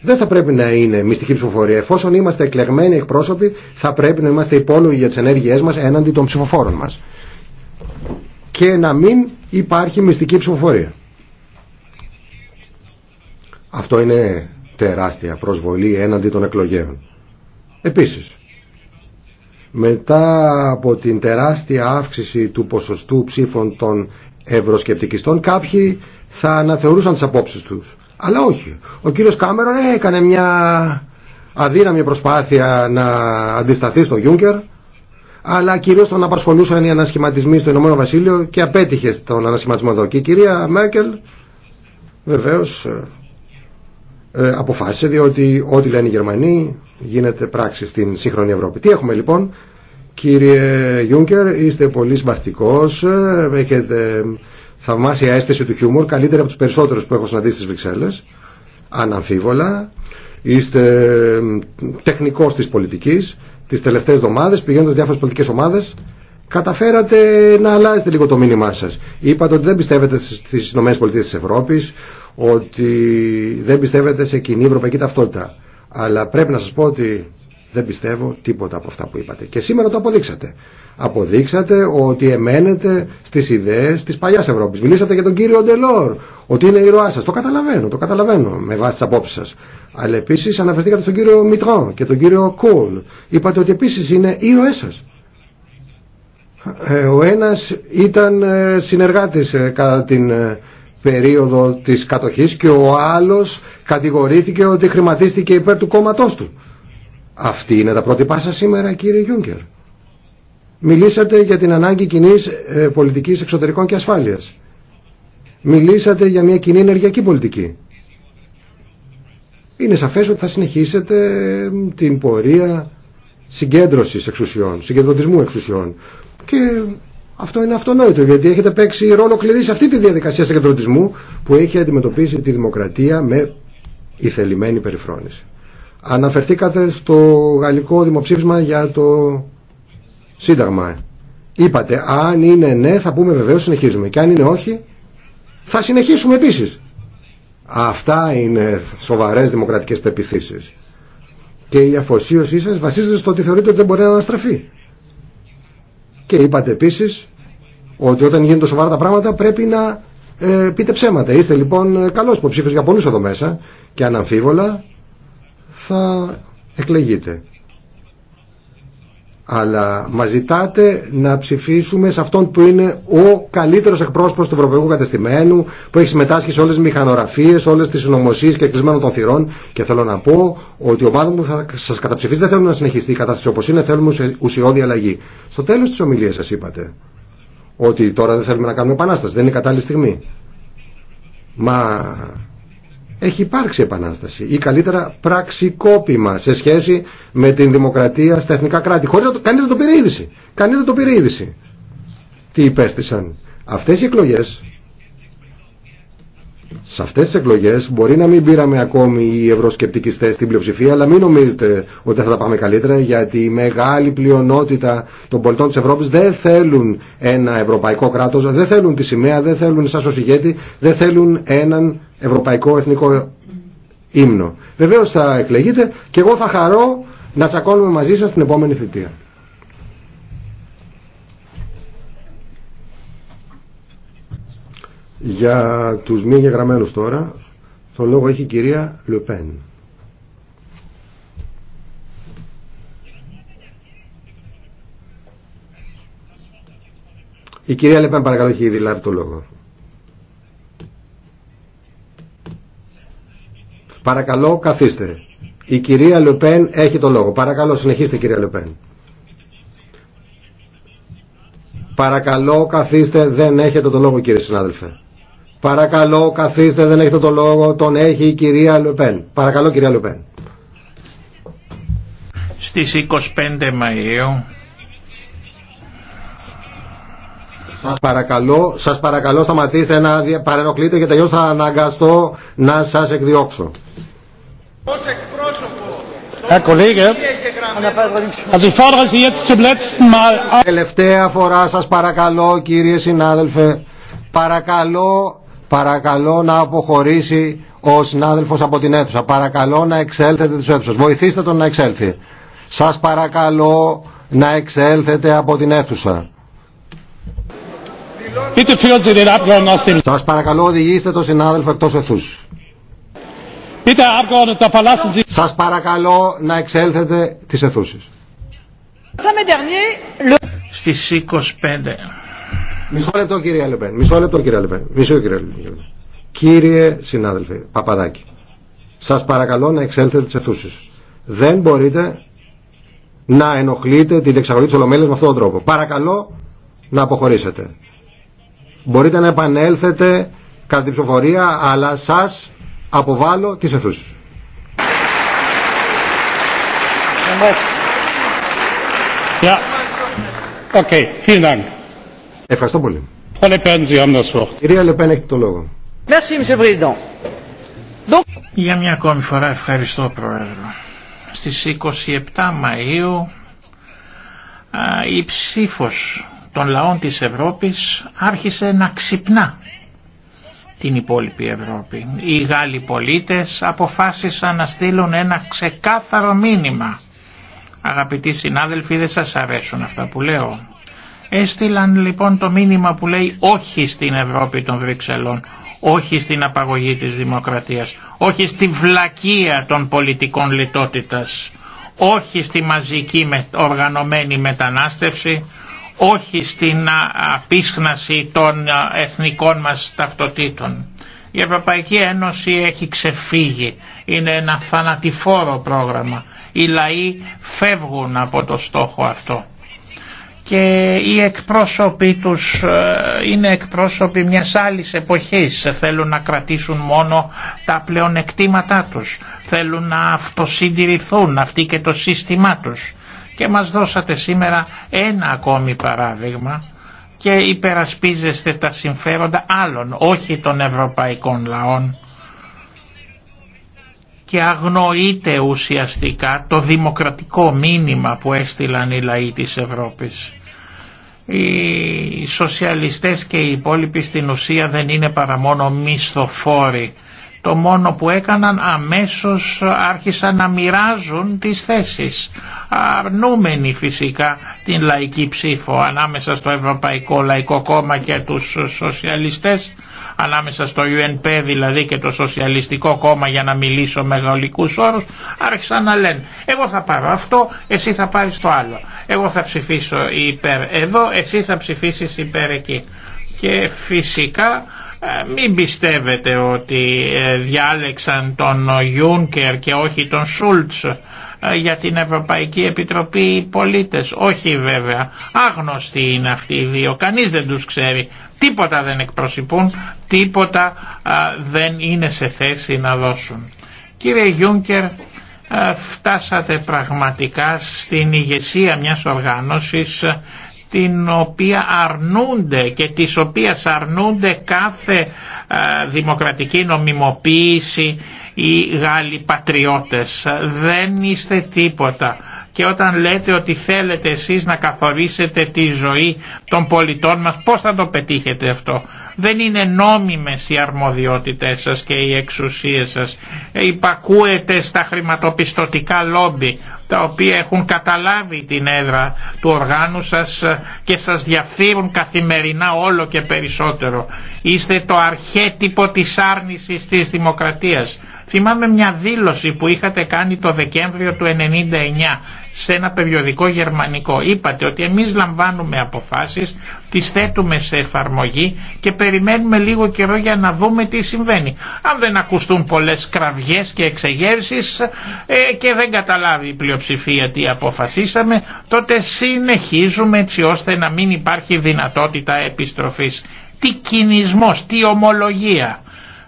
δεν θα πρέπει να είναι μυστική ψηφοφορία. Εφόσον είμαστε εκλεγμένοι εκπρόσωποι, θα πρέπει να είμαστε υπόλογοι για τι ενέργειέ μα έναντι των ψηφοφόρων μα. Και να μην υπάρχει μυστική ψηφοφορία. Αυτό είναι τεράστια προσβολή έναντι των εκλογέων. Επίσης, μετά από την τεράστια αύξηση του ποσοστού ψήφων των ευρωσκεπτικιστών, κάποιοι θα αναθεωρούσαν τι απόψει τους αλλά όχι. Ο κύριος Κάμερον έκανε μια αδύναμη προσπάθεια να αντισταθεί στο Γιούγκερ αλλά κυρίω τον απασχολούσαν οι ανασχηματισμοί στο Ηνωμένο Βασίλειο και απέτυχε στον ανασχηματισμό εδώ. Και η κυρία Μέρκελ βεβαίω ε, ε, αποφάσισε διότι ό,τι λένε οι Γερμανοί γίνεται πράξη στην σύγχρονη Ευρώπη. Τι έχουμε λοιπόν, κύριε Γιούγκερ, είστε πολύ συμπαθητικό, ε, έχετε θαυμάσια αίσθηση του χιούμορ, καλύτερα από τους περισσότερους που έχω συναντήσει στις Βρυξέλλες, αναμφίβολα. Είστε τεχνικός της πολιτικής, τις τελευταίες εβδομάδες, πηγαίνοντας διάφορες πολιτικές ομάδες, καταφέρατε να αλλάζετε λίγο το μήνυμά σας. Είπατε ότι δεν πιστεύετε στις ΗΠΑ της Ευρώπης, ότι δεν πιστεύετε σε κοινή ευρωπαϊκή ταυτότητα. Αλλά πρέπει να σας πω ότι δεν πιστεύω τίποτα από αυτά που είπατε. Και σήμερα το αποδείξατε. Αποδείξατε ότι εμένετε στις ιδέες της παλιάς Ευρώπης. Μιλήσατε για τον κύριο Ντελόρ, ότι είναι ήρωά σας. Το καταλαβαίνω, το καταλαβαίνω με βάση τις απόψεις σας. Αλλά επίσης αναφερθήκατε στον κύριο Μητρόν και τον κύριο Κούλ. Είπατε ότι επίσης είναι ήρωές σας. Ε, ο ένας ήταν ε, συνεργάτης ε, κατά την περίοδο της κατοχής και ο άλλος κατηγορήθηκε ότι χρηματίστηκε υπέρ του κόμματός του. Αυτή είναι τα πρότυπά σας σήμερα κύριε Γιούγκερ. Μιλήσατε για την ανάγκη κοινή ε, πολιτική εξωτερικών και ασφάλεια. Μιλήσατε για μια κοινή ενεργειακή πολιτική. Είναι σαφές ότι θα συνεχίσετε την πορεία συγκέντρωσης εξουσιών, συγκεντρωτισμού εξουσιών. Και αυτό είναι αυτονόητο, γιατί έχετε παίξει ρόλο κλειδί σε αυτή τη διαδικασία συγκεντρωτισμού που έχει αντιμετωπίσει τη δημοκρατία με ηθελημένη περιφρόνηση. Αναφερθήκατε στο γαλλικό δημοψήφισμα για το Σύνταγμα. Ε. Είπατε, αν είναι ναι θα πούμε βεβαίω συνεχίζουμε και αν είναι όχι θα συνεχίσουμε επίσης. Αυτά είναι σοβαρές δημοκρατικές πεπιθήσει. Και η αφοσίωσή σα βασίζεται στο ότι θεωρείτε ότι δεν μπορεί να αναστραφεί. Και είπατε επίσης ότι όταν γίνονται σοβαρά τα πράγματα πρέπει να ε, πείτε ψέματα. Είστε λοιπόν ε, καλός ψήφισε για πολλού εδώ μέσα και αναμφίβολα θα εκλεγείτε αλλά μα ζητάτε να ψηφίσουμε σε αυτόν που είναι ο καλύτερο εκπρόσωπο του Ευρωπαϊκού Κατεστημένου, που έχει συμμετάσχει σε όλε τι μηχανογραφίε, όλε τι συνωμοσίε και κλεισμένων των θυρών. Και θέλω να πω ότι ο βάδο μου θα σα καταψηφίσει δεν θέλουμε να συνεχιστεί η κατάσταση όπω είναι, θέλουμε ουσιώδη αλλαγή. Στο τέλο τη ομιλία σα είπατε ότι τώρα δεν θέλουμε να κάνουμε επανάσταση, δεν είναι κατάλληλη στιγμή. Μα έχει υπάρξει επανάσταση ή καλύτερα πραξικόπημα σε σχέση με την δημοκρατία στα εθνικά κράτη. Χωρίς να το, κανείς δεν το πήρε είδηση. Κανείς δεν το πήρε είδηση. Τι υπέστησαν. Αυτές οι εκλογές σε αυτές τις εκλογές μπορεί να μην πήραμε ακόμη οι ευρωσκεπτικιστές την πλειοψηφία αλλά μην νομίζετε ότι θα τα πάμε καλύτερα γιατί η μεγάλη πλειονότητα των πολιτών τη Ευρώπη δεν θέλουν ένα ευρωπαϊκό κράτος, δεν θέλουν τη σημαία, δεν θέλουν εσάς ω ηγέτη, δεν θέλουν έναν ευρωπαϊκό εθνικό ύμνο. Βεβαίω θα εκλεγείτε και εγώ θα χαρώ να τσακώνουμε μαζί σα την επόμενη θητεία. Για τους μη εγγεγραμμένους τώρα, το λόγο έχει η κυρία Λεπέν. Η κυρία Λεπέν παρακαλώ έχει ήδη λάβει το λόγο. Παρακαλώ καθίστε. Η κυρία Λεπέν έχει το λόγο. Παρακαλώ συνεχίστε κυρία Λεπέν. Παρακαλώ καθίστε δεν έχετε το λόγο κύριε συνάδελφε. Παρακαλώ, καθίστε, δεν έχετε το λόγο. Τον έχει η κυρία Λουπέν. Παρακαλώ, κυρία Λουπέν. Στις 25 Μαΐου Σας παρακαλώ, σας παρακαλώ σταματήστε να παρενοχλείτε και τελειώς θα αναγκαστώ να σας εκδιώξω. Ως εκπρόσωπο, Τελευταία φορά σας παρακαλώ κύριε συνάδελφε, παρακαλώ Παρακαλώ να αποχωρήσει ο συνάδελφος από την αίθουσα. Παρακαλώ να εξέλθετε της αίθουσας. Βοηθήστε τον να εξέλθει. Σας παρακαλώ να εξέλθετε από την αίθουσα. Σας παρακαλώ οδηγήστε τον συνάδελφο εκτός αιθούς. Σας παρακαλώ να εξέλθετε της αιθούσεις. Στις 25 Μισό λεπτό κύριε Λεπέν. Μισό λεπτό κύριε Λεπέν. Μισό κύριε Λεπέν. Κύριε συνάδελφε Παπαδάκη, σας παρακαλώ να εξέλθετε τις αιθούσεις. Δεν μπορείτε να ενοχλείτε την εξαγωγή της Ολομέλειας με αυτόν τον τρόπο. Παρακαλώ να αποχωρήσετε. Μπορείτε να επανέλθετε κατά την ψηφοφορία, αλλά σας αποβάλλω τις αιθούσεις. Yeah. Okay, vielen Dank. Ευχαριστώ πολύ. Κυρία Λεπέν, έχει το λόγο. Για μια ακόμη φορά ευχαριστώ Πρόεδρο. Στις 27 Μαΐου η ψήφος των λαών της Ευρώπης άρχισε να ξυπνά την υπόλοιπη Ευρώπη. Οι Γάλλοι πολίτες αποφάσισαν να στείλουν ένα ξεκάθαρο μήνυμα. Αγαπητοί συνάδελφοι δεν σας αρέσουν αυτά που λέω Έστειλαν λοιπόν το μήνυμα που λέει όχι στην Ευρώπη των Βρυξελών, όχι στην απαγωγή της δημοκρατίας, όχι στη βλακεία των πολιτικών λιτότητας, όχι στη μαζική οργανωμένη μετανάστευση, όχι στην απίσχναση των εθνικών μας ταυτοτήτων. Η Ευρωπαϊκή Ένωση έχει ξεφύγει, είναι ένα θανατηφόρο πρόγραμμα. Οι λαοί φεύγουν από το στόχο αυτό και οι εκπρόσωποι τους ε, είναι εκπρόσωποι μιας άλλης εποχής. Θέλουν να κρατήσουν μόνο τα πλεονεκτήματά τους. Θέλουν να αυτοσυντηρηθούν αυτοί και το σύστημά τους. Και μας δώσατε σήμερα ένα ακόμη παράδειγμα και υπερασπίζεστε τα συμφέροντα άλλων, όχι των ευρωπαϊκών λαών και αγνοείται ουσιαστικά το δημοκρατικό μήνυμα που έστειλαν οι λαοί της Ευρώπης. Οι σοσιαλιστές και οι υπόλοιποι στην ουσία δεν είναι παρά μόνο μισθοφόροι. Το μόνο που έκαναν αμέσως άρχισαν να μοιράζουν τις θέσεις. Αρνούμενοι φυσικά την λαϊκή ψήφο ανάμεσα στο Ευρωπαϊκό Λαϊκό Κόμμα και τους σοσιαλιστές ανάμεσα στο UNP δηλαδή και το Σοσιαλιστικό Κόμμα για να μιλήσω με γαλλικού όρους άρχισαν να λένε εγώ θα πάρω αυτό, εσύ θα πάρεις το άλλο εγώ θα ψηφίσω υπέρ εδώ, εσύ θα ψηφίσεις υπέρ εκεί και φυσικά ε, μην πιστεύετε ότι ε, διάλεξαν τον Γιούνκερ και όχι τον Σούλτς ε, για την Ευρωπαϊκή Επιτροπή πολίτες. Όχι βέβαια, άγνωστοι είναι αυτοί οι δύο, κανείς δεν τους ξέρει. Τίποτα δεν εκπροσωπούν, τίποτα ε, δεν είναι σε θέση να δώσουν. Κύριε Γιούνκερ, ε, φτάσατε πραγματικά στην ηγεσία μιας οργάνωσης την οποία αρνούνται και της οποίας αρνούνται κάθε δημοκρατική νομιμοποίηση οι Γάλλοι πατριώτες. Δεν είστε τίποτα. Και όταν λέτε ότι θέλετε εσείς να καθορίσετε τη ζωή των πολιτών μας, πώς θα το πετύχετε αυτό. Δεν είναι νόμιμες οι αρμοδιότητες σας και οι εξουσίες σας. Υπακούετε στα χρηματοπιστωτικά λόμπι, τα οποία έχουν καταλάβει την έδρα του οργάνου σας και σας διαφθείρουν καθημερινά όλο και περισσότερο. Είστε το αρχέτυπο της άρνησης της δημοκρατίας. Θυμάμαι μια δήλωση που είχατε κάνει το Δεκέμβριο του 1999 σε ένα περιοδικό γερμανικό. Είπατε ότι εμείς λαμβάνουμε αποφάσεις, τις θέτουμε σε εφαρμογή και περιμένουμε λίγο καιρό για να δούμε τι συμβαίνει. Αν δεν ακουστούν πολλές κραυγές και εξεγέρσεις ε, και δεν καταλάβει η πλειοψηφία τι αποφασίσαμε, τότε συνεχίζουμε έτσι ώστε να μην υπάρχει δυνατότητα επιστροφής. Τι κινησμός, τι ομολογία.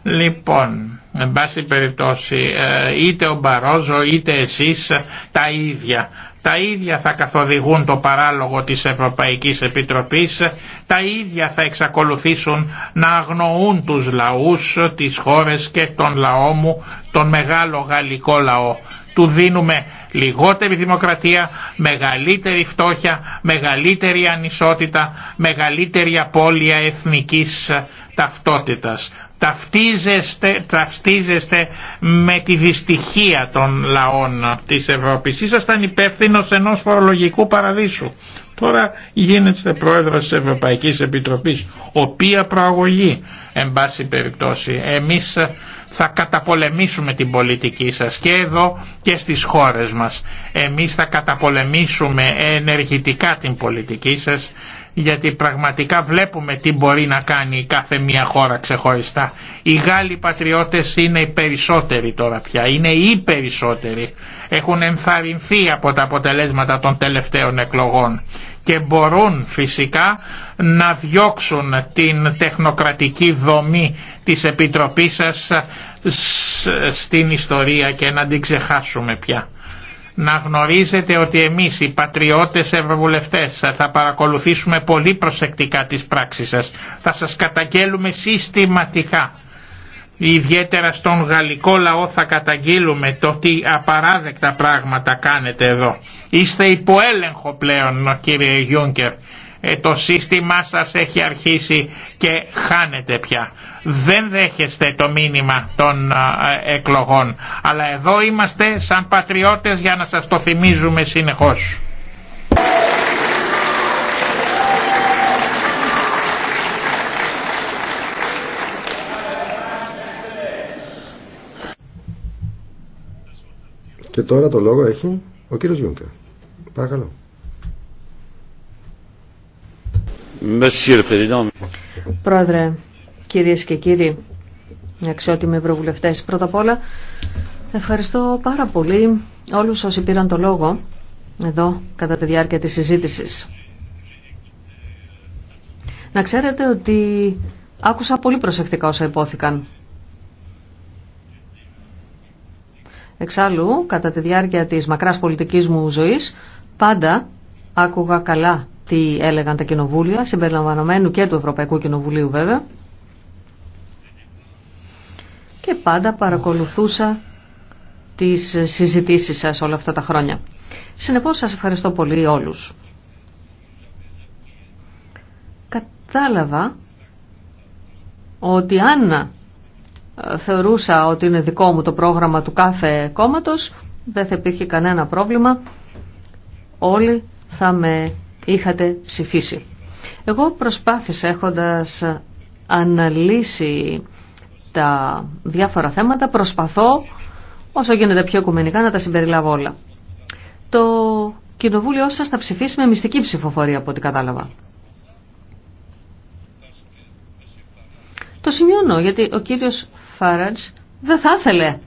Λοιπόν, Εν πάση περιπτώσει ε, είτε ο Μπαρόζο είτε εσείς ε, τα ίδια. Τα ίδια θα καθοδηγούν το παράλογο της Ευρωπαϊκής Επιτροπής, τα ίδια θα εξακολουθήσουν να αγνοούν τους λαούς, τις χώρες και τον λαό μου, τον μεγάλο γαλλικό λαό. Του δίνουμε λιγότερη δημοκρατία, μεγαλύτερη φτώχεια, μεγαλύτερη ανισότητα, μεγαλύτερη απώλεια εθνικής ταυτότητας ταυτίζεστε, ταυτίζεστε με τη δυστυχία των λαών της Ευρώπης. Ήσασταν υπεύθυνο ενός φορολογικού παραδείσου. Τώρα γίνεστε πρόεδρος της Ευρωπαϊκής Επιτροπής, οποία προαγωγεί, εν πάση περιπτώσει. Εμείς θα καταπολεμήσουμε την πολιτική σας και εδώ και στις χώρες μας. Εμείς θα καταπολεμήσουμε ενεργητικά την πολιτική σας γιατί πραγματικά βλέπουμε τι μπορεί να κάνει κάθε μια χώρα ξεχωριστά. Οι Γάλλοι πατριώτες είναι οι περισσότεροι τώρα πια, είναι οι περισσότεροι. Έχουν ενθαρρυνθεί από τα αποτελέσματα των τελευταίων εκλογών και μπορούν φυσικά να διώξουν την τεχνοκρατική δομή της Επιτροπής σας στην ιστορία και να την ξεχάσουμε πια να γνωρίζετε ότι εμείς οι πατριώτες ευρωβουλευτές θα παρακολουθήσουμε πολύ προσεκτικά τις πράξεις σας. Θα σας καταγγέλουμε συστηματικά. Ιδιαίτερα στον γαλλικό λαό θα καταγγείλουμε το τι απαράδεκτα πράγματα κάνετε εδώ. Είστε υποέλεγχο πλέον κύριε Γιούγκερ. Ε, το σύστημά σας έχει αρχίσει και χάνετε πια. Δεν δέχεστε το μήνυμα των ε, εκλογών. Αλλά εδώ είμαστε σαν πατριώτες για να σας το θυμίζουμε συνεχώς. Και τώρα το λόγο έχει ο κύριος Γιούνκερ Παρακαλώ. Πρόεδρε, κυρίες και κύριοι, αξιότιμοι ευρωβουλευτές, πρώτα απ' όλα ευχαριστώ πάρα πολύ όλους όσοι πήραν το λόγο εδώ κατά τη διάρκεια της συζήτησης. Να ξέρετε ότι άκουσα πολύ προσεκτικά όσα υπόθηκαν. Εξάλλου, κατά τη διάρκεια της μακράς πολιτικής μου ζωής, πάντα άκουγα καλά τι έλεγαν τα κοινοβούλια, συμπεριλαμβανομένου και του Ευρωπαϊκού Κοινοβουλίου βέβαια. Και πάντα παρακολουθούσα τις συζητήσεις σας όλα αυτά τα χρόνια. Συνεπώς σας ευχαριστώ πολύ όλους. Κατάλαβα ότι αν ε, θεωρούσα ότι είναι δικό μου το πρόγραμμα του κάθε κόμματος, δεν θα υπήρχε κανένα πρόβλημα. Όλοι θα με είχατε ψηφίσει. Εγώ προσπάθησα έχοντας αναλύσει τα διάφορα θέματα, προσπαθώ όσο γίνεται πιο οικουμενικά να τα συμπεριλάβω όλα. Το κοινοβούλιο σας θα ψηφίσει με μυστική ψηφοφορία από ό,τι κατάλαβα. Το σημειώνω γιατί ο κύριος Φάραντς δεν θα ήθελε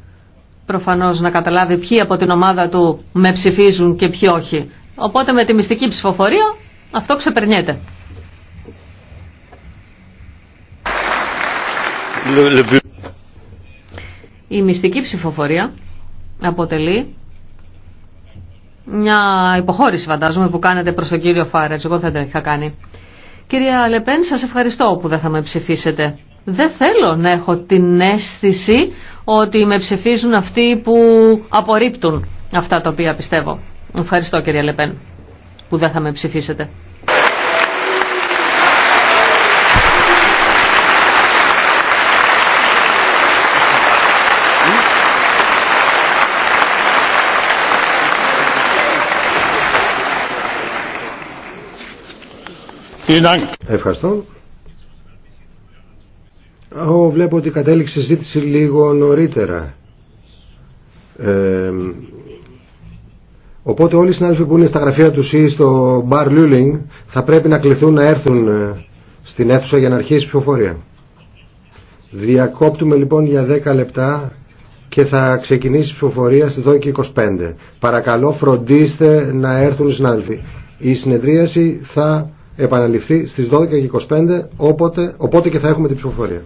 προφανώς να καταλάβει ποιοι από την ομάδα του με ψηφίζουν και ποιοι όχι. Οπότε με τη μυστική ψηφοφορία αυτό ξεπερνιέται. Η μυστική ψηφοφορία αποτελεί μια υποχώρηση φαντάζομαι που κάνετε προς τον κύριο Φάρετς. Εγώ δεν τα είχα κάνει. Κυρία Λεπέν, σας ευχαριστώ που δεν θα με ψηφίσετε. Δεν θέλω να έχω την αίσθηση ότι με ψηφίζουν αυτοί που απορρίπτουν αυτά τα οποία πιστεύω. Ευχαριστώ κύριε Λεπέν που δεν θα με ψηφίσετε. Ευχαριστώ. βλέπω ότι κατέληξε ζήτηση λίγο νωρίτερα. Ε, Οπότε όλοι οι συνάδελφοι που είναι στα γραφεία του ή στο Bar Luling θα πρέπει να κληθούν να έρθουν ε, στην αίθουσα για να αρχίσει η ψηφοφορία. Διακόπτουμε λοιπόν για 10 λεπτά και θα ξεκινήσει η ψηφοφορία στις 12.25. Παρακαλώ φροντίστε να έρθουν οι συνάδελφοι. Η συνεδρίαση θα επαναληφθεί στις 12.25 όποτε, οπότε και θα έχουμε την ψηφοφορία.